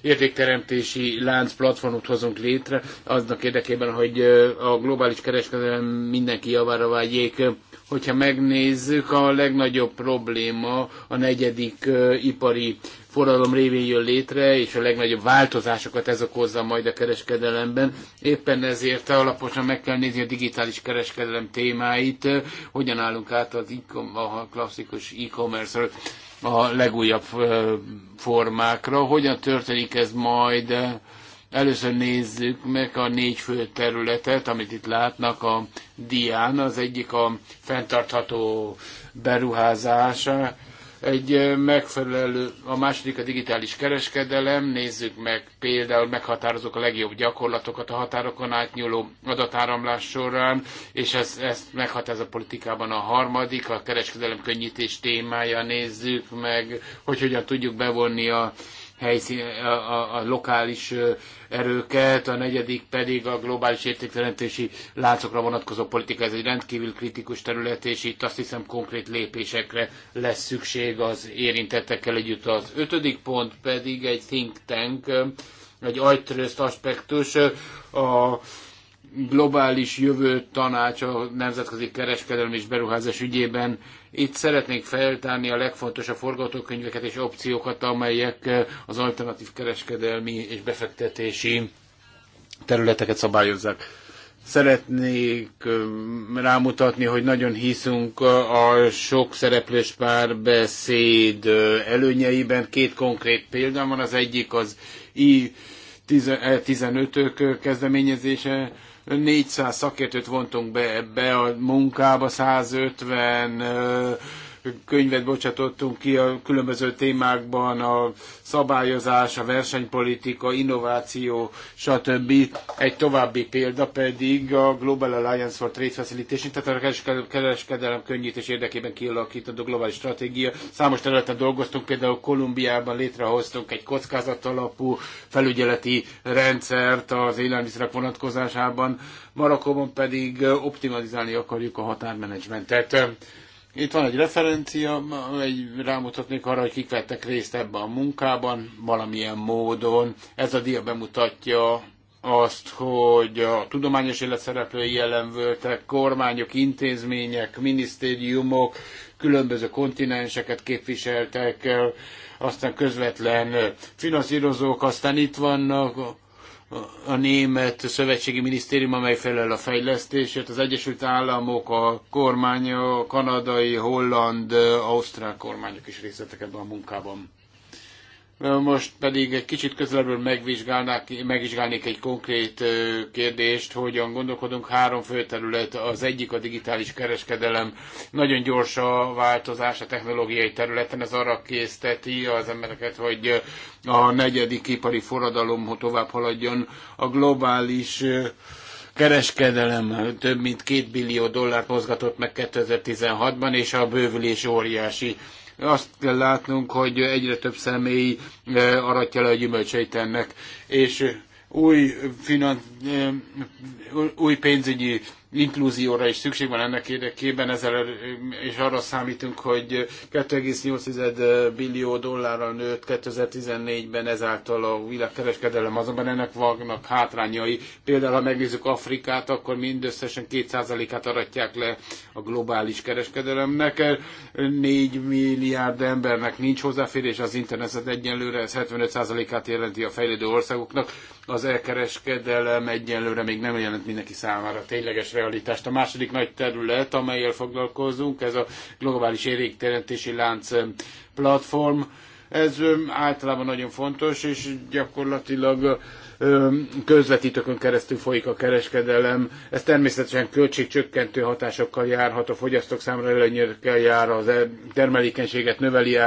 értékteremtési lánc platformot hozunk létre, aznak érdekében, hogy a globális kereskedelem mindenki javára vágyék. Hogyha megnézzük, a legnagyobb probléma a negyedik ipari forradalom révén jön létre, és a legnagyobb változásokat ez okozza majd a kereskedelemben. Éppen ezért alaposan meg kell nézni a digitális kereskedelem témáit, hogyan állunk át az e a klasszikus e-commerce a legújabb formákra, hogyan történik ez majd Először nézzük meg a négy fő területet, amit itt látnak a dián. Az egyik a fenntartható beruházása, egy megfelelő, a második a digitális kereskedelem, nézzük meg például meghatározok a legjobb gyakorlatokat a határokon átnyúló adatáramlás során, és ezt, ezt meghatároz a politikában a harmadik, a kereskedelem könnyítés témája, nézzük meg, hogy hogyan tudjuk bevonni a helyszín, a, a, a lokális erőket, a negyedik pedig a globális értékteremtési láncokra vonatkozó politika. Ez egy rendkívül kritikus terület, és itt azt hiszem konkrét lépésekre lesz szükség az érintettekkel együtt. Az ötödik pont pedig egy think tank, egy ajtrözt aspektus, a globális jövő tanács a nemzetközi kereskedelem és beruházás ügyében itt szeretnénk feltárni a legfontosabb forgatókönyveket és opciókat, amelyek eh, az alternatív kereskedelmi és befektetési területeket szabályozzák. Szeretnék eh, rámutatni, hogy nagyon hiszünk a sok szereplős párbeszéd eh, előnyeiben. Két konkrét példa van, az egyik az I-15-ök kezdeményezése, 400 szakértőt vontunk be ebbe a munkába, 150 könyvet bocsátottunk ki a különböző témákban, a szabályozás, a versenypolitika, innováció, stb. Egy további példa pedig a Global Alliance for Trade Facilitation, tehát a kereskedelem könnyítés érdekében a globális stratégia. Számos területen dolgoztunk, például Kolumbiában létrehoztunk egy kockázat alapú felügyeleti rendszert az élelmiszerek vonatkozásában, Marokkóban pedig optimalizálni akarjuk a határmenedzsmentet. Itt van egy referencia, egy, rámutatnék arra, hogy kik vettek részt ebben a munkában, valamilyen módon. Ez a dia bemutatja azt, hogy a tudományos élet szereplői jelen voltak, kormányok, intézmények, minisztériumok, különböző kontinenseket képviseltek, aztán közvetlen finanszírozók, aztán itt vannak a német szövetségi minisztérium, amely felel a fejlesztésért, az Egyesült Államok, a kormánya, a kanadai, holland, ausztrál kormányok is részt vettek ebben a munkában. Most pedig egy kicsit közelebbről megvizsgálnák, megvizsgálnék egy konkrét kérdést, hogyan gondolkodunk. Három fő terület, az egyik a digitális kereskedelem. Nagyon gyors a változás a technológiai területen, ez arra készteti az embereket, hogy a negyedik ipari forradalom tovább haladjon. A globális kereskedelem több mint két billió dollárt mozgatott meg 2016-ban, és a bővülés óriási. Azt kell látnunk, hogy egyre több személy eh, aratja le a gyümölcseit ennek, és eh, új, finan, eh, új pénzügyi inklúzióra is szükség van ennek érdekében, ezzel, és arra számítunk, hogy 2,8 billió dollárra nőtt 2014-ben ezáltal a világkereskedelem, azonban ennek vannak hátrányai. Például, ha megnézzük Afrikát, akkor mindösszesen 2%-át aratják le a globális kereskedelemnek. 4 milliárd embernek nincs hozzáférés az internetet egyenlőre, ez 75%-át jelenti a fejlődő országoknak. Az elkereskedelem egyenlőre még nem jelent mindenki számára tényleges realitást. A második nagy terület, amelyel foglalkozunk, ez a globális érékteremtési lánc platform. Ez általában nagyon fontos, és gyakorlatilag közvetítőkön keresztül folyik a kereskedelem. Ez természetesen költségcsökkentő hatásokkal járhat, a fogyasztók számára előnyökkel jár, az e- termelékenységet növeli,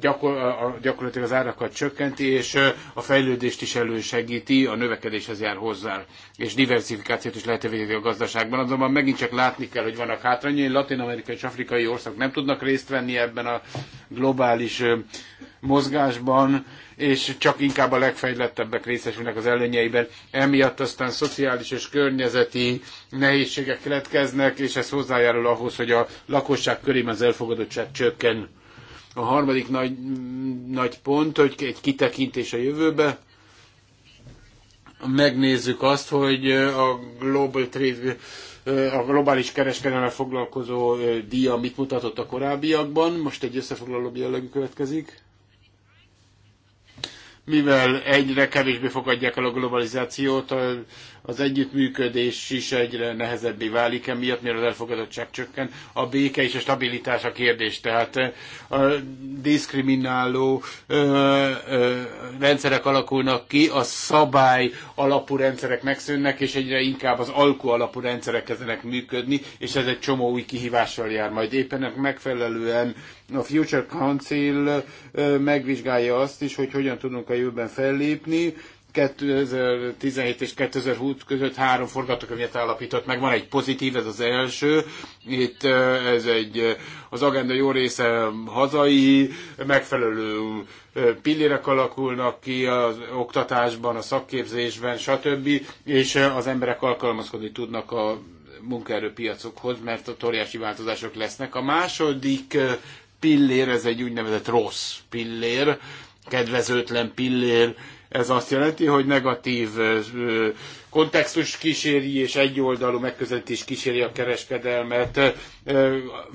gyakor- a, gyakorlatilag az árakat csökkenti, és a fejlődést is elősegíti, a növekedéshez jár hozzá, és diversifikációt is lehetővé a gazdaságban. Azonban megint csak látni kell, hogy vannak hátrányai. Latin-amerikai és afrikai országok nem tudnak részt venni ebben a globális mozgásban, és csak inkább a legfejlettebbek részesülnek az előnyeiben. Emiatt aztán szociális és környezeti nehézségek keletkeznek, és ez hozzájárul ahhoz, hogy a lakosság körében az elfogadottság csökken. A harmadik nagy, nagy pont, hogy egy kitekintés a jövőbe, megnézzük azt, hogy a Global Trade a globális kereskedelemmel foglalkozó díja mit mutatott a korábbiakban. Most egy összefoglaló jellegű következik mivel egyre kevésbé fogadják el a globalizációt, az együttműködés is egyre nehezebbé válik, emiatt mivel az elfogadottság csökken. A béke és a stabilitás a kérdés, tehát a diszkrimináló ö, ö, rendszerek alakulnak ki, a szabály alapú rendszerek megszűnnek, és egyre inkább az alkú alapú rendszerek kezdenek működni, és ez egy csomó új kihívással jár majd. Éppen ennek megfelelően a Future Council megvizsgálja azt is, hogy hogyan tudunk a jövőben fellépni, 2017 és 2020 között három forgatókönyvet állapított meg. Van egy pozitív, ez az első. Itt ez egy, az agenda jó része hazai, megfelelő pillérek alakulnak ki az oktatásban, a szakképzésben, stb. És az emberek alkalmazkodni tudnak a munkaerőpiacokhoz, mert a óriási változások lesznek. A második pillér, ez egy úgynevezett rossz pillér, kedvezőtlen pillér, ez azt jelenti, hogy negatív kontextus kíséri és egyoldalú megközelítés kíséri a kereskedelmet.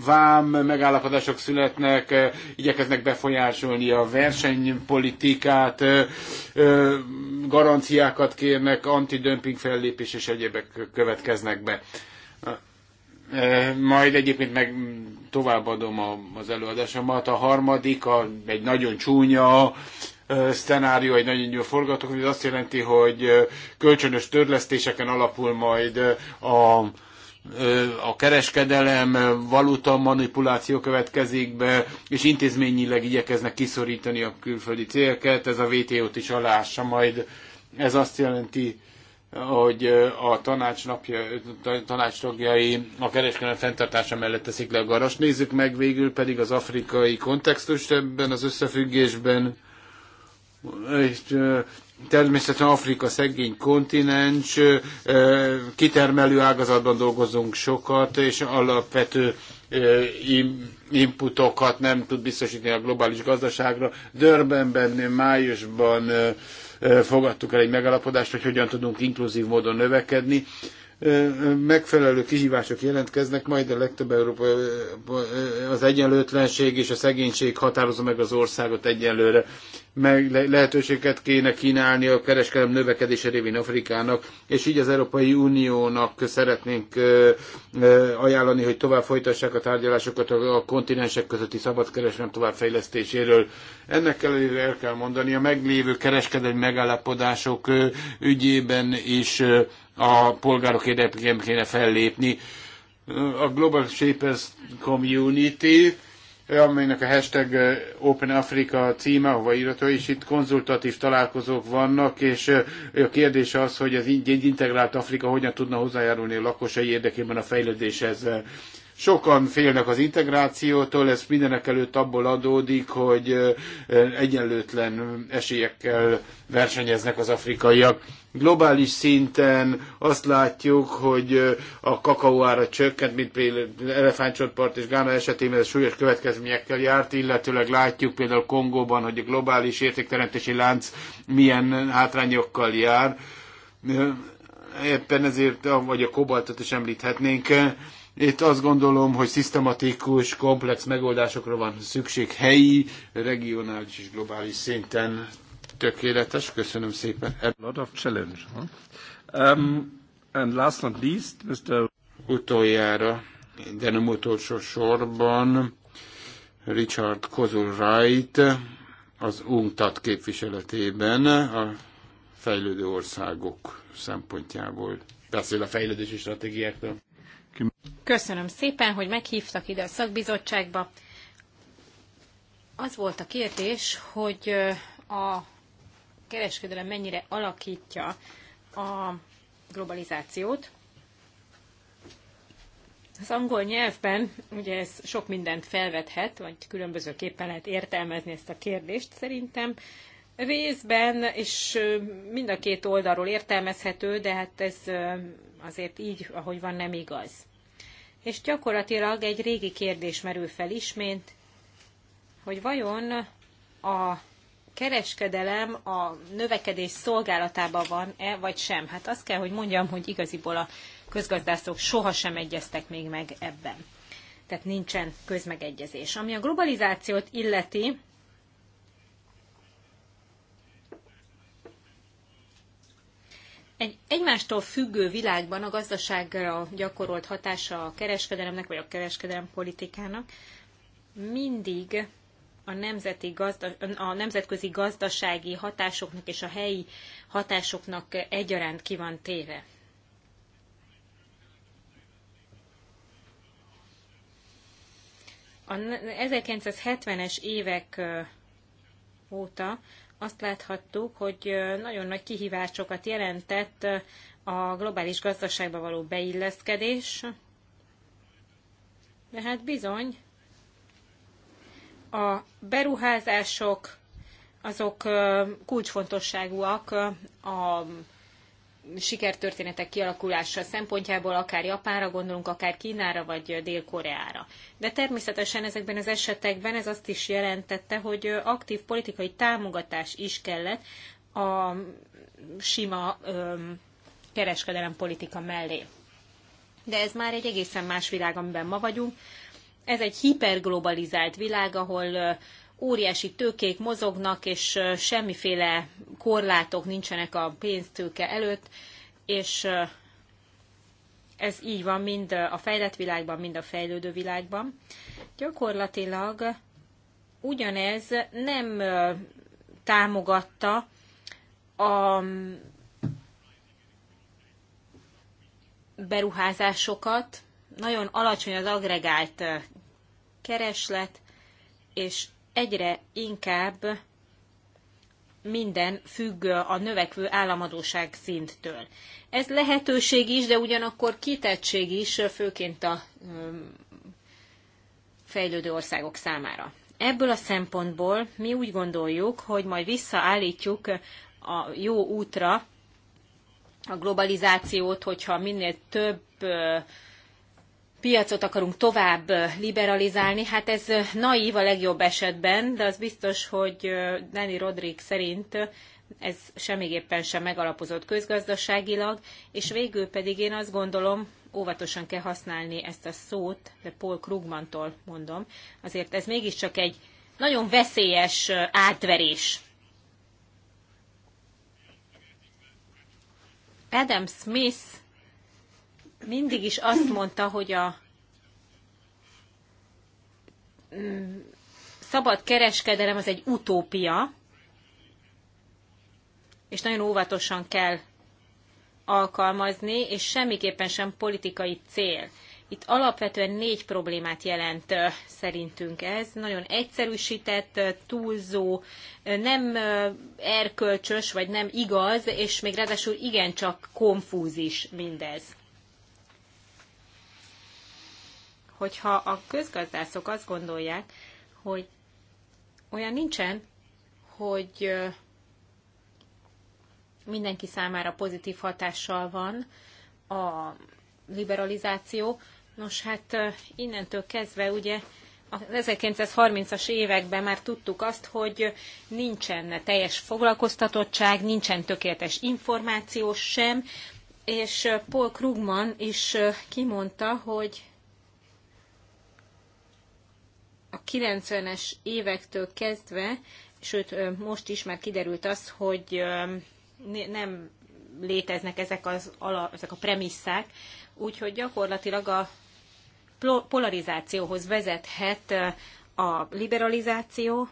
Vám megállapodások születnek, igyekeznek befolyásolni a versenypolitikát, garanciákat kérnek, antidömping fellépés és egyébek következnek be. Majd egyébként meg továbbadom az előadásomat. A harmadik, a, egy nagyon csúnya szenárió, egy nagyon jó forgatókönyv, azt jelenti, hogy kölcsönös törlesztéseken alapul majd a a kereskedelem, valuta manipuláció következik be, és intézményileg igyekeznek kiszorítani a külföldi célket, ez a vto t is alássa majd. Ez azt jelenti, hogy a tanács, napja, tanács tagjai a kereskedelem fenntartása mellett teszik le a garas. Nézzük meg végül pedig az afrikai kontextust ebben az összefüggésben és természetesen Afrika szegény kontinens, kitermelő ágazatban dolgozunk sokat, és alapvető inputokat nem tud biztosítani a globális gazdaságra. Dörbenben májusban fogadtuk el egy megalapodást, hogy hogyan tudunk inkluzív módon növekedni, megfelelő kihívások jelentkeznek, majd a legtöbb Európa, az egyenlőtlenség és a szegénység határozza meg az országot egyenlőre. Meg lehetőséget kéne kínálni a kereskedelem növekedése révén Afrikának, és így az Európai Uniónak szeretnénk ajánlani, hogy tovább folytassák a tárgyalásokat a kontinensek közötti szabadkereskedelem továbbfejlesztéséről. Ennek ellenére el kell mondani, a meglévő kereskedelmi megállapodások ügyében is a polgárok érdekében kéne fellépni. A Global Shapers Community, amelynek a hashtag Open Africa címe, ahova írható, és itt konzultatív találkozók vannak, és a kérdés az, hogy az egy integrált Afrika hogyan tudna hozzájárulni a lakosai érdekében a fejlődéshez. Sokan félnek az integrációtól, ez mindenek előtt abból adódik, hogy egyenlőtlen esélyekkel versenyeznek az afrikaiak. Globális szinten azt látjuk, hogy a kakaóára csökkent, mint például Elefántcsontpart és Gána esetében ez súlyos következményekkel járt, illetőleg látjuk például Kongóban, hogy a globális értékteremtési lánc milyen hátrányokkal jár éppen ezért, vagy a kobaltot is említhetnénk, itt azt gondolom, hogy szisztematikus, komplex megoldásokra van szükség helyi, regionális és globális szinten. Tökéletes, köszönöm szépen. A lot of challenge. Huh? Um, and last not least, Mr. Utoljára, de nem utolsó sorban, Richard Kozul Wright az UNCTAD képviseletében a fejlődő országok szempontjából beszél a fejlődési stratégiákról. Köszönöm szépen, hogy meghívtak ide a szakbizottságba. Az volt a kérdés, hogy a kereskedelem mennyire alakítja a globalizációt. Az angol nyelvben ugye ez sok mindent felvethet, vagy különbözőképpen lehet értelmezni ezt a kérdést szerintem. Részben, és mind a két oldalról értelmezhető, de hát ez azért így, ahogy van, nem igaz és gyakorlatilag egy régi kérdés merül fel ismét, hogy vajon a kereskedelem a növekedés szolgálatában van-e, vagy sem. Hát azt kell, hogy mondjam, hogy igaziból a közgazdászok sohasem egyeztek még meg ebben. Tehát nincsen közmegegyezés. Ami a globalizációt illeti, egy egymástól függő világban a gazdaságra gyakorolt hatása a kereskedelemnek vagy a kereskedelem politikának mindig a, nemzeti gazda, a nemzetközi gazdasági hatásoknak és a helyi hatásoknak egyaránt ki van téve. A 1970-es évek óta azt láthattuk, hogy nagyon nagy kihívásokat jelentett a globális gazdaságba való beilleszkedés, de hát bizony a beruházások azok kulcsfontosságúak a sikertörténetek kialakulása szempontjából akár Japánra gondolunk, akár Kínára vagy Dél-Koreára. De természetesen ezekben az esetekben ez azt is jelentette, hogy aktív politikai támogatás is kellett a sima öm, kereskedelem politika mellé. De ez már egy egészen más világ, amiben ma vagyunk. Ez egy hiperglobalizált világ, ahol óriási tőkék mozognak, és semmiféle korlátok nincsenek a pénztőke előtt, és ez így van mind a fejlett világban, mind a fejlődő világban. Gyakorlatilag ugyanez nem támogatta a mm, beruházásokat, nagyon alacsony az agregált kereslet, és egyre inkább minden függ a növekvő államadóság szinttől. Ez lehetőség is, de ugyanakkor kitettség is, főként a fejlődő országok számára. Ebből a szempontból mi úgy gondoljuk, hogy majd visszaállítjuk a jó útra a globalizációt, hogyha minél több piacot akarunk tovább liberalizálni, hát ez naív a legjobb esetben, de az biztos, hogy Danny Rodrik szerint ez semmiképpen sem megalapozott közgazdaságilag, és végül pedig én azt gondolom, óvatosan kell használni ezt a szót, de Paul Krugmantól mondom, azért ez mégiscsak egy nagyon veszélyes átverés. Adam Smith mindig is azt mondta, hogy a mm, szabad kereskedelem az egy utópia, és nagyon óvatosan kell alkalmazni, és semmiképpen sem politikai cél. Itt alapvetően négy problémát jelent szerintünk ez. Nagyon egyszerűsített, túlzó, nem erkölcsös, vagy nem igaz, és még ráadásul igencsak konfúz is mindez. hogyha a közgazdászok azt gondolják, hogy olyan nincsen, hogy mindenki számára pozitív hatással van a liberalizáció. Nos, hát innentől kezdve ugye a 1930-as években már tudtuk azt, hogy nincsen teljes foglalkoztatottság, nincsen tökéletes információ sem, és Paul Krugman is kimondta, hogy a 90-es évektől kezdve, sőt most is már kiderült az, hogy nem léteznek ezek, az, ala, ezek a premisszák, úgyhogy gyakorlatilag a polarizációhoz vezethet a liberalizáció,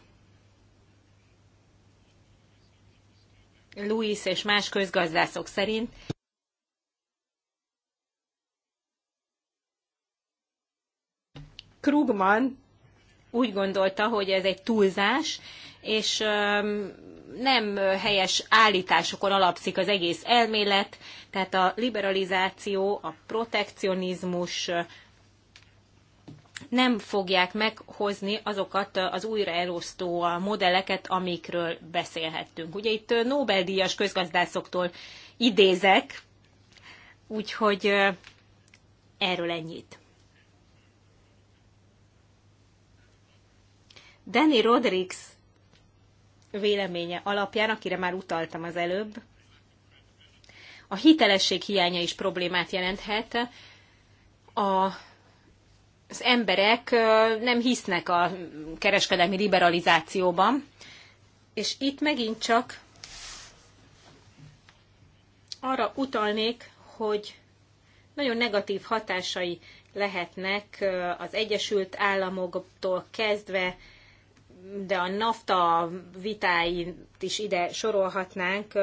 Louis és más közgazdászok szerint. Krugman úgy gondolta, hogy ez egy túlzás, és nem helyes állításokon alapszik az egész elmélet, tehát a liberalizáció, a protekcionizmus nem fogják meghozni azokat az újraelosztó modelleket, amikről beszélhettünk. Ugye itt Nobel-díjas közgazdászoktól idézek, úgyhogy erről ennyit. Danny Rodrigues véleménye alapján, akire már utaltam az előbb, a hitelesség hiánya is problémát jelenthet. A, az emberek nem hisznek a kereskedelmi liberalizációban, és itt megint csak arra utalnék, hogy nagyon negatív hatásai lehetnek az Egyesült Államoktól kezdve de a NAFTA vitáit is ide sorolhatnánk,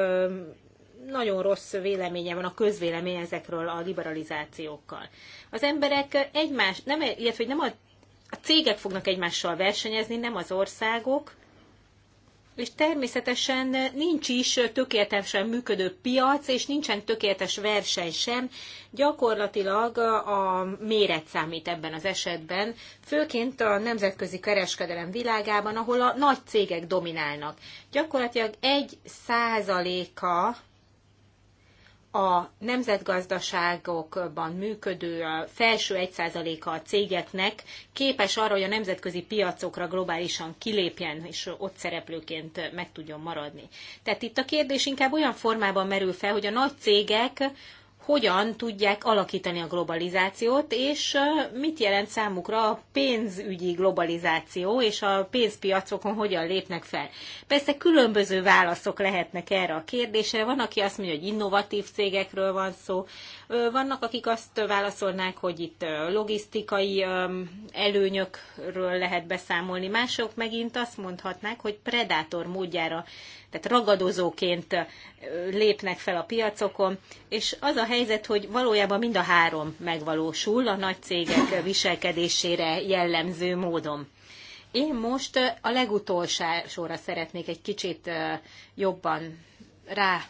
nagyon rossz véleménye van a közvélemény ezekről a liberalizációkkal. Az emberek egymás, nem, illetve nem a, a cégek fognak egymással versenyezni, nem az országok, és természetesen nincs is tökéletesen működő piac, és nincsen tökéletes verseny sem. Gyakorlatilag a méret számít ebben az esetben, főként a nemzetközi kereskedelem világában, ahol a nagy cégek dominálnak. Gyakorlatilag egy százaléka a nemzetgazdaságokban működő felső 1%-a a cégeknek képes arra, hogy a nemzetközi piacokra globálisan kilépjen, és ott szereplőként meg tudjon maradni. Tehát itt a kérdés inkább olyan formában merül fel, hogy a nagy cégek hogyan tudják alakítani a globalizációt, és mit jelent számukra a pénzügyi globalizáció, és a pénzpiacokon hogyan lépnek fel. Persze különböző válaszok lehetnek erre a kérdésre. Van, aki azt mondja, hogy innovatív cégekről van szó, vannak, akik azt válaszolnák, hogy itt logisztikai előnyökről lehet beszámolni. Mások megint azt mondhatnák, hogy predátor módjára, tehát ragadozóként lépnek fel a piacokon, és az a helyzet, hogy valójában mind a három megvalósul a nagy cégek viselkedésére jellemző módon. Én most a legutolsóra szeretnék egy kicsit jobban rá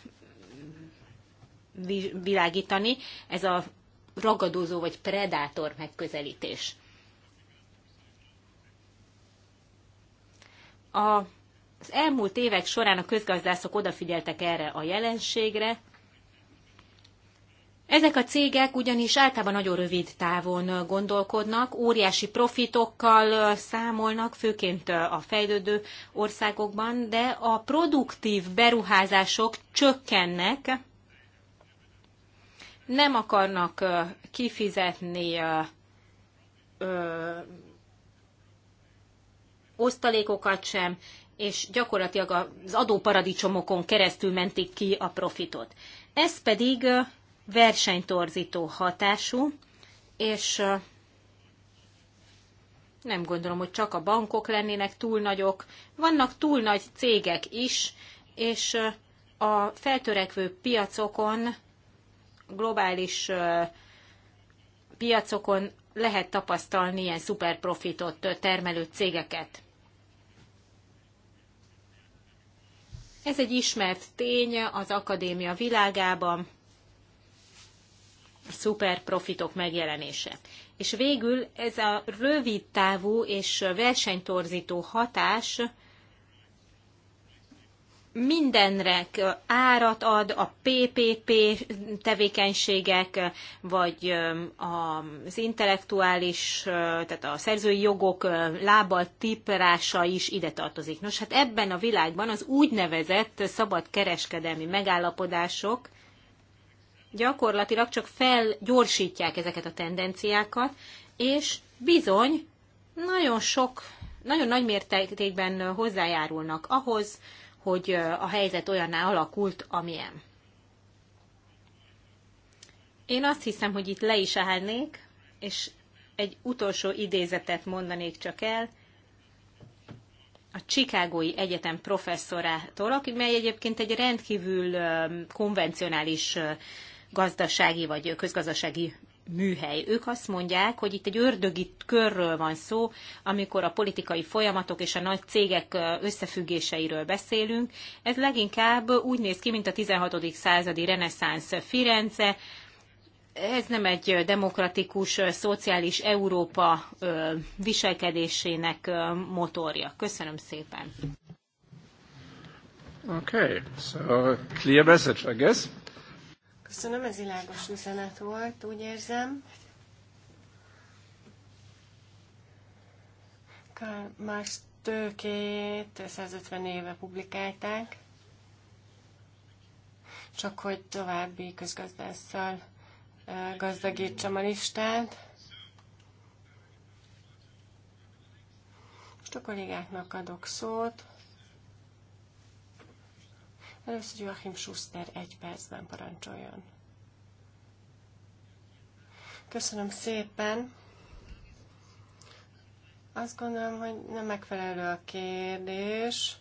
világítani, ez a ragadozó vagy predátor megközelítés. A, az elmúlt évek során a közgazdászok odafigyeltek erre a jelenségre. Ezek a cégek ugyanis általában nagyon rövid távon gondolkodnak, óriási profitokkal számolnak, főként a fejlődő országokban, de a produktív beruházások csökkennek, nem akarnak kifizetni osztalékokat sem, és gyakorlatilag az adóparadicsomokon keresztül mentik ki a profitot. Ez pedig versenytorzító hatású, és nem gondolom, hogy csak a bankok lennének túl nagyok, vannak túl nagy cégek is, és a feltörekvő piacokon globális piacokon lehet tapasztalni ilyen szuperprofitot termelő cégeket. Ez egy ismert tény az akadémia világában, a szuperprofitok megjelenése. És végül ez a rövid távú és versenytorzító hatás mindenre árat ad a PPP tevékenységek, vagy az intellektuális, tehát a szerzői jogok lábbal tiprása is ide tartozik. Nos, hát ebben a világban az úgynevezett szabad kereskedelmi megállapodások gyakorlatilag csak felgyorsítják ezeket a tendenciákat, és bizony nagyon sok, nagyon nagy mértékben hozzájárulnak ahhoz, hogy a helyzet olyanná alakult, amilyen. Én azt hiszem, hogy itt le is állnék, és egy utolsó idézetet mondanék csak el a Csikágói Egyetem professzorától, aki mely egyébként egy rendkívül konvencionális gazdasági vagy közgazdasági műhely. Ők azt mondják, hogy itt egy ördögi körről van szó, amikor a politikai folyamatok és a nagy cégek összefüggéseiről beszélünk. Ez leginkább úgy néz ki, mint a 16. századi reneszánsz Firenze. Ez nem egy demokratikus, szociális Európa viselkedésének motorja. Köszönöm szépen. Okay, so clear message, I guess. Köszönöm, ez világos üzenet volt, úgy érzem. más tőkét 150 éve publikálták, csak hogy további közgazdásszal gazdagítsam a listát. Most a kollégáknak adok szót. Először Joachim Schuster egy percben parancsoljon. Köszönöm szépen. Azt gondolom, hogy nem megfelelő a kérdés.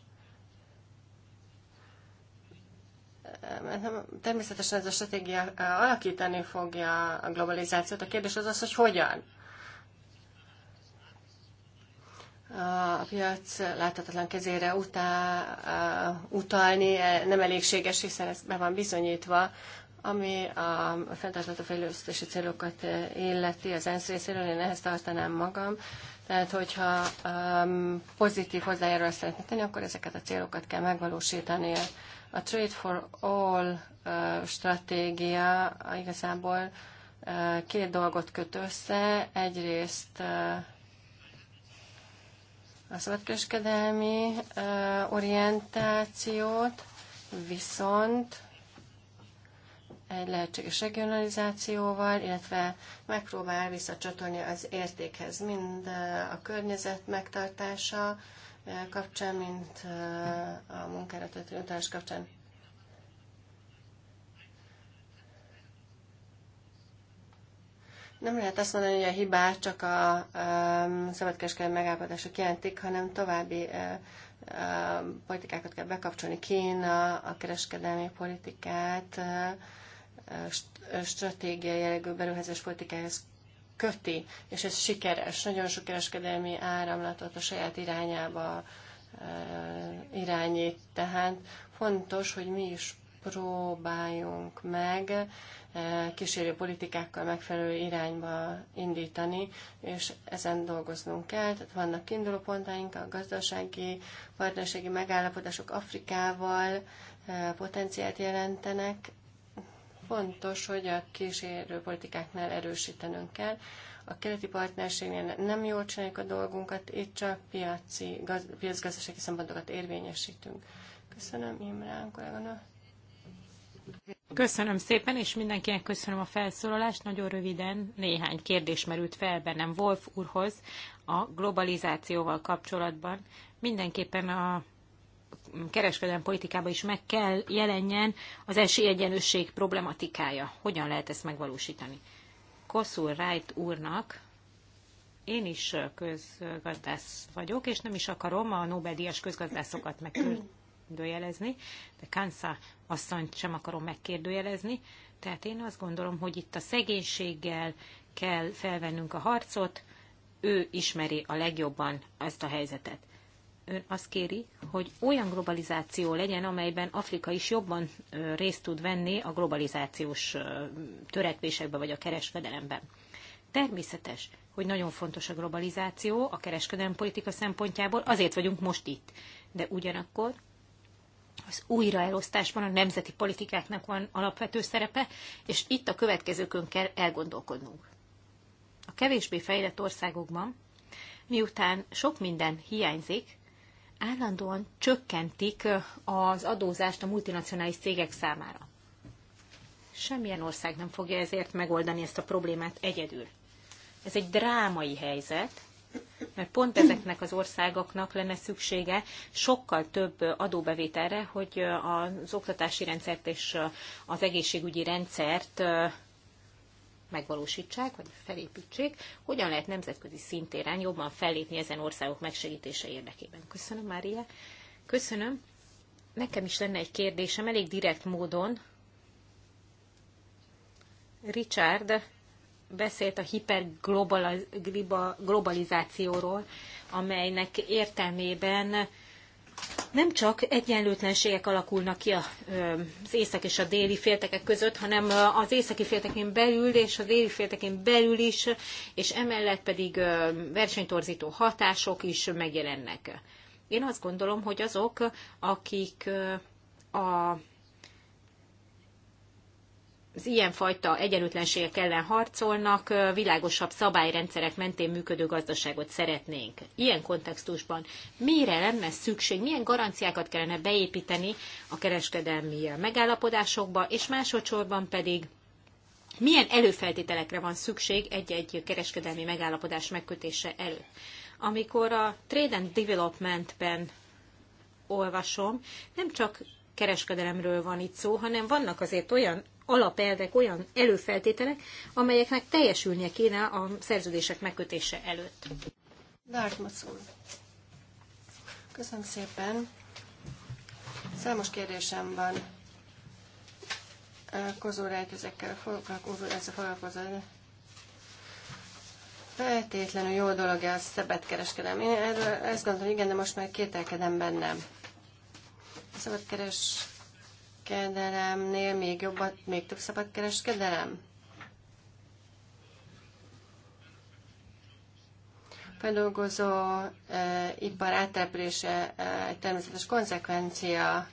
Természetesen ez a stratégia alakítani fogja a globalizációt. A kérdés az az, hogy hogyan. a piac láthatatlan kezére utá, utalni e, nem elégséges, hiszen ez be van bizonyítva, ami a fenntartható fejlesztési célokat e, illeti az ENSZ részéről, én ehhez tartanám magam. Tehát, hogyha um, pozitív hozzájárul szeretne tenni, akkor ezeket a célokat kell megvalósítani. A Trade for All uh, stratégia igazából uh, két dolgot köt össze. Egyrészt uh, a szabadkereskedelmi orientációt, viszont egy lehetséges regionalizációval, illetve megpróbál visszacsatolni az értékhez, mind a környezet megtartása kapcsán, mint a munkára történő kapcsán. Nem lehet azt mondani, hogy a hibát csak a a szabadkereskedelmi megállapodások jelentik, hanem további eh, politikákat kell bekapcsolni. Kína, a kereskedelmi politikát, eh, eh, stratégiai jellegű beruházás politikához köti, és ez sikeres. Nagyon sok kereskedelmi áramlatot a saját irányába irányít. Tehát fontos, hogy mi is próbáljunk meg eh, kísérő politikákkal megfelelő irányba indítani, és ezen dolgoznunk kell. Tehát vannak indulópontaink, a gazdasági, partnerségi megállapodások Afrikával eh, potenciált jelentenek. Fontos, hogy a kísérő politikáknál erősítenünk kell. A keleti partnerségnél nem jól csináljuk a dolgunkat, itt csak piaci, gaz, piacgazdasági szempontokat érvényesítünk. Köszönöm, Imrán kolléganő. Köszönöm szépen, és mindenkinek köszönöm a felszólalást. Nagyon röviden néhány kérdés merült fel bennem Wolf úrhoz a globalizációval kapcsolatban. Mindenképpen a kereskedelmi politikában is meg kell jelenjen az esélyegyenlőség problematikája. Hogyan lehet ezt megvalósítani? Koszul Wright úrnak én is közgazdász vagyok, és nem is akarom a Nobel-díjas közgazdászokat megkülönböztetni megkérdőjelezni, de Kansa asszonyt sem akarom megkérdőjelezni. Tehát én azt gondolom, hogy itt a szegénységgel kell felvennünk a harcot, ő ismeri a legjobban ezt a helyzetet. Ön azt kéri, hogy olyan globalizáció legyen, amelyben Afrika is jobban részt tud venni a globalizációs törekvésekbe vagy a kereskedelemben. Természetes, hogy nagyon fontos a globalizáció a kereskedelmi politika szempontjából, azért vagyunk most itt. De ugyanakkor az újraelosztásban a nemzeti politikáknak van alapvető szerepe, és itt a következőkön kell elgondolkodnunk. A kevésbé fejlett országokban, miután sok minden hiányzik, állandóan csökkentik az adózást a multinacionális cégek számára. Semmilyen ország nem fogja ezért megoldani ezt a problémát egyedül. Ez egy drámai helyzet, mert pont ezeknek az országoknak lenne szüksége sokkal több adóbevételre, hogy az oktatási rendszert és az egészségügyi rendszert megvalósítsák, vagy felépítsék, hogyan lehet nemzetközi szintéren jobban fellépni ezen országok megsegítése érdekében. Köszönöm, Mária. Köszönöm. Nekem is lenne egy kérdésem, elég direkt módon. Richard beszélt a hiperglobalizációról, amelynek értelmében nem csak egyenlőtlenségek alakulnak ki az észak és a déli féltekek között, hanem az északi féltekén belül és a déli féltekén belül is, és emellett pedig versenytorzító hatások is megjelennek. Én azt gondolom, hogy azok, akik a az ilyenfajta egyenlőtlenségek ellen harcolnak, világosabb szabályrendszerek mentén működő gazdaságot szeretnénk. Ilyen kontextusban mire lenne szükség, milyen garanciákat kellene beépíteni a kereskedelmi megállapodásokba, és másodszorban pedig milyen előfeltételekre van szükség egy-egy kereskedelmi megállapodás megkötése előtt. Amikor a Trade and Development-ben olvasom, nem csak kereskedelemről van itt szó, hanem vannak azért olyan alapelvek, olyan előfeltételek, amelyeknek teljesülnie kéne a szerződések megkötése előtt. Dartmouth úr. Köszönöm szépen. Számos kérdésem van. Kozórák ezekkel foglalkozó, a foglalkozó. Feltétlenül jó dolog ez a szabadkereskedelem. Én erről ezt gondolom, igen, de most már kételkedem bennem. A szabadkeres kereskedelemnél még, jobban, még több szabad kereskedelem? feldolgozó e, ipar áttelepülése e, egy természetes konzekvencia.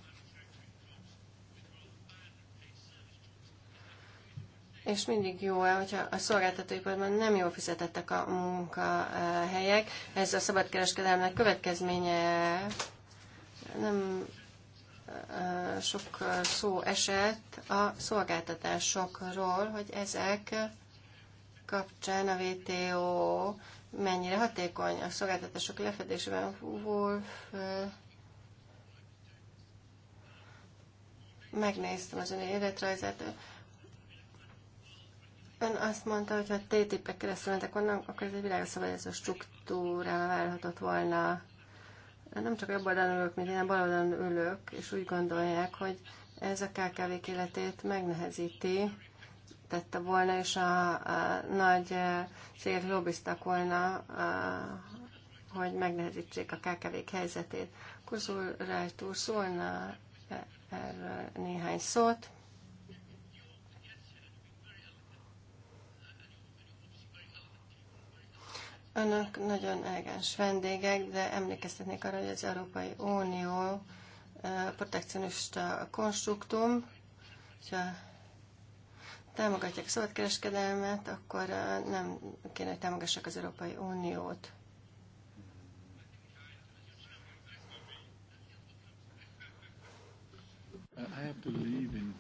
És mindig jó, e, hogyha a szolgáltatóiparban nem jól fizetettek a munkahelyek. Ez a szabadkereskedelemnek következménye nem sok szó esett a szolgáltatásokról, hogy ezek kapcsán a VTO mennyire hatékony a szolgáltatások lefedésében. Wolf megnéztem az ön életrajzát. Ön azt mondta, hogy ha TTIP-ek keresztül mentek onnan, akkor ez egy világszabályozó struktúrával válhatott volna nem csak jobb oldalon ülök, mint én, bal oldalon ülök, és úgy gondolják, hogy ez a KKV életét megnehezíti, tette volna, és a, a nagy cégek e, lobbiztak volna, a, hogy megnehezítsék a kkv helyzetét. Kuzul Rájtúr szólna e, erről néhány szót. Önök nagyon elegáns vendégek, de emlékeztetnék arra, hogy az Európai Unió protekcionista konstruktum, hogyha támogatják a szabadkereskedelmet, akkor nem kéne, hogy támogassák az Európai Uniót. Uh, I have to leave in.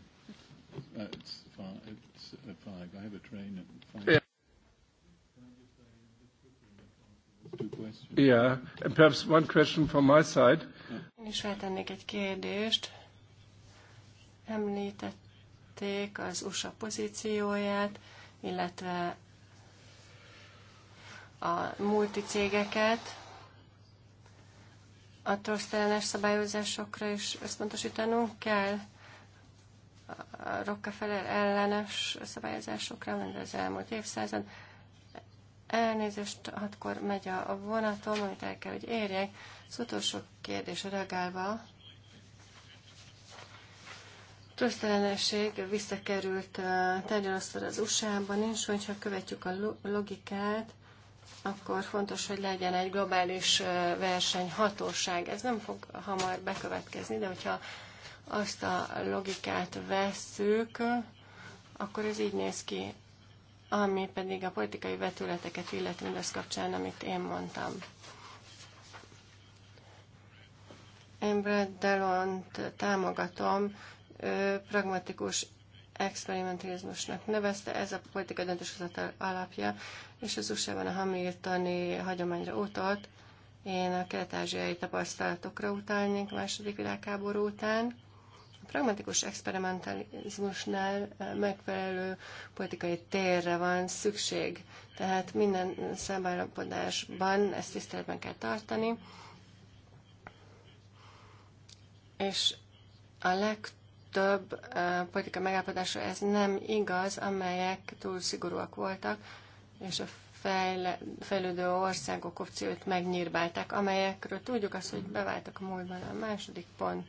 Uh, it's five. It's uh, five. I have a train at five. Yeah. two questions. Yeah, and perhaps one question from my side. feltennék egy kérdést. Említették az USA pozícióját, illetve a multicégeket, a torsztelenes szabályozásokra is összpontosítanunk kell, a Rockefeller ellenes szabályozásokra, mint az elmúlt évszázad. Elnézést, hatkor megy a vonatom, amit el kell, hogy érjek. Az utolsó kérdés reagálva, Trösztelenesség visszakerült tárgyalasztal az USA-ban is, hogyha követjük a logikát, akkor fontos, hogy legyen egy globális versenyhatóság. Ez nem fog hamar bekövetkezni, de hogyha azt a logikát vesszük, akkor ez így néz ki ami pedig a politikai vetületeket illeti mindaz kapcsán, amit én mondtam. Én Brad Delont támogatom, ő pragmatikus experimentalizmusnak nevezte, ez a politikai döntéshozatal alapja, és az USA-ban a Hamiltoni hagyományra utalt, én a kelet-ázsiai tapasztalatokra utalnék a második világháború után. A pragmatikus experimentalizmusnál eh, megfelelő politikai térre van szükség, tehát minden szemállapodásban ezt tiszteletben kell tartani, és a legtöbb eh, politikai politika megállapodásra ez nem igaz, amelyek túl szigorúak voltak, és a fejle, fejlődő országok opcióit megnyírbálták, amelyekről tudjuk azt, hogy beváltak a múltban. A második pont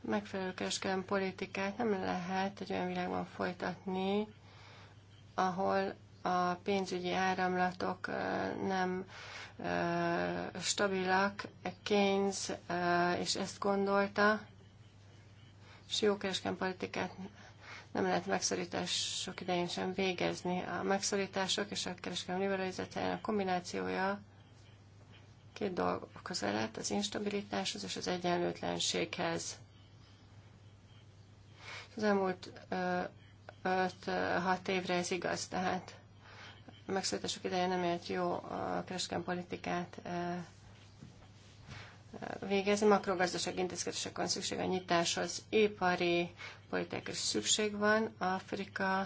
megfelelő kereskedelmi politikát nem lehet egy olyan világban folytatni, ahol a pénzügyi áramlatok nem stabilak. E Keynes és ezt gondolta, és jó kereskedelmi politikát nem lehet megszorítások idején sem végezni. A megszorítások és a kereskedelmi liberalizációjának kombinációja két dolgokhoz vezet, az instabilitáshoz és az egyenlőtlenséghez. Az elmúlt 5-6 évre ez igaz, tehát a megszólítások ideje nem élt jó a kereskedelmi politikát végezni. Makrogazdaság intézkedések van szükség a nyitáshoz, ipari politikákra is szükség van. Afrika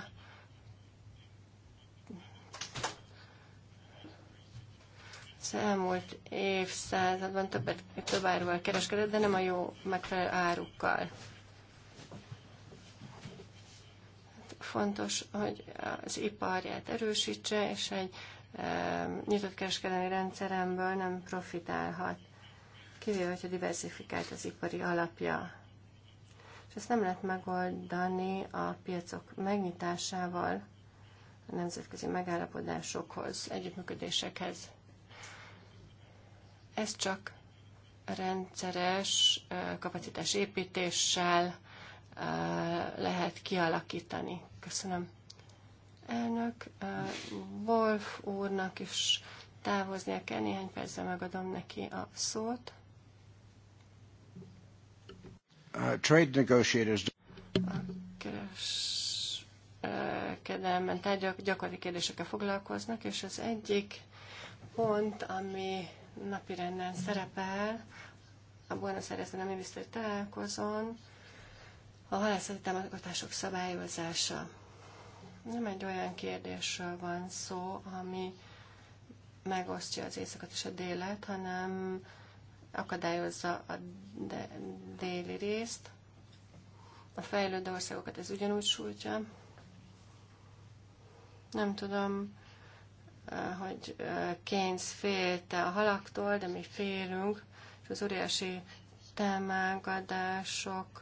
az elmúlt évszázadban többet, több áruval kereskedett, de nem a jó megfelelő árukkal. fontos, hogy az iparját erősítse, és egy nyitott kereskedelmi rendszeremből nem profitálhat, kivéve, hogyha diversifikált az ipari alapja. És ezt nem lehet megoldani a piacok megnyitásával, a nemzetközi megállapodásokhoz, együttműködésekhez. Ez csak rendszeres kapacitás építéssel lehet kialakítani. Köszönöm. Elnök, Wolf úrnak is távoznia kell, néhány percre megadom neki a szót. Uh, trade negotiators. A kereskedelmen tárgyak gyakori kérdésekkel foglalkoznak, és az egyik pont, ami napirenden szerepel, a Buenos Aires-ben a miniszteri találkozón, a halászati támogatások szabályozása. Nem egy olyan kérdésről van szó, ami megosztja az éjszakat és a délet, hanem akadályozza a déli részt. A fejlődő országokat ez ugyanúgy sújtja. Nem tudom, hogy Keynes félte a halaktól, de mi félünk, és az óriási támogatások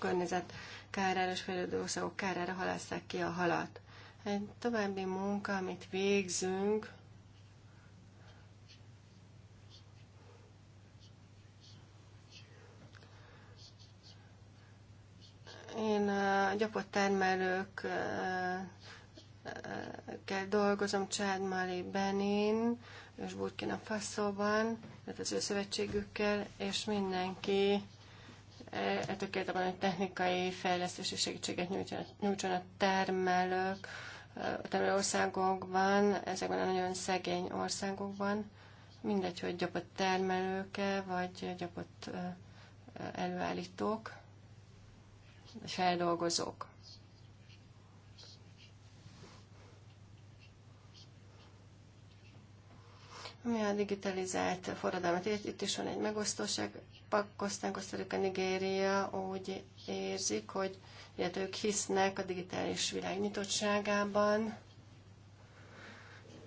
környezet kárára és fejlődő országok kárára halásszák ki a halat. Egy további munka, amit végzünk, Én a gyapott termelőkkel dolgozom Csád Mali Benin és Burkina Faszóban, tehát az ő szövetségükkel, és mindenki Tökéletesen e, a technikai fejlesztési segítséget nyújtson a termelők e, a termelő országokban, ezekben a nagyon szegény országokban. Mindegy, hogy gyapott termelőke, vagy gyapott e, előállítók, vagy feldolgozók. Ami a digitalizált forradalmat itt is van egy megosztóság, Pakosztán, Kosztarika, Nigéria úgy érzik, hogy illetve ők hisznek a digitális világ nyitottságában,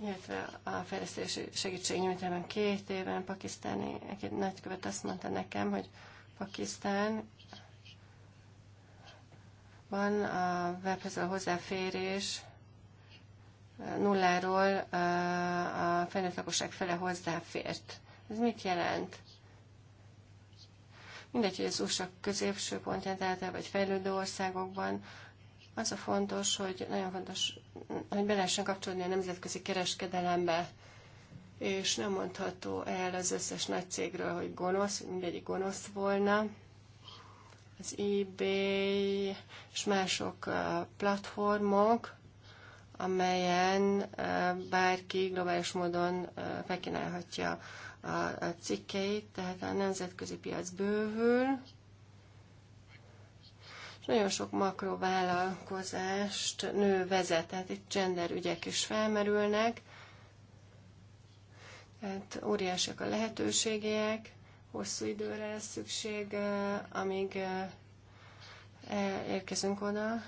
illetve a fejlesztési segítségnyújtásban két éven pakisztáni egy nagykövet azt mondta nekem, hogy Pakisztán van a webhez a hozzáférés nulláról a felnőtt lakosság fele hozzáfért. Ez mit jelent? Mindegy, hogy az USA középső pontján, tehát vagy fejlődő országokban, az a fontos, hogy nagyon fontos, hogy be lehessen kapcsolódni a nemzetközi kereskedelembe, és nem mondható el az összes nagy cégről, hogy gonosz, mindegyik gonosz volna. Az eBay és mások uh, platformok, amelyen uh, bárki globális módon uh, felkínálhatja a, a cikkeit, tehát a nemzetközi piac bővül, és nagyon sok makrovállalkozást nő vezet, tehát itt gender ügyek is felmerülnek, tehát óriásak a lehetőségek, hosszú időre lesz szükség, eh, amíg eh, érkezünk oda,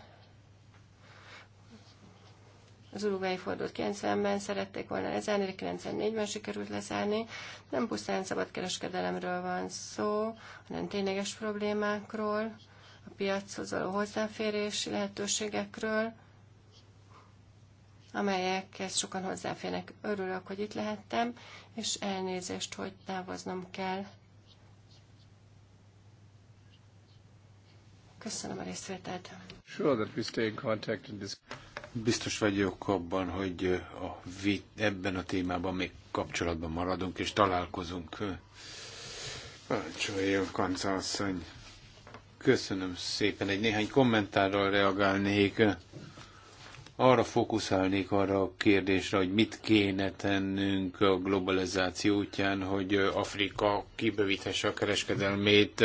az urugvái fordult 90-ben szerették volna lezárni, de 94-ben sikerült lezárni. Nem pusztán szabadkereskedelemről van szó, hanem tényleges problémákról, a piachoz való hozzáférési lehetőségekről, amelyekhez sokan hozzáférnek. Örülök, hogy itt lehettem, és elnézést, hogy távoznom kell. Köszönöm a részvételt. Sure that we stay in contact Biztos vagyok abban, hogy a ebben a témában még kapcsolatban maradunk és találkozunk. Parancsoljon, Kanca asszony. Köszönöm szépen. Egy néhány kommentárral reagálnék. Arra fókuszálnék arra a kérdésre, hogy mit kéne tennünk a globalizáció útján, hogy Afrika kibővíthesse a kereskedelmét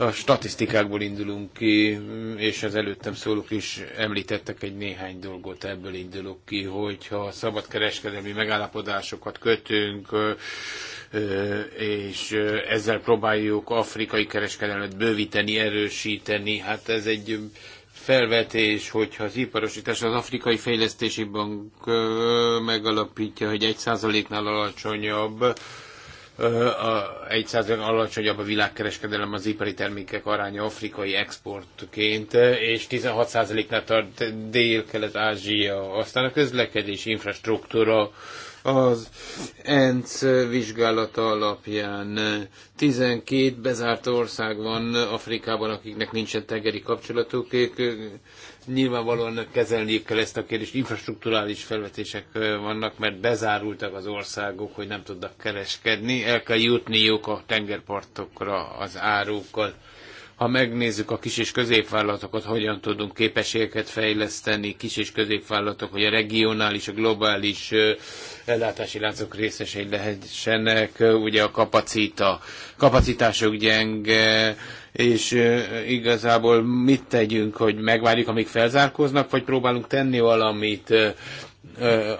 a statisztikákból indulunk ki, és az előttem szólók is említettek egy néhány dolgot, ebből indulok ki, hogyha szabadkereskedelmi megállapodásokat kötünk, és ezzel próbáljuk afrikai kereskedelmet bővíteni, erősíteni, hát ez egy felvetés, hogyha az iparosítás az Afrikai Fejlesztési Bank megalapítja, hogy egy százaléknál alacsonyabb, egy százalék alacsonyabb a világkereskedelem az ipari termékek aránya afrikai exportként, és 16 százaléknál tart Dél-Kelet-Ázsia. Aztán a közlekedés infrastruktúra az ENC vizsgálata alapján 12 bezárt ország van Afrikában, akiknek nincsen tengeri kapcsolatuk, ők Nyilvánvalóan kezelniük kell ezt a kérdést, infrastruktúrális felvetések vannak, mert bezárultak az országok, hogy nem tudnak kereskedni, el kell jutniuk a tengerpartokra az árókkal. Ha megnézzük a kis és középvállalatokat, hogyan tudunk képességeket fejleszteni, kis és középvállalatok, hogy a regionális, a globális ellátási láncok részesei lehessenek, ugye a kapacita, kapacitások gyenge, és igazából mit tegyünk, hogy megvárjuk, amíg felzárkóznak, vagy próbálunk tenni valamit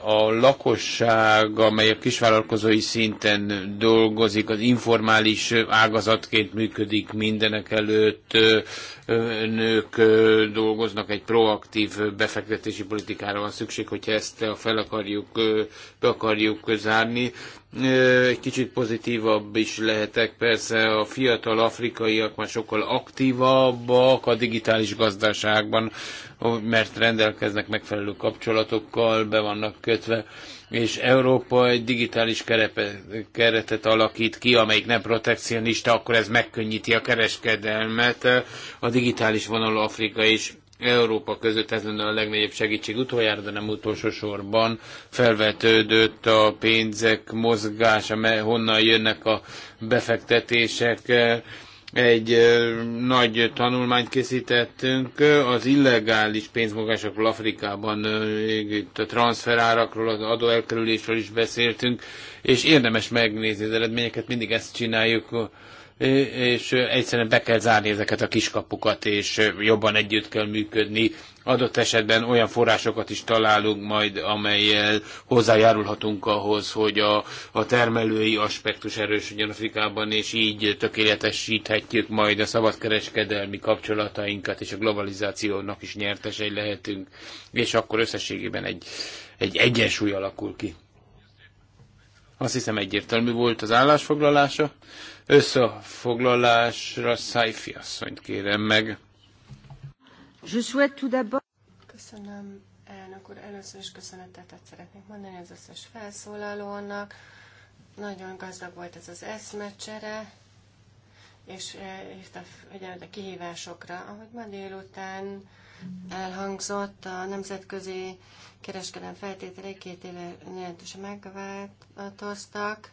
a lakosság, amely a kisvállalkozói szinten dolgozik, az informális ágazatként működik mindenek előtt, nők dolgoznak, egy proaktív befektetési politikára van szükség, hogyha ezt fel akarjuk, be akarjuk zárni. Egy kicsit pozitívabb is lehetek, persze a fiatal afrikaiak már sokkal aktívabbak a digitális gazdaságban, mert rendelkeznek megfelelő kapcsolatokkal, be vannak kötve és Európa egy digitális kerepe, keretet alakít ki, amelyik nem protekcionista, akkor ez megkönnyíti a kereskedelmet. A digitális vonal Afrika és Európa között ez lenne a legnagyobb segítség utoljára, de nem utolsó sorban felvetődött a pénzek mozgása, honnan jönnek a befektetések egy nagy tanulmányt készítettünk az illegális pénzmogásokról Afrikában, itt a transferárakról, az adóelkerülésről is beszéltünk, és érdemes megnézni az eredményeket, mindig ezt csináljuk és egyszerűen be kell zárni ezeket a kiskapukat, és jobban együtt kell működni. Adott esetben olyan forrásokat is találunk majd, amelyel hozzájárulhatunk ahhoz, hogy a, a termelői aspektus erősödjön Afrikában, és így tökéletesíthetjük majd a szabadkereskedelmi kapcsolatainkat, és a globalizációnak is nyertesei lehetünk, és akkor összességében egy, egy egyensúly alakul ki. Azt hiszem egyértelmű volt az állásfoglalása. Összefoglalásra Szájfi asszonyt kérem meg. Köszönöm, elnök úr. Először is köszönetetet szeretnék mondani az összes felszólalónak. Nagyon gazdag volt ez az eszmecsere, és írta eh, a kihívásokra. Ahogy ma délután elhangzott, a nemzetközi kereskedelem feltételei két éve jelentősen megváltoztak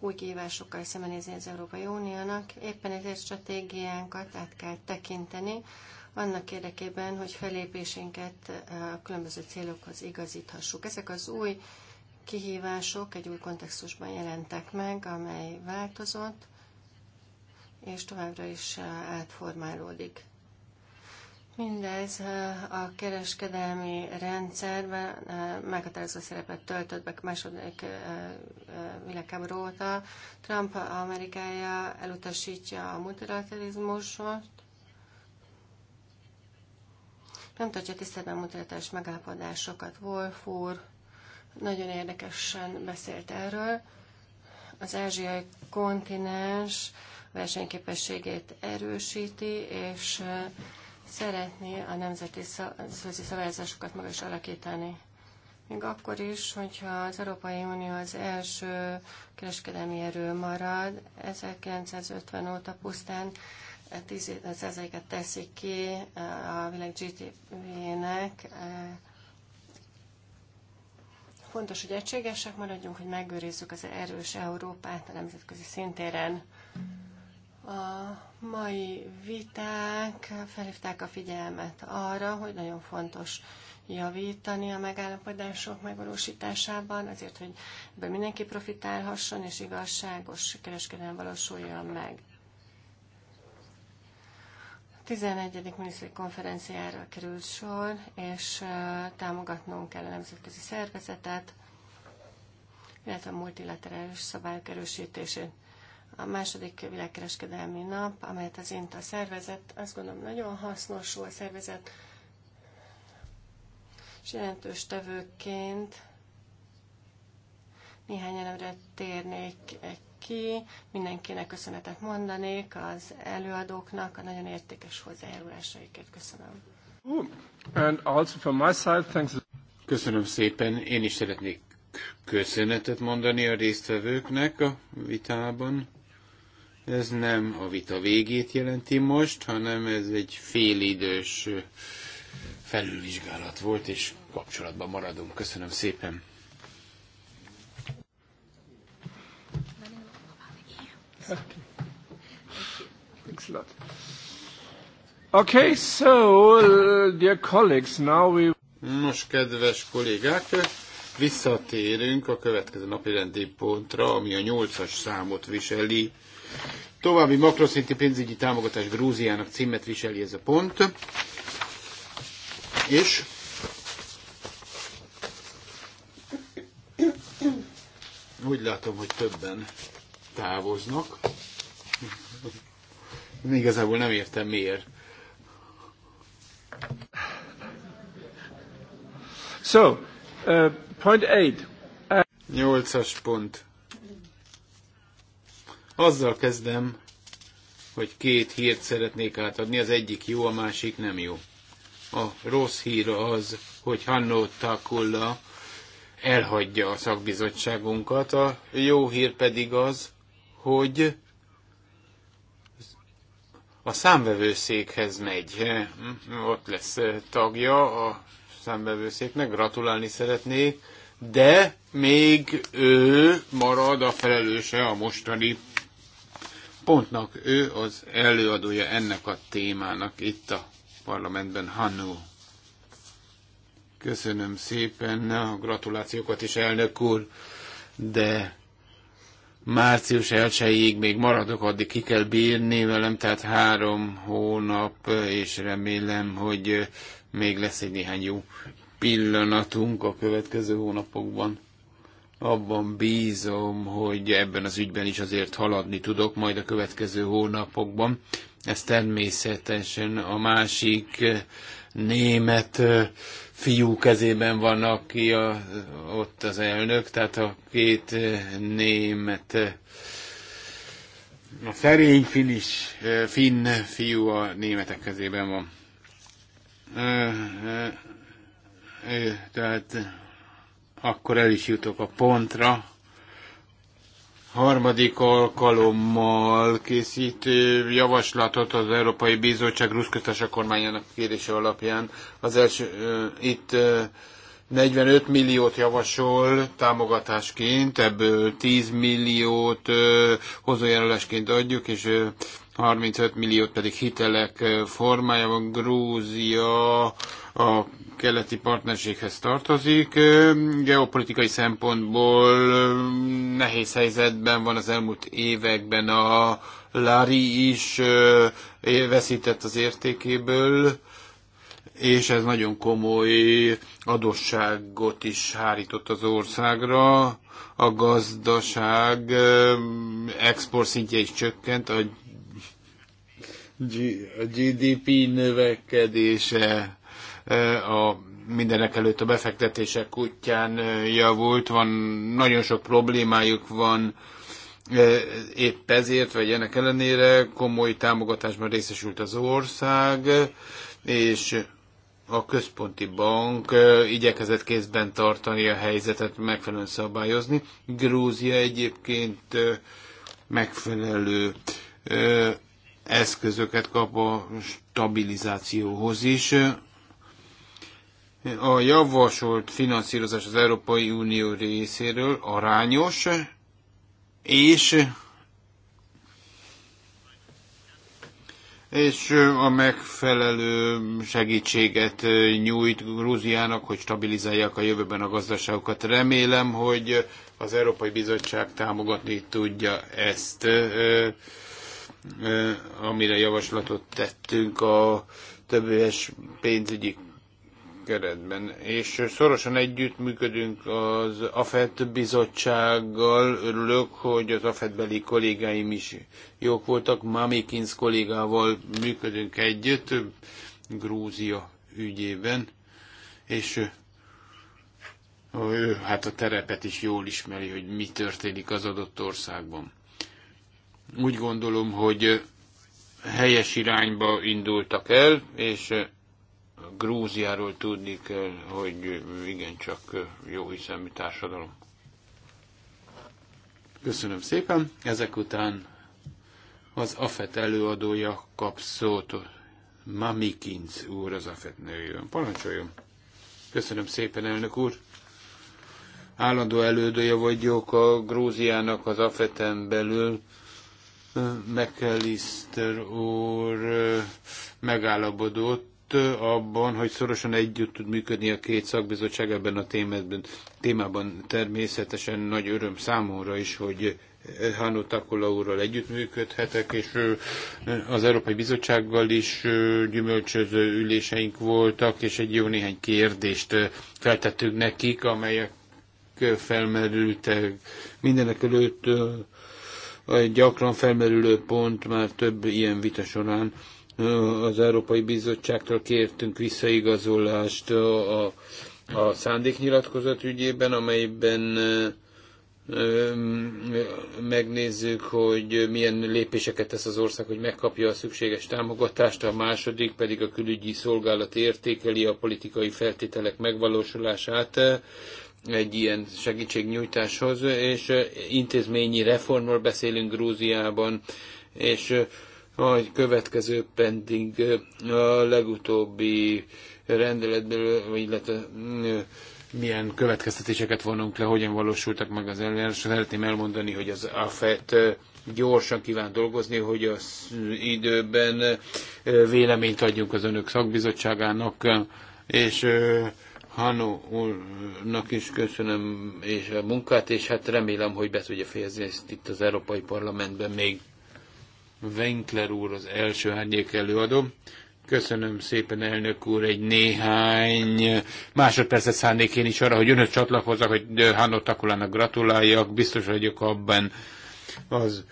új kihívásokkal szembenézni az Európai Uniónak. Éppen ezért stratégiánkat át kell tekinteni, annak érdekében, hogy felépésénket a különböző célokhoz igazíthassuk. Ezek az új kihívások egy új kontextusban jelentek meg, amely változott, és továbbra is átformálódik. Mindez a kereskedelmi rendszerben meghatározó szerepet töltött be második világháború óta. Trump Amerikája elutasítja a multilateralizmusot, nem tartja tiszteletben multilateralizmus megállapodásokat. Wolf úr nagyon érdekesen beszélt erről. Az ázsiai kontinens versenyképességét erősíti, és szeretné a nemzeti szabályozásokat maga is alakítani. Még akkor is, hogyha az Európai Unió az első kereskedelmi erő marad, 1950 óta pusztán 10%-et teszik ki eh, a világ GDP-nek. Fontos, hogy egységesek maradjunk, hogy megőrizzük az erős Európát a nemzetközi szintéren. A mai viták felhívták a figyelmet arra, hogy nagyon fontos javítani a megállapodások megvalósításában, azért, hogy ebből mindenki profitálhasson, és igazságos kereskedelem valósuljon meg. A 11. miniszteri konferenciára került sor, és támogatnunk kell a nemzetközi szervezetet, illetve a multilaterális szabályok erősítését. A második világkereskedelmi nap, amelyet az INTA szervezett, azt gondolom nagyon hasznos volt szervezet, és jelentős tevőként néhány előre térnék ki, mindenkinek köszönetet mondanék, az előadóknak a nagyon értékes hozzájárulásaikat köszönöm. And also from my side, thanks. Köszönöm szépen, én is szeretnék köszönetet mondani a résztvevőknek a vitában. Ez nem a vita végét jelenti most, hanem ez egy félidős felülvizsgálat volt, és kapcsolatban maradunk. Köszönöm szépen! Okay, so, uh, dear colleagues, now we... Nos, kedves kollégák, visszatérünk a következő napi rendi pontra, ami a nyolcas számot viseli. További makroszinti pénzügyi támogatás Grúziának címet viseli ez a pont. És úgy látom, hogy többen távoznak. Igazából nem értem miért. So, uh, point eight. Nyolcas pont. Azzal kezdem, hogy két hírt szeretnék átadni, az egyik jó, a másik nem jó. A rossz hír az, hogy Hannó Takulla elhagyja a szakbizottságunkat, a jó hír pedig az, hogy a számvevőszékhez megy. Ott lesz tagja a számvevőszéknek, gratulálni szeretnék, de még ő marad a felelőse a mostani pontnak ő az előadója ennek a témának itt a parlamentben, Hannu. Köszönöm szépen a gratulációkat is, elnök úr, de március 1 még maradok, addig ki kell bírni velem, tehát három hónap, és remélem, hogy még lesz egy néhány jó pillanatunk a következő hónapokban abban bízom, hogy ebben az ügyben is azért haladni tudok majd a következő hónapokban. Ez természetesen a másik eh, német eh, fiú kezében van, aki a, ott az elnök, tehát a két eh, német a szerény finis, finn fiú a németek kezében van. Ő, tehát akkor el is jutok a pontra. Harmadik alkalommal készítő javaslatot az Európai Bizottság Ruszköztársa kormányának kérése alapján. Az első, itt 45 milliót javasol támogatásként, ebből 10 milliót hozójárulásként adjuk, és 35 milliót pedig hitelek formájában Grúzia a keleti partnerséghez tartozik. Geopolitikai szempontból nehéz helyzetben van az elmúlt években a Lári is veszített az értékéből, és ez nagyon komoly adósságot is hárított az országra. A gazdaság export szintje is csökkent, a GDP növekedése a mindenek előtt a befektetések útján javult, van, nagyon sok problémájuk van, épp ezért, vagy ennek ellenére komoly támogatásban részesült az ország, és a központi bank igyekezett kézben tartani a helyzetet, megfelelően szabályozni. Grúzia egyébként megfelelő eszközöket kap a stabilizációhoz is, a javasolt finanszírozás az Európai Unió részéről arányos, és és a megfelelő segítséget nyújt Grúziának, hogy stabilizálják a jövőben a gazdaságokat. Remélem, hogy az Európai Bizottság támogatni tudja ezt, amire javaslatot tettünk a többes pénzügyi keretben, és szorosan együttműködünk az AFET bizottsággal. Örülök, hogy az AFET beli kollégáim is jók voltak. Mamikins kollégával működünk együtt Grúzia ügyében, és ő hát a terepet is jól ismeri, hogy mi történik az adott országban. Úgy gondolom, hogy helyes irányba indultak el, és Grúziáról tudni kell, hogy igencsak jó hiszemű társadalom. Köszönöm szépen. Ezek után az AFET előadója kap szót. Mamikinc úr az AFET nőjön. Parancsoljon. Köszönöm szépen, elnök úr. Állandó elődője vagyok a Grúziának az AFET-en belül. McAllister úr megállapodott abban, hogy szorosan együtt tud működni a két szakbizottság ebben a témában. témában természetesen nagy öröm számomra is, hogy Hánó Takola úrral együttműködhetek, és az Európai Bizottsággal is gyümölcsöző üléseink voltak, és egy jó néhány kérdést feltettük nekik, amelyek felmerültek. Mindenek előtt gyakran felmerülő pont már több ilyen vita során az Európai Bizottságtól kértünk visszaigazolást a, a szándéknyilatkozat ügyében, amelyben megnézzük, hogy milyen lépéseket tesz az ország, hogy megkapja a szükséges támogatást, a második pedig a külügyi szolgálat értékeli a politikai feltételek megvalósulását egy ilyen segítségnyújtáshoz, és intézményi reformról beszélünk Grúziában, és a következő pending a legutóbbi rendeletből, illetve milyen következtetéseket vonunk le, hogyan valósultak meg az eljárás. Szeretném elmondani, hogy az AFET gyorsan kíván dolgozni, hogy az időben véleményt adjunk az önök szakbizottságának, és Hanó úrnak is köszönöm és a munkát, és hát remélem, hogy be tudja fejezni ezt itt az Európai Parlamentben még Wenkler úr az első hányék előadó. Köszönöm szépen, elnök úr, egy néhány másodpercet szánnék én is arra, hogy önök csatlakozzak, hogy Hanno Takulának gratuláljak. Biztos vagyok abban az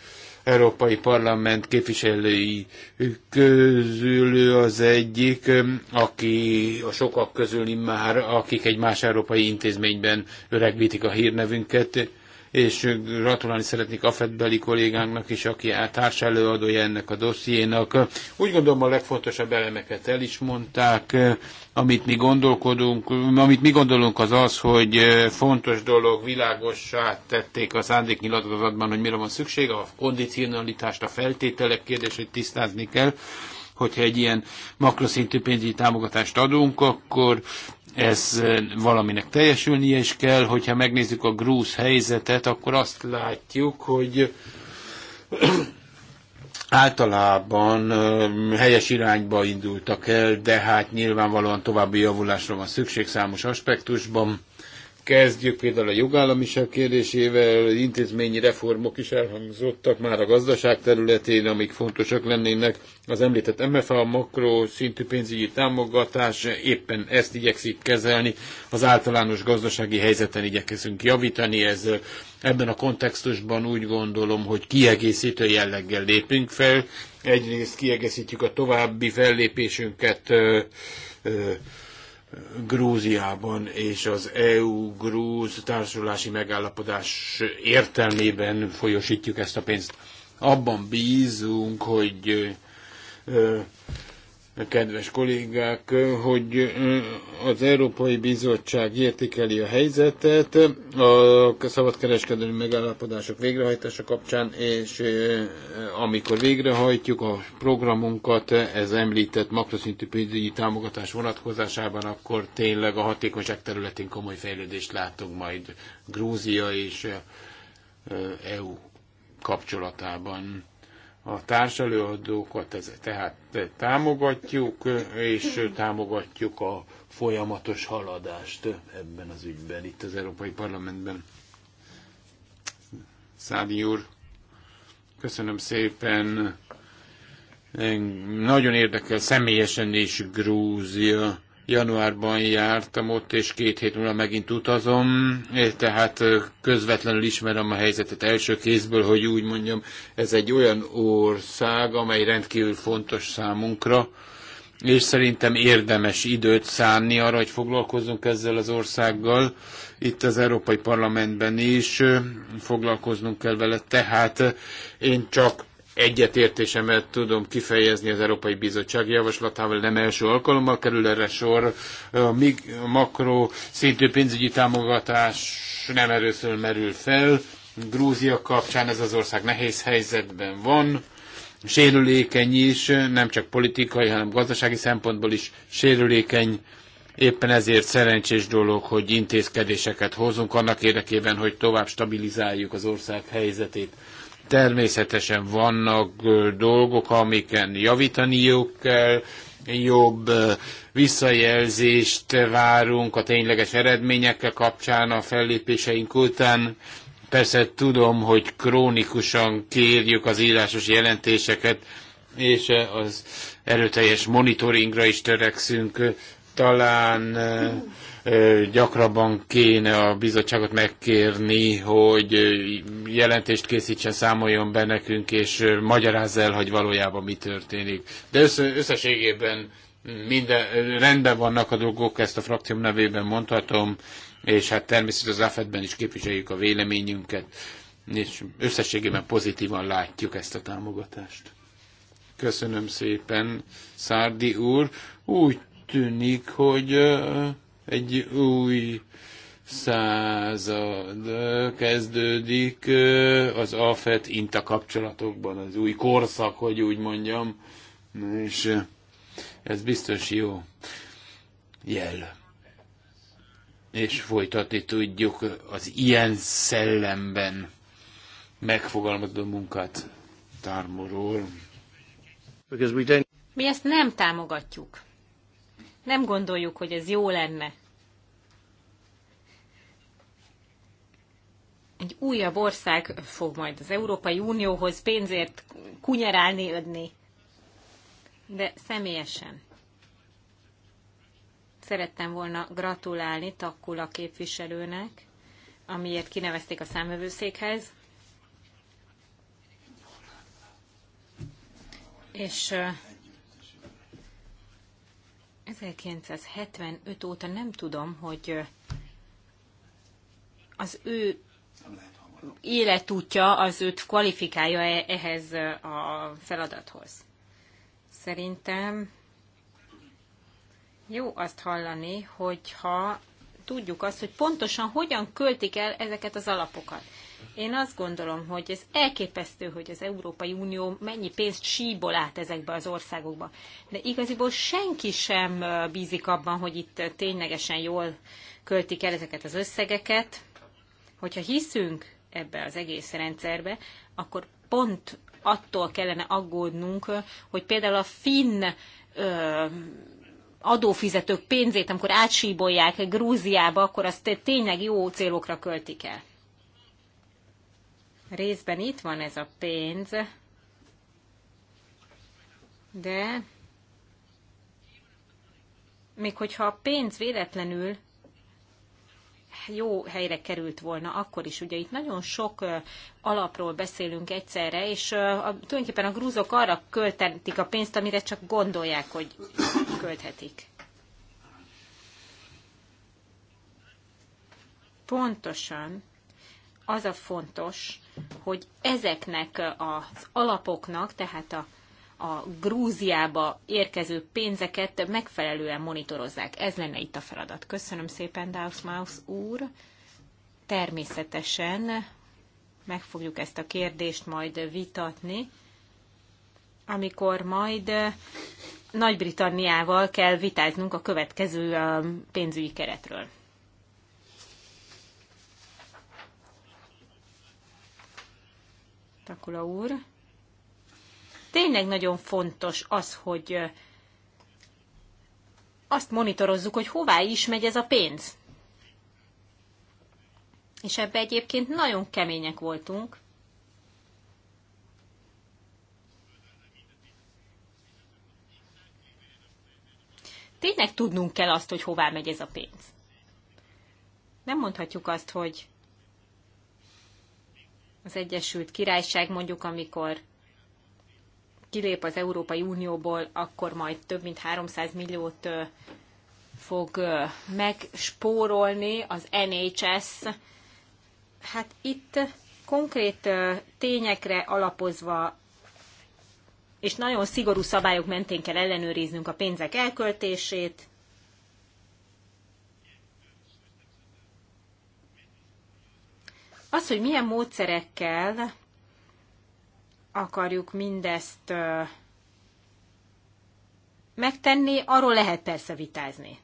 Európai Parlament képviselői közül az egyik, aki a sokak közül már, akik egy más európai intézményben öregbítik a hírnevünket és gratulálni szeretnék fedbeli kollégánknak is, aki a társ előadója ennek a dossziénak. Úgy gondolom a legfontosabb elemeket el is mondták, amit mi gondolkodunk, amit mi gondolunk az az, hogy fontos dolog, világossá tették a szándéknyilatkozatban, hogy mire van szükség, a kondicionalitást, a feltételek kérdését tisztázni kell, hogyha egy ilyen makroszintű pénzügyi támogatást adunk, akkor ez eh, valaminek teljesülnie is kell. Hogyha megnézzük a grúz helyzetet, akkor azt látjuk, hogy általában eh, helyes irányba indultak el, de hát nyilvánvalóan további javulásra van szükség számos aspektusban kezdjük például a jogállamiság kérdésével, intézményi reformok is elhangzottak már a gazdaság területén, amik fontosak lennének. Az említett MFA, a makro szintű pénzügyi támogatás éppen ezt igyekszik kezelni, az általános gazdasági helyzeten igyekezünk javítani, ez ebben a kontextusban úgy gondolom, hogy kiegészítő jelleggel lépünk fel. Egyrészt kiegészítjük a további fellépésünket, ö, ö, Grúziában és az EU-Grúz társulási megállapodás értelmében folyosítjuk ezt a pénzt. Abban bízunk, hogy kedves kollégák, hogy mm, az Európai Bizottság értékeli a helyzetet a szabadkereskedelmi megállapodások végrehajtása kapcsán, és eh, amikor végrehajtjuk a programunkat, ez említett makroszintű pénzügyi támogatás vonatkozásában, akkor tényleg a hatékonyság területén komoly fejlődést látunk majd Grúzia és EU eh, eh, e kapcsolatában a társelőadókat, tehát támogatjuk, és támogatjuk a folyamatos haladást ebben az ügyben, itt az Európai Parlamentben. Szádi úr, köszönöm szépen. Nagyon érdekel személyesen is Grúzia Januárban jártam ott, és két hét múlva megint utazom, tehát közvetlenül ismerem a helyzetet első kézből, hogy úgy mondjam, ez egy olyan ország, amely rendkívül fontos számunkra, és szerintem érdemes időt szánni arra, hogy foglalkozzunk ezzel az országgal. Itt az Európai Parlamentben is foglalkoznunk kell vele, tehát én csak egyetértésemet tudom kifejezni az Európai Bizottság javaslatával, nem első alkalommal kerül erre sor. A makro szintű pénzügyi támogatás nem erőször merül fel. Grúzia kapcsán ez az ország nehéz helyzetben van, sérülékeny is, nem csak politikai, hanem gazdasági szempontból is sérülékeny. Éppen ezért szerencsés dolog, hogy intézkedéseket hozunk annak érdekében, hogy tovább stabilizáljuk az ország helyzetét. Természetesen vannak dolgok, amiken javítaniuk kell, jobb visszajelzést várunk a tényleges eredményekkel kapcsán a fellépéseink után. Persze tudom, hogy krónikusan kérjük az írásos jelentéseket, és az erőteljes monitoringra is törekszünk. Talán Gyakrabban kéne a bizottságot megkérni, hogy jelentést készítsen, számoljon be nekünk, és magyarázza el, hogy valójában mi történik. De összességében minden, rendben vannak a dolgok, ezt a frakcióm nevében mondhatom, és hát természetesen az AFED-ben is képviseljük a véleményünket, és összességében pozitívan látjuk ezt a támogatást. Köszönöm szépen, Szárdi úr. Úgy tűnik, hogy egy új század kezdődik az AFET inta kapcsolatokban, az új korszak, hogy úgy mondjam, és ez biztos jó jel. És folytatni tudjuk az ilyen szellemben megfogalmazó munkát Tármoról. Mi ezt nem támogatjuk nem gondoljuk, hogy ez jó lenne. Egy újabb ország fog majd az Európai Unióhoz pénzért kunyerálni, ödni. De személyesen szerettem volna gratulálni Takkula képviselőnek, amiért kinevezték a számövőszékhez. És 1975 óta nem tudom, hogy az ő életútja az őt kvalifikálja e-, ehhez a feladathoz. Szerintem jó azt hallani, hogyha tudjuk azt, hogy pontosan hogyan költik el ezeket az alapokat. Én azt gondolom, hogy ez elképesztő, hogy az Európai Unió mennyi pénzt síbol át ezekbe az országokba. De igaziból senki sem bízik abban, hogy itt ténylegesen jól költik el ezeket az összegeket. Hogyha hiszünk ebbe az egész rendszerbe, akkor pont attól kellene aggódnunk, hogy például a finn adófizetők pénzét, amikor átsíbolják Grúziába, akkor azt tényleg jó célokra költik el részben itt van ez a pénz, de még hogyha a pénz véletlenül jó helyre került volna, akkor is ugye itt nagyon sok alapról beszélünk egyszerre, és a, tulajdonképpen a grúzok arra költetik a pénzt, amire csak gondolják, hogy költhetik. Pontosan az a fontos, hogy ezeknek az alapoknak, tehát a, a Grúziába érkező pénzeket megfelelően monitorozzák. Ez lenne itt a feladat. Köszönöm szépen, Maus úr. Természetesen meg fogjuk ezt a kérdést majd vitatni, amikor majd Nagy-Britanniával kell vitáznunk a következő um, pénzügyi keretről. Takula úr. Tényleg nagyon fontos az, hogy azt monitorozzuk, hogy hová is megy ez a pénz. És ebbe egyébként nagyon kemények voltunk. Tényleg tudnunk kell azt, hogy hová megy ez a pénz. Nem mondhatjuk azt, hogy az Egyesült Királyság mondjuk, amikor kilép az Európai Unióból, akkor majd több mint 300 milliót fog megspórolni az NHS. Hát itt konkrét tényekre alapozva és nagyon szigorú szabályok mentén kell ellenőriznünk a pénzek elköltését, Az, hogy milyen módszerekkel akarjuk mindezt megtenni, arról lehet persze vitázni.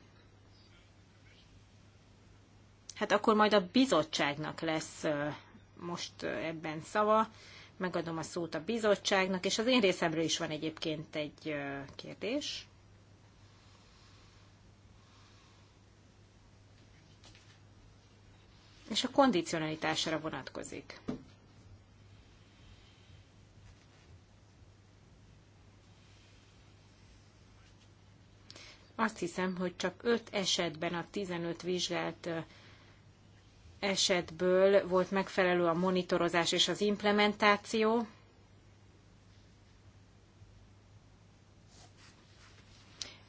Hát akkor majd a bizottságnak lesz most ebben szava. Megadom a szót a bizottságnak, és az én részemről is van egyébként egy kérdés. és a kondicionalitásra vonatkozik. Azt hiszem, hogy csak 5 esetben a 15 vizsgált esetből volt megfelelő a monitorozás és az implementáció.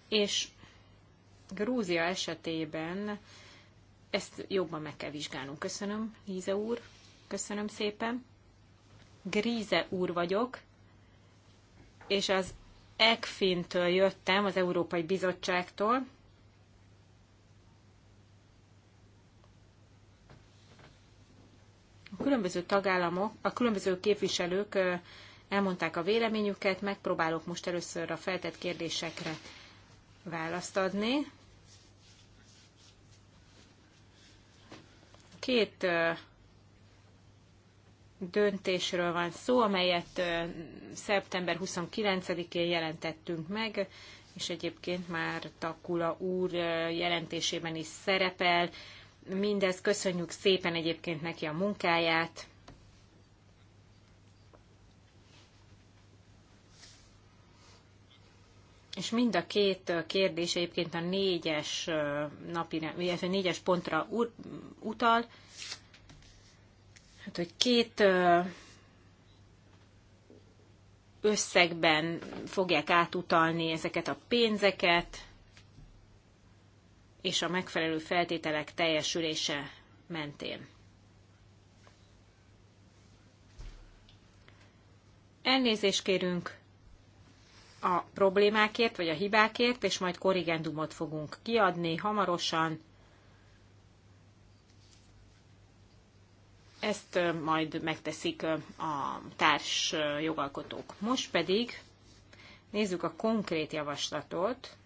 És Grúzia esetében ezt jobban meg kell vizsgálnunk. Köszönöm, Líze úr. Köszönöm szépen. Gríze úr vagyok, és az ECFIN-től jöttem, az Európai Bizottságtól. A különböző tagállamok, a különböző képviselők elmondták a véleményüket, megpróbálok most először a feltett kérdésekre választ adni. két döntésről van szó, amelyet szeptember 29-én jelentettünk meg, és egyébként már Takula úr jelentésében is szerepel. Mindez köszönjük szépen egyébként neki a munkáját. és mind a két kérdés egyébként a négyes, napi, illetve négyes pontra utal, hát, hogy két összegben fogják átutalni ezeket a pénzeket, és a megfelelő feltételek teljesülése mentén. Elnézést kérünk a problémákért, vagy a hibákért, és majd korrigendumot fogunk kiadni hamarosan. Ezt majd megteszik a társ jogalkotók. Most pedig nézzük a konkrét javaslatot.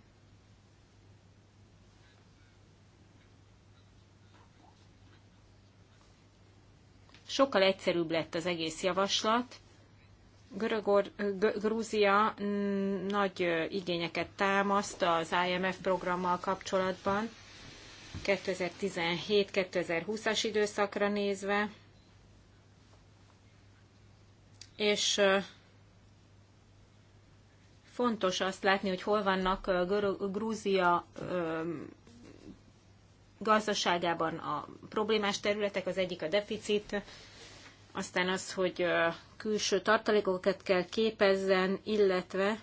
Sokkal egyszerűbb lett az egész javaslat, Görögor, Grúzia nagy igényeket támaszt az IMF programmal kapcsolatban 2017-2020-as időszakra nézve, és fontos azt látni, hogy hol vannak Görög, Grúzia gazdaságában a problémás területek, az egyik a deficit, aztán az, hogy külső tartalékokat kell képezzen, illetve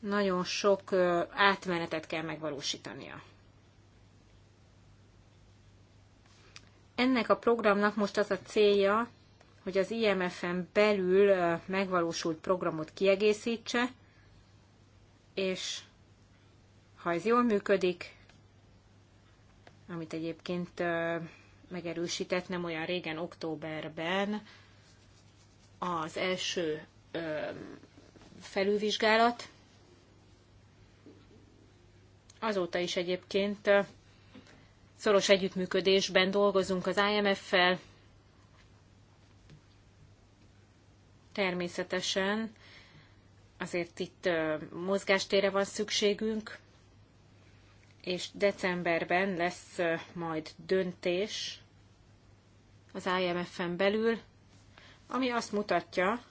nagyon sok átmenetet kell megvalósítania. Ennek a programnak most az a célja, hogy az IMF-en belül megvalósult programot kiegészítse, és ha ez jól működik, amit egyébként megerősített nem olyan régen októberben az első felülvizsgálat. Azóta is egyébként szoros együttműködésben dolgozunk az IMF-fel. Természetesen azért itt mozgástére van szükségünk, és decemberben lesz majd döntés az IMF-en belül, ami azt mutatja,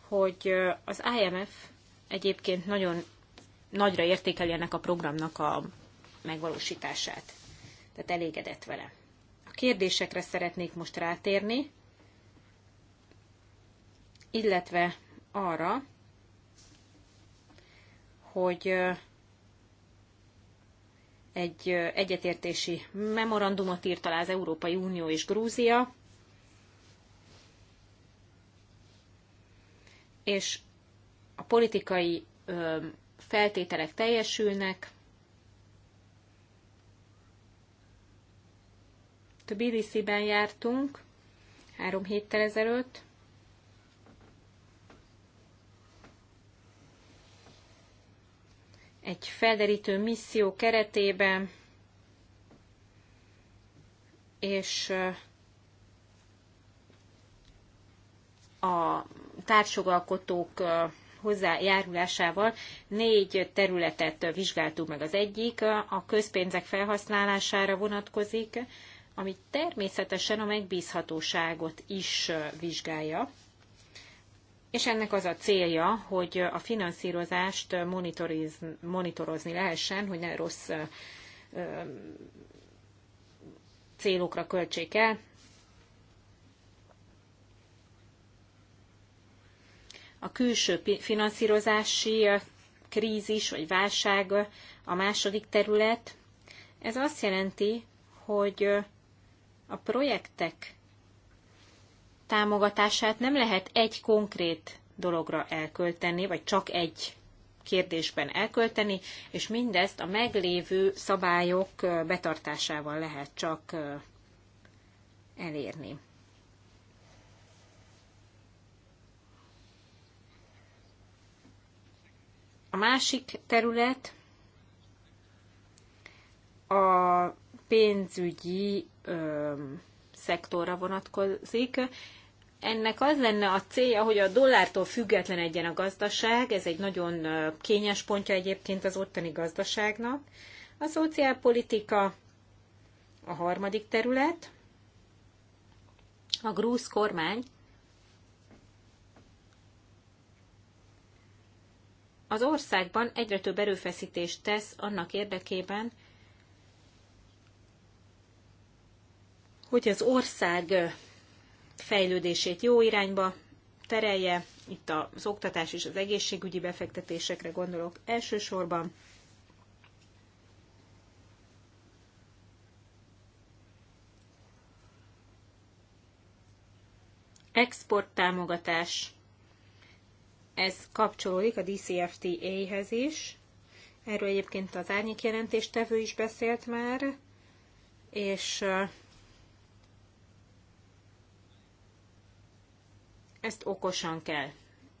hogy az IMF egyébként nagyon nagyra értékeli ennek a programnak a megvalósítását. Tehát elégedett vele. A kérdésekre szeretnék most rátérni, illetve arra, hogy egy egyetértési memorandumot írt alá az Európai Unió és Grúzia, és a politikai feltételek teljesülnek, Tbilisi-ben jártunk három héttel ezelőtt, egy felderítő misszió keretében, és a társogalkotók hozzájárulásával négy területet vizsgáltuk meg. Az egyik a közpénzek felhasználására vonatkozik, ami természetesen a megbízhatóságot is vizsgálja és ennek az a célja, hogy a finanszírozást monitorozni lehessen, hogy ne rossz célokra költsék el. A külső finanszírozási krízis vagy válság a második terület. Ez azt jelenti, hogy a projektek támogatását nem lehet egy konkrét dologra elkölteni, vagy csak egy kérdésben elkölteni, és mindezt a meglévő szabályok betartásával lehet csak elérni. A másik terület a pénzügyi szektorra vonatkozik. Ennek az lenne a célja, hogy a dollártól független legyen a gazdaság, ez egy nagyon kényes pontja egyébként az ottani gazdaságnak. A szociálpolitika a harmadik terület. A grúz kormány az országban egyre több erőfeszítést tesz annak érdekében, hogy az ország fejlődését jó irányba terelje, itt az oktatás és az egészségügyi befektetésekre gondolok elsősorban. Exporttámogatás, ez kapcsolódik a DCFTA-hez is. Erről egyébként az árnyék jelentéstevő is beszélt már, és Ezt okosan kell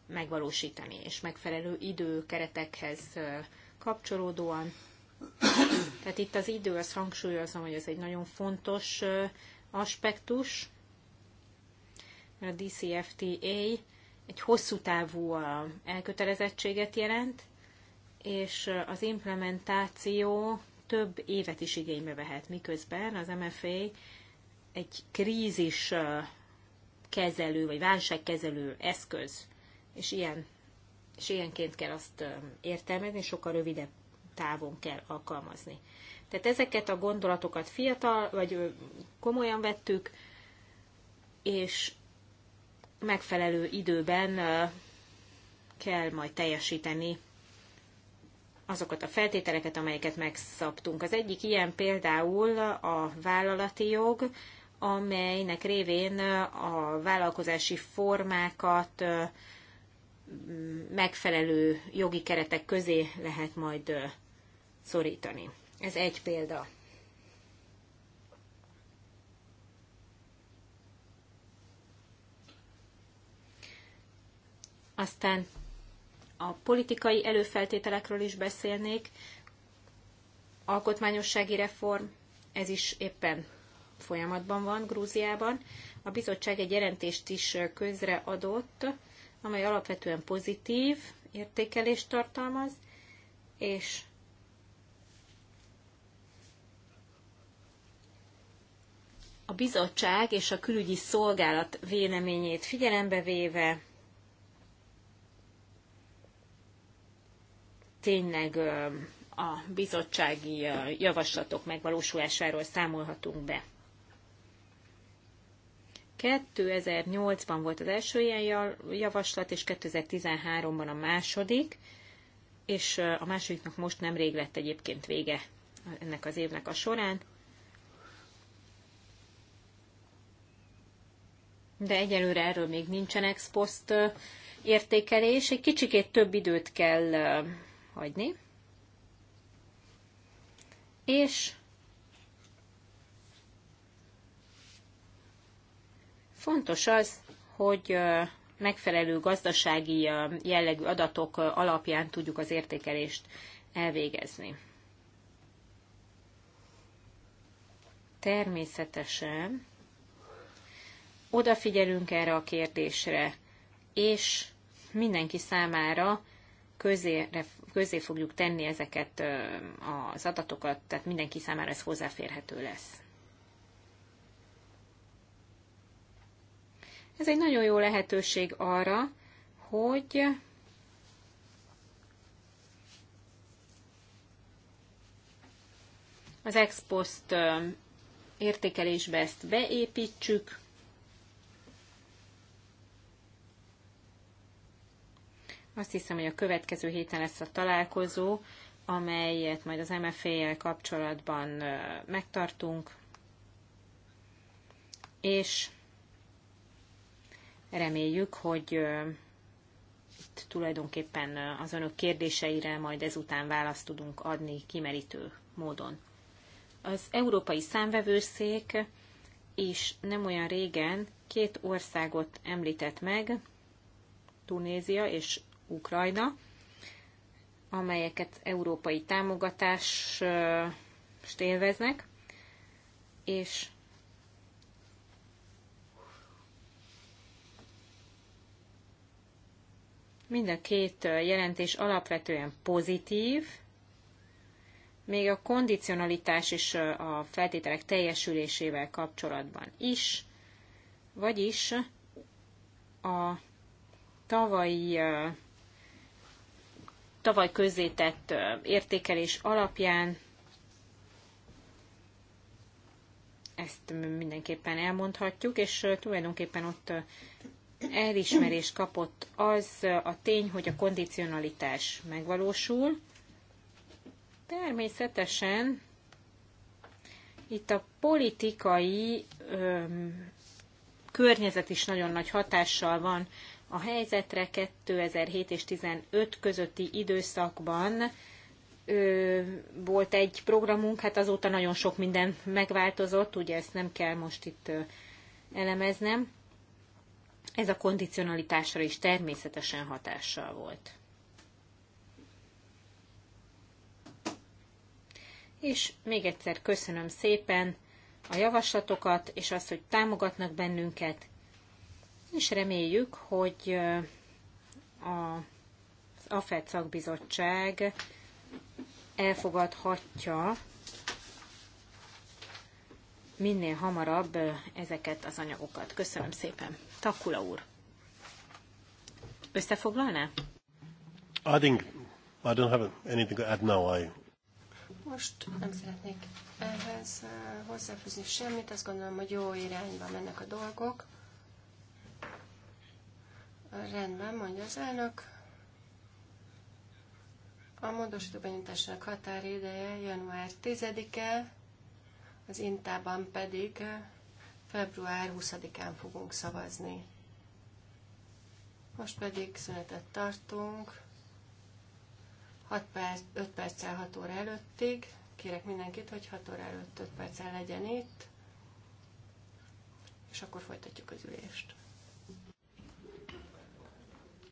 megvalósítani, és megfelelő időkeretekhez kapcsolódóan. Tehát itt az idő, azt hangsúlyozom, hogy ez egy nagyon fontos aspektus, mert a DCFTA egy hosszú távú elkötelezettséget jelent, és az implementáció több évet is igénybe vehet, miközben az MFA egy krízis kezelő vagy válságkezelő eszköz, és ilyen és ilyenként kell azt értelmezni, sokkal rövidebb távon kell alkalmazni. Tehát ezeket a gondolatokat fiatal, vagy komolyan vettük, és megfelelő időben kell majd teljesíteni azokat a feltételeket, amelyeket megszabtunk. Az egyik ilyen például a vállalati jog, amelynek révén a vállalkozási formákat megfelelő jogi keretek közé lehet majd szorítani. Ez egy példa. Aztán a politikai előfeltételekről is beszélnék. Alkotmányossági reform, ez is éppen folyamatban van Grúziában. A bizottság egy jelentést is közre adott, amely alapvetően pozitív értékelést tartalmaz, és a bizottság és a külügyi szolgálat véleményét figyelembe véve tényleg a bizottsági javaslatok megvalósulásáról számolhatunk be. 2008-ban volt az első ilyen javaslat, és 2013-ban a második, és a másodiknak most nemrég lett egyébként vége ennek az évnek a során. De egyelőre erről még nincsen ex post értékelés, egy kicsikét több időt kell hagyni. És Fontos az, hogy megfelelő gazdasági jellegű adatok alapján tudjuk az értékelést elvégezni. Természetesen odafigyelünk erre a kérdésre, és mindenki számára közére, közé fogjuk tenni ezeket az adatokat, tehát mindenki számára ez hozzáférhető lesz. Ez egy nagyon jó lehetőség arra, hogy az expost értékelésbe ezt beépítsük. Azt hiszem, hogy a következő héten lesz a találkozó, amelyet majd az MFA-jel kapcsolatban megtartunk, és Reméljük, hogy itt tulajdonképpen az önök kérdéseire majd ezután választ tudunk adni kimerítő módon. Az Európai Számvevőszék is nem olyan régen két országot említett meg, Tunézia és Ukrajna, amelyeket európai támogatást élveznek, és Mind a két jelentés alapvetően pozitív, még a kondicionalitás és a feltételek teljesülésével kapcsolatban is, vagyis a tavalyi tavaly közzétett értékelés alapján ezt mindenképpen elmondhatjuk, és tulajdonképpen ott elismerést kapott az a tény, hogy a kondicionalitás megvalósul. Természetesen itt a politikai ö, környezet is nagyon nagy hatással van a helyzetre 2007 és 15 közötti időszakban ö, volt egy programunk, hát azóta nagyon sok minden megváltozott, ugye ezt nem kell most itt ö, elemeznem. Ez a kondicionalitásra is természetesen hatással volt. És még egyszer köszönöm szépen a javaslatokat, és azt, hogy támogatnak bennünket, és reméljük, hogy az AFED szakbizottság elfogadhatja minél hamarabb ezeket az anyagokat. Köszönöm szépen! Takula úr. Összefoglalná? I think I don't have anything to add now. I... Most nem szeretnék ehhez eh, hozzáfűzni semmit. Azt gondolom, hogy jó irányba mennek a dolgok. Rendben, mondja az elnök. A módosító benyújtásának határideje január 10-e, az Intában pedig Február 20-án fogunk szavazni. Most pedig szünetet tartunk. 6 perc, 5 perccel 6 óra előttig. Kérek mindenkit, hogy 6 óra előtt 5 perccel legyen itt. És akkor folytatjuk az ülést.